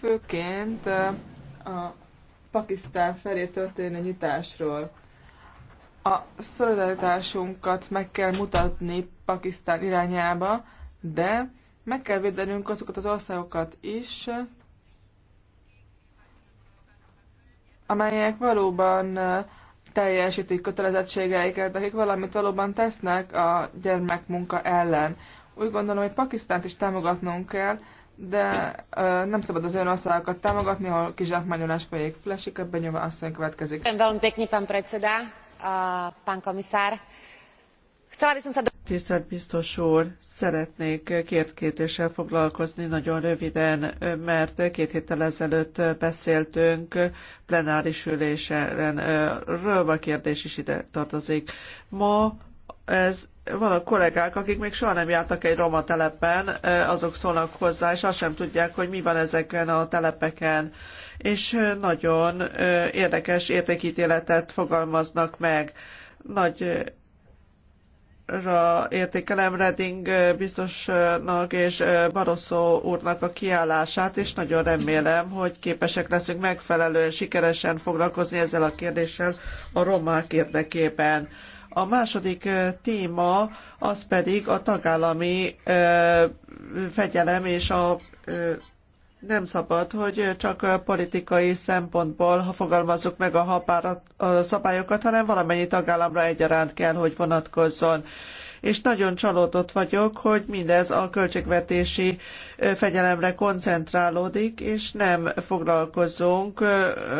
főként a Pakisztán felé történő nyitásról. A szolidaritásunkat meg kell mutatni Pakisztán irányába, de meg kell védenünk azokat az országokat is, amelyek valóban teljesítik kötelezettségeiket, akik valamit valóban tesznek a gyermekmunka ellen. Úgy gondolom, hogy Pakisztánt is támogatnunk kell, de ö, nem szabad az olyan országokat támogatni, ahol kizsákmányolás folyik. Flesik, ebben nyilván asszony következik. Köszönöm szépen, pán predseda, pán komisár. Chcela by som sa do... Tisztelt biztos úr, szeretnék két kérdéssel foglalkozni nagyon röviden, mert két héttel ezelőtt beszéltünk plenáris ülésen. Röv a kérdés is ide tartozik. Ma ez vannak kollégák, akik még soha nem jártak egy roma telepen, azok szólnak hozzá, és azt sem tudják, hogy mi van ezeken a telepeken. És nagyon érdekes értékítéletet fogalmaznak meg. Nagy ra értékelem Reding biztosnak és Barosszó úrnak a kiállását, és nagyon remélem, hogy képesek leszünk megfelelően sikeresen foglalkozni ezzel a kérdéssel a romák érdekében. A második téma az pedig a tagállami fegyelem és a nem szabad, hogy csak politikai szempontból ha fogalmazzuk meg a, habárat, a szabályokat, hanem valamennyi tagállamra egyaránt kell, hogy vonatkozzon. És nagyon csalódott vagyok, hogy mindez a költségvetési fegyelemre koncentrálódik, és nem foglalkozunk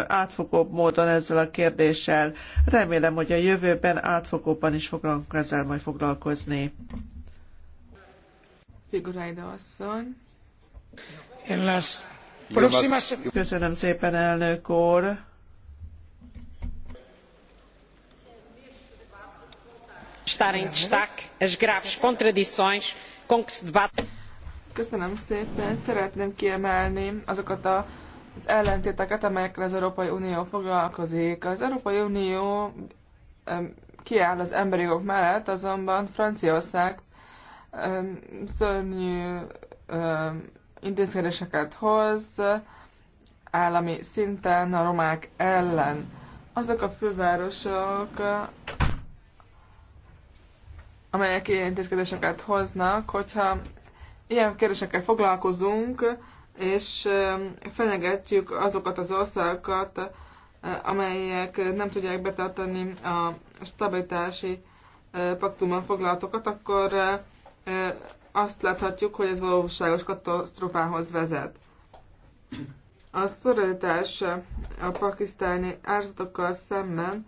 átfogóbb módon ezzel a kérdéssel. Remélem, hogy a jövőben átfogóbban is fogunk ezzel majd foglalkozni. Figurájda asszony. Köszönöm szépen, elnök úr. Köszönöm szépen. Szeretném kiemelni azokat a, az ellentéteket, amelyekkel az Európai Unió foglalkozik. Az Európai Unió kiáll az emberi jogok mellett, azonban Franciaország um, szörnyű um, intézkedéseket hoz állami szinten a romák ellen. Azok a fővárosok, amelyek ilyen intézkedéseket hoznak, hogyha ilyen kérdésekkel foglalkozunk, és um, fenyegetjük azokat az országokat, uh, amelyek nem tudják betartani a stabilitási uh, paktumban foglalatokat, akkor uh, azt láthatjuk, hogy ez valóságos katasztrofához vezet. A szorítás a pakisztáni árzatokkal szemben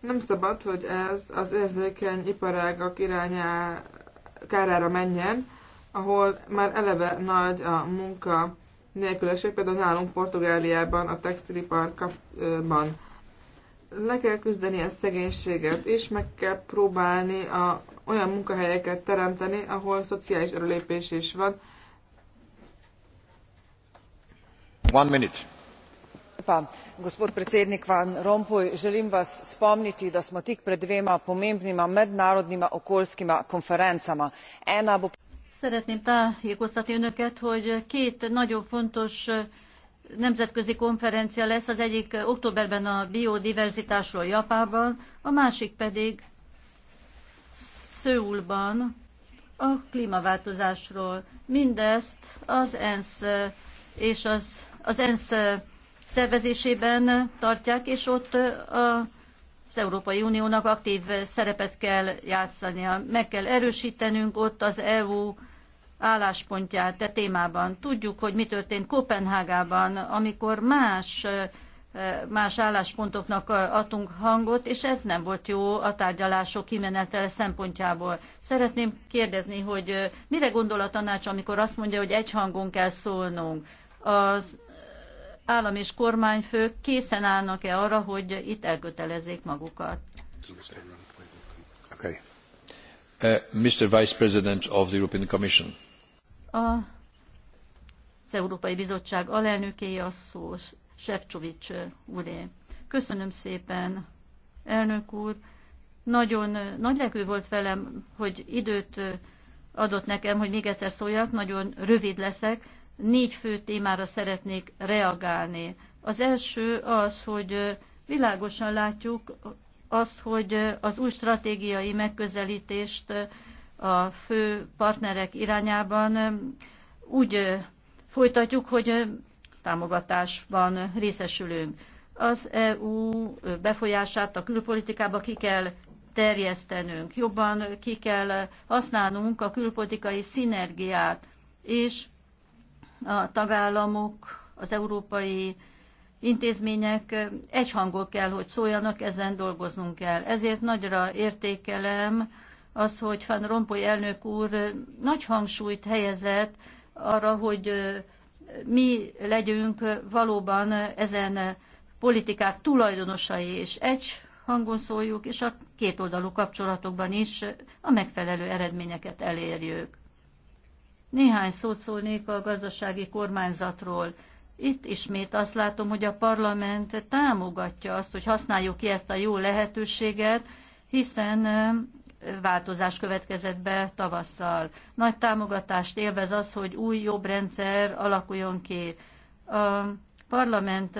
nem szabad, hogy ez az érzékeny iparágak irányá kárára menjen, ahol már eleve nagy a munka nélküliség, például nálunk Portugáliában, a textilipar kapban le kell küzdeni a szegénységet, és meg kell próbálni a, olyan munkahelyeket teremteni, ahol szociális erőlépés is van. One minute. Pa, Gospod predsednik Van Rompuy, želim vas spomniti, da smo tik pred dvema pomembnima mednarodnima okoljskima konferencama. Ena bo... Szeretném tájékoztatni önöket, hogy két nagyon fontos uh, nemzetközi konferencia lesz, az egyik októberben a biodiverzitásról Japánban, a másik pedig Szőulban a klímaváltozásról. Mindezt az ENSZ és az, az ENSZ szervezésében tartják, és ott a az Európai Uniónak aktív szerepet kell játszania. Meg kell erősítenünk ott az EU álláspontját e témában. Tudjuk, hogy mi történt Kopenhágában, amikor más más álláspontoknak adtunk hangot, és ez nem volt jó a tárgyalások kimenetele szempontjából. Szeretném kérdezni, hogy mire gondol a tanács, amikor azt mondja, hogy egy hangon kell szólnunk? Az állam és kormányfők készen állnak-e arra, hogy itt elkötelezzék magukat? Okay. Uh, Mr. Vice President of the European Commission. A, az Európai Bizottság alelnökéje a szó, Sefcsovics úré. Köszönöm szépen, elnök úr. Nagyon nagy lelkű volt velem, hogy időt adott nekem, hogy még egyszer szóljak, nagyon rövid leszek. Négy fő témára szeretnék reagálni. Az első az, hogy világosan látjuk azt, hogy az új stratégiai megközelítést a fő partnerek irányában úgy folytatjuk, hogy támogatásban részesülünk. Az EU befolyását a külpolitikába ki kell terjesztenünk, jobban ki kell használnunk a külpolitikai szinergiát, és a tagállamok, az európai intézmények egyhangok kell, hogy szóljanak, ezen dolgoznunk kell. Ezért nagyra értékelem az, hogy Van Rompuy elnök úr nagy hangsúlyt helyezett arra, hogy mi legyünk valóban ezen politikák tulajdonosai, és egy hangon szóljuk, és a kétoldalú kapcsolatokban is a megfelelő eredményeket elérjük. Néhány szót szólnék a gazdasági kormányzatról. Itt ismét azt látom, hogy a parlament támogatja azt, hogy használjuk ki ezt a jó lehetőséget, hiszen változás következett be tavasszal. Nagy támogatást élvez az, hogy új jobb rendszer alakuljon ki. A parlament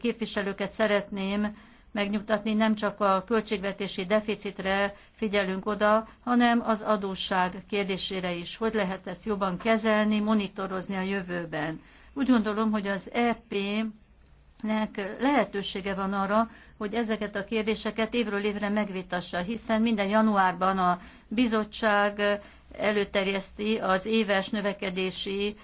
képviselőket szeretném megnyugtatni, nem csak a költségvetési deficitre figyelünk oda, hanem az adósság kérdésére is. Hogy lehet ezt jobban kezelni, monitorozni a jövőben? Úgy gondolom, hogy az EP lehetősége van arra, hogy ezeket a kérdéseket évről évre megvitassa, hiszen minden januárban a bizottság előterjeszti az éves növekedési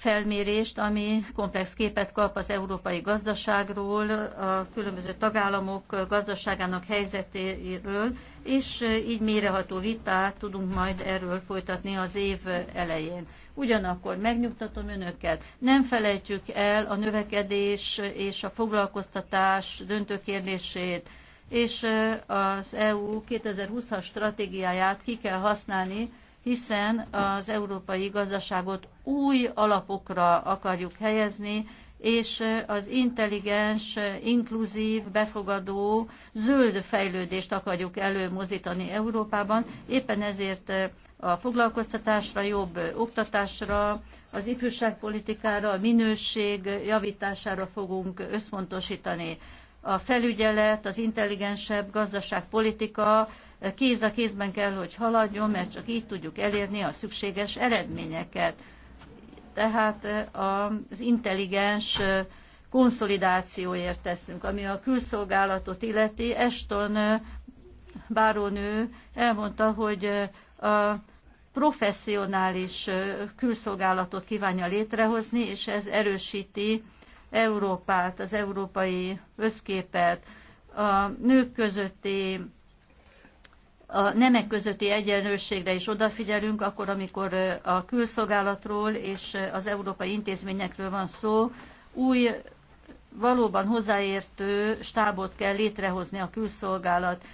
felmérést, ami komplex képet kap az európai gazdaságról, a különböző tagállamok gazdaságának helyzetéről, és így méreható vitát tudunk majd erről folytatni az év elején. Ugyanakkor megnyugtatom önöket, nem felejtjük el a növekedés és a foglalkoztatás döntő kérdését, és az EU 2020-as stratégiáját ki kell használni, hiszen az európai gazdaságot új alapokra akarjuk helyezni, és az intelligens, inkluzív, befogadó, zöld fejlődést akarjuk előmozdítani Európában. Éppen ezért a foglalkoztatásra, jobb oktatásra, az ifjúságpolitikára, a minőség javítására fogunk összpontosítani. A felügyelet, az intelligensebb gazdaságpolitika, kéz a kézben kell, hogy haladjon, mert csak így tudjuk elérni a szükséges eredményeket. Tehát eh, az intelligens eh, konszolidációért teszünk, ami a külszolgálatot illeti. Eston eh, bárónő elmondta, hogy a professzionális külszolgálatot kívánja létrehozni, és ez erősíti Európát, az európai összképet, a nők közötti a nemek közötti egyenlőségre is odafigyelünk, akkor, amikor a külszolgálatról és az európai intézményekről van szó, új, valóban hozzáértő stábot kell létrehozni a külszolgálat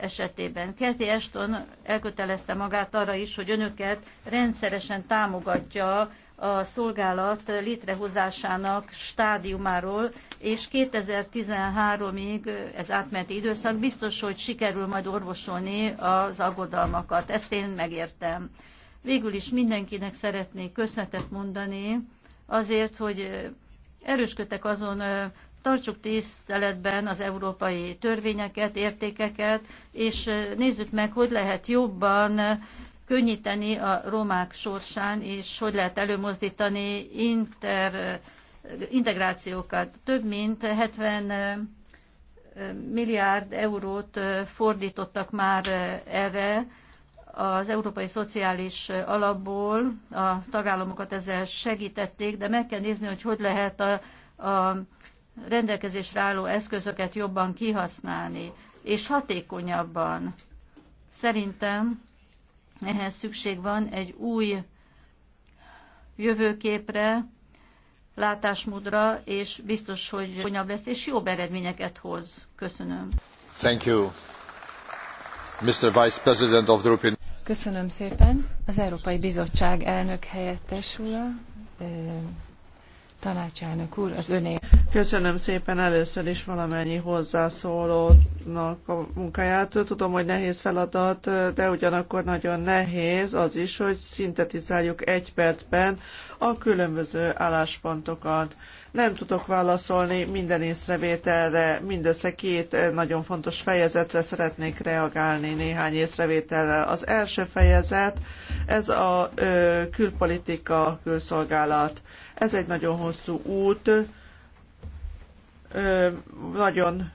esetében. Kathy Ashton elkötelezte magát arra is, hogy önöket rendszeresen támogatja a szolgálat létrehozásának stádiumáról, és 2013-ig, ez átmenti időszak, biztos, hogy sikerül majd orvosolni az aggodalmakat. Ezt én megértem. Végül is mindenkinek szeretnék köszönetet mondani azért, hogy erősködtek azon, tartsuk tiszteletben az európai törvényeket, értékeket, és nézzük meg, hogy lehet jobban könnyíteni a romák sorsán, és hogy lehet előmozdítani inter, integrációkat. Több mint 70 milliárd eurót fordítottak már erre az Európai Szociális Alapból, a tagállamokat ezzel segítették, de meg kell nézni, hogy hogy lehet a, a rendelkezésre álló eszközöket jobban kihasználni, és hatékonyabban. Szerintem ehhez szükség van egy új jövőképre, látásmódra, és biztos, hogy konyabb lesz, és jobb eredményeket hoz. Köszönöm. Thank you. Mr. Vice President of the European... Köszönöm szépen. Az Európai Bizottság elnök helyettes úr, Tanácselnök úr, az öné. Köszönöm szépen először is valamennyi hozzászólónak a munkáját. Tudom, hogy nehéz feladat, de ugyanakkor nagyon nehéz az is, hogy szintetizáljuk egy percben a különböző álláspontokat. Nem tudok válaszolni minden észrevételre, mindössze két nagyon fontos fejezetre szeretnék reagálni néhány észrevételre. Az első fejezet, ez a külpolitika, külszolgálat ez egy nagyon hosszú út, nagyon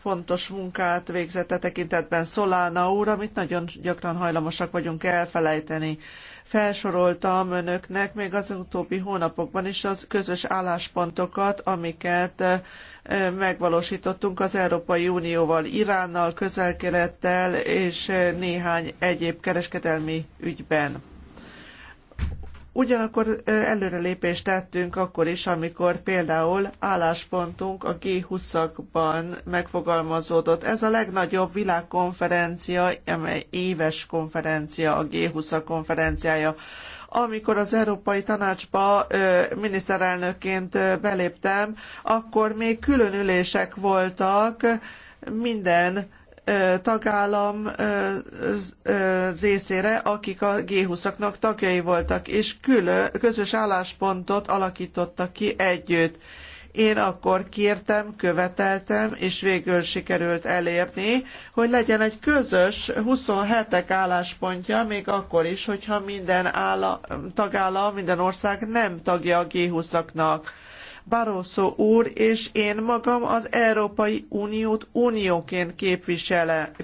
fontos munkát végzett a e tekintetben Szolána úr, amit nagyon gyakran hajlamosak vagyunk elfelejteni. Felsoroltam önöknek még az utóbbi hónapokban is az közös álláspontokat, amiket megvalósítottunk az Európai Unióval, Iránnal, közel és néhány egyéb kereskedelmi ügyben Ugyanakkor előrelépést tettünk akkor is, amikor például álláspontunk a G20-akban megfogalmazódott. Ez a legnagyobb világkonferencia, amely éves konferencia, a G20-ak konferenciája. Amikor az Európai Tanácsba miniszterelnökként beléptem, akkor még külön ülések voltak minden tagállam részére, akik a G20-aknak tagjai voltak, és külön, közös álláspontot alakítottak ki együtt. Én akkor kértem, követeltem, és végül sikerült elérni, hogy legyen egy közös 27-ek álláspontja, még akkor is, hogyha minden állam, tagállam, minden ország nem tagja a G20-aknak Barroso úr és én magam az Európai Uniót unióként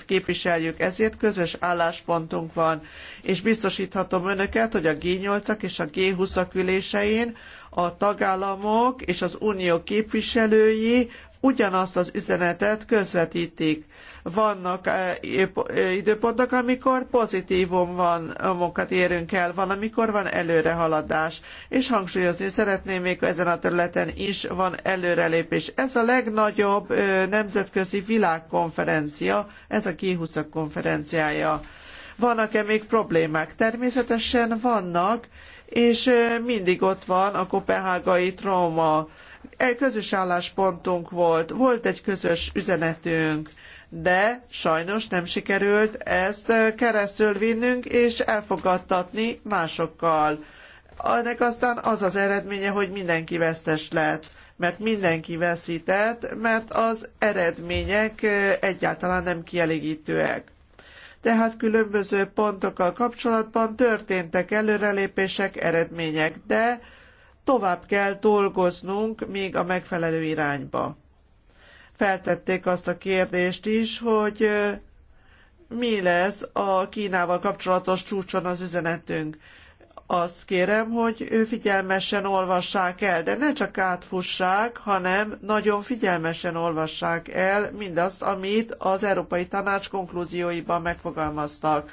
képviseljük, ezért közös álláspontunk van, és biztosíthatom önöket, hogy a G8-ak és a G20-ak ülésein a tagállamok és az unió képviselői ugyanazt az üzenetet közvetítik vannak eh, eh, időpontok, amikor van, pozitívumokat érünk el, van, amikor van előrehaladás. És hangsúlyozni szeretném még ezen a területen is van előrelépés. Ez a legnagyobb eh, nemzetközi világkonferencia, ez a G20 konferenciája. Vannak-e még problémák? Természetesen vannak, és mindig ott van a kopenhágai trauma. Egy közös álláspontunk volt, volt egy közös üzenetünk, de sajnos nem sikerült ezt keresztül vinnünk és elfogadtatni másokkal. Ennek aztán az az eredménye, hogy mindenki vesztes lett mert mindenki veszített, mert az eredmények egyáltalán nem kielégítőek. Tehát különböző pontokkal kapcsolatban történtek előrelépések, eredmények, de tovább kell dolgoznunk még a megfelelő irányba feltették azt a kérdést is, hogy mi lesz a Kínával kapcsolatos csúcson az üzenetünk. Azt kérem, hogy figyelmesen olvassák el, de ne csak átfussák, hanem nagyon figyelmesen olvassák el mindazt, amit az Európai Tanács konklúzióiban megfogalmaztak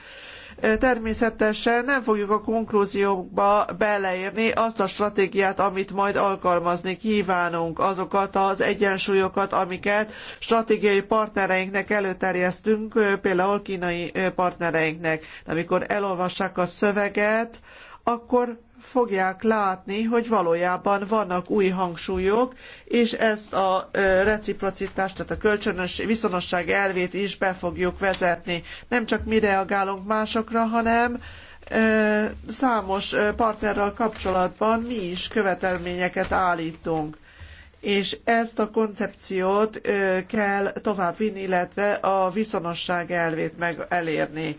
természetesen nem fogjuk a konklúziókba beleérni azt a stratégiát, amit majd alkalmazni kívánunk, azokat az egyensúlyokat, amiket stratégiai partnereinknek előterjesztünk, például kínai partnereinknek. Amikor elolvassák a szöveget, akkor fogják látni, hogy valójában vannak új hangsúlyok, és ezt a reciprocitást, tehát a kölcsönös viszonosság elvét is be fogjuk vezetni. Nem csak mi reagálunk másokra, hanem számos partnerrel kapcsolatban mi is követelményeket állítunk. És ezt a koncepciót kell továbbvinni, illetve a viszonosság elvét meg elérni.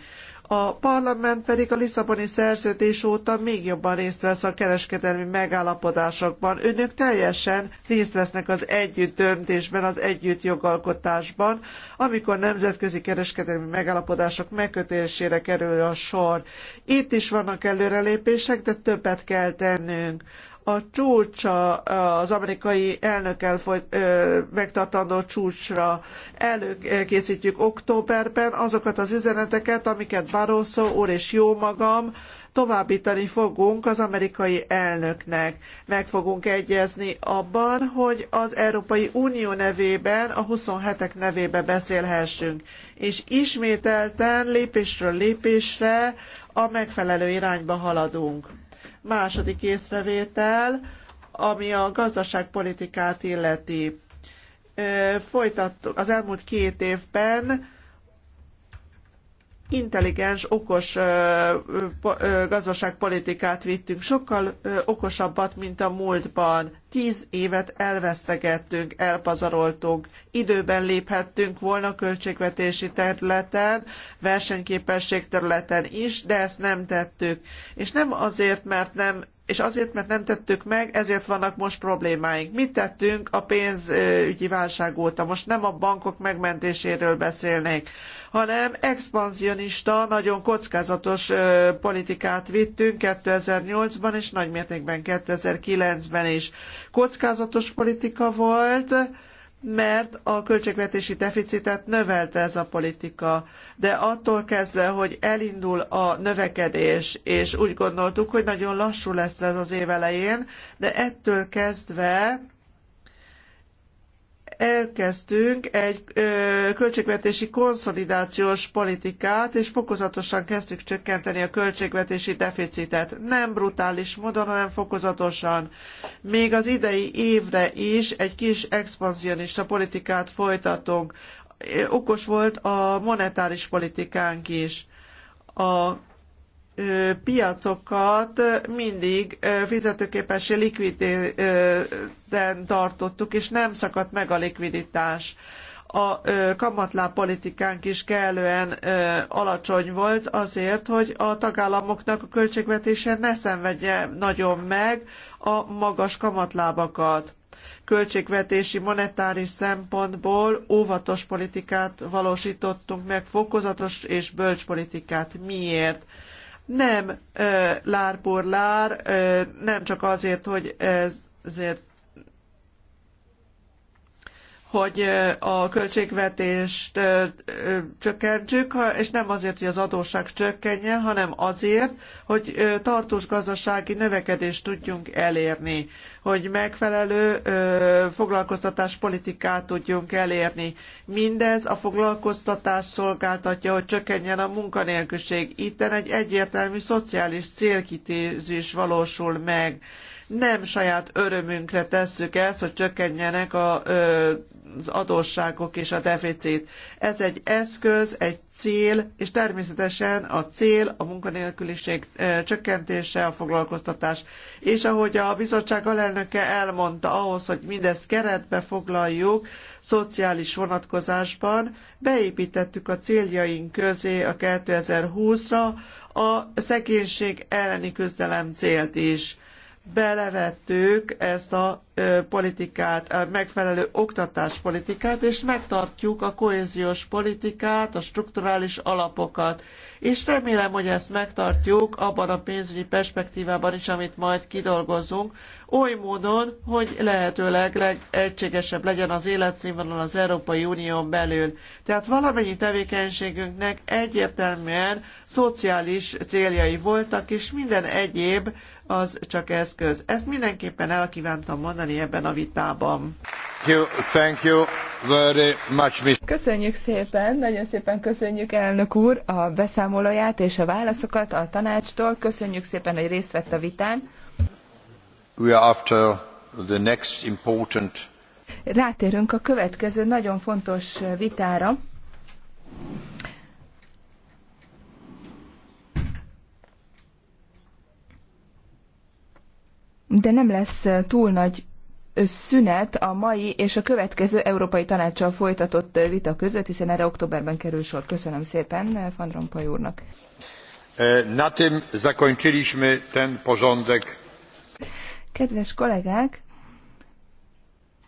A parlament pedig a Lisszaboni szerződés óta még jobban részt vesz a kereskedelmi megállapodásokban. Önök teljesen részt vesznek az együtt döntésben, az együtt jogalkotásban, amikor nemzetközi kereskedelmi megállapodások megkötésére kerül a sor. Itt is vannak előrelépések, de többet kell tennünk a csúcsa az amerikai elnökkel megtartandó csúcsra előkészítjük októberben azokat az üzeneteket, amiket Barroso úr és jó magam továbbítani fogunk az amerikai elnöknek. Meg fogunk egyezni abban, hogy az Európai Unió nevében, a 27-ek nevében beszélhessünk. És ismételten lépésről lépésre a megfelelő irányba haladunk Második észrevétel, ami a gazdaságpolitikát illeti. Folytattuk az elmúlt két évben intelligens, okos gazdaságpolitikát vittünk, sokkal okosabbat, mint a múltban. Tíz évet elvesztegettünk, elpazaroltunk, időben léphettünk volna költségvetési területen, versenyképesség területen is, de ezt nem tettük. És nem azért, mert nem és azért, mert nem tettük meg, ezért vannak most problémáink. Mit tettünk a pénzügyi válság óta? Most nem a bankok megmentéséről beszélnék, hanem expanzionista, nagyon kockázatos politikát vittünk 2008-ban és nagymértékben 2009-ben is. Kockázatos politika volt, mert a költségvetési deficitet növelte ez a politika. De attól kezdve, hogy elindul a növekedés, és úgy gondoltuk, hogy nagyon lassú lesz ez az év elején, de ettől kezdve elkezdtünk egy költségvetési konszolidációs politikát, és fokozatosan kezdtük csökkenteni a költségvetési deficitet. Nem brutális módon, hanem fokozatosan. Még az idei évre is egy kis expanzionista politikát folytatunk. Okos volt a monetáris politikánk is. A piacokat mindig fizetőképessé likviditen tartottuk, és nem szakadt meg a likviditás. A kamatláb politikánk is kellően alacsony volt azért, hogy a tagállamoknak a költségvetése ne szenvedje nagyon meg a magas kamatlábakat költségvetési monetáris szempontból óvatos politikát valósítottunk meg, fokozatos és bölcs politikát. Miért? nem lárpor lár, nem csak azért, hogy ezért hogy a költségvetést csökkentsük, és nem azért, hogy az adósság csökkenjen, hanem azért, hogy tartós gazdasági növekedést tudjunk elérni, hogy megfelelő foglalkoztatáspolitikát tudjunk elérni. Mindez a foglalkoztatás szolgáltatja, hogy csökkenjen a munkanélküliség. Itten egy egyértelmű szociális célkitűzés valósul meg nem saját örömünkre tesszük ezt, hogy csökkenjenek a az adósságok és a deficit. Ez egy eszköz, egy cél, és természetesen a cél a munkanélküliség csökkentése, a foglalkoztatás. És ahogy a bizottság alelnöke elmondta, ahhoz, hogy mindezt keretbe foglaljuk, szociális vonatkozásban beépítettük a céljaink közé a 2020-ra a szegénység elleni küzdelem célt is belevettük ezt a politikát, a megfelelő oktatáspolitikát, és megtartjuk a kohéziós politikát, a strukturális alapokat. És remélem, hogy ezt megtartjuk abban a pénzügyi perspektívában is, amit majd kidolgozunk, oly módon, hogy lehetőleg egységesebb legyen az életszínvonal az Európai Unión belül. Tehát valamennyi tevékenységünknek egyértelműen szociális céljai voltak, és minden egyéb az csak eszköz. Ezt mindenképpen el kívántam mondani ebben a vitában. Thank you very much, köszönjük szépen, nagyon szépen köszönjük elnök úr a beszámolóját és a válaszokat a tanácstól. Köszönjük szépen, hogy részt vett a vitán. We are after the next important... Rátérünk a következő nagyon fontos vitára. de nem lesz túl nagy szünet a mai és a következő Európai Tanácssal folytatott vita között, hiszen erre októberben kerül sor. Köszönöm szépen Van Rompuy úrnak. E, na tym zakończyliśmy ten porządek. Kedves kollégák,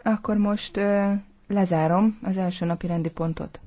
akkor most lezárom az első napi rendi pontot.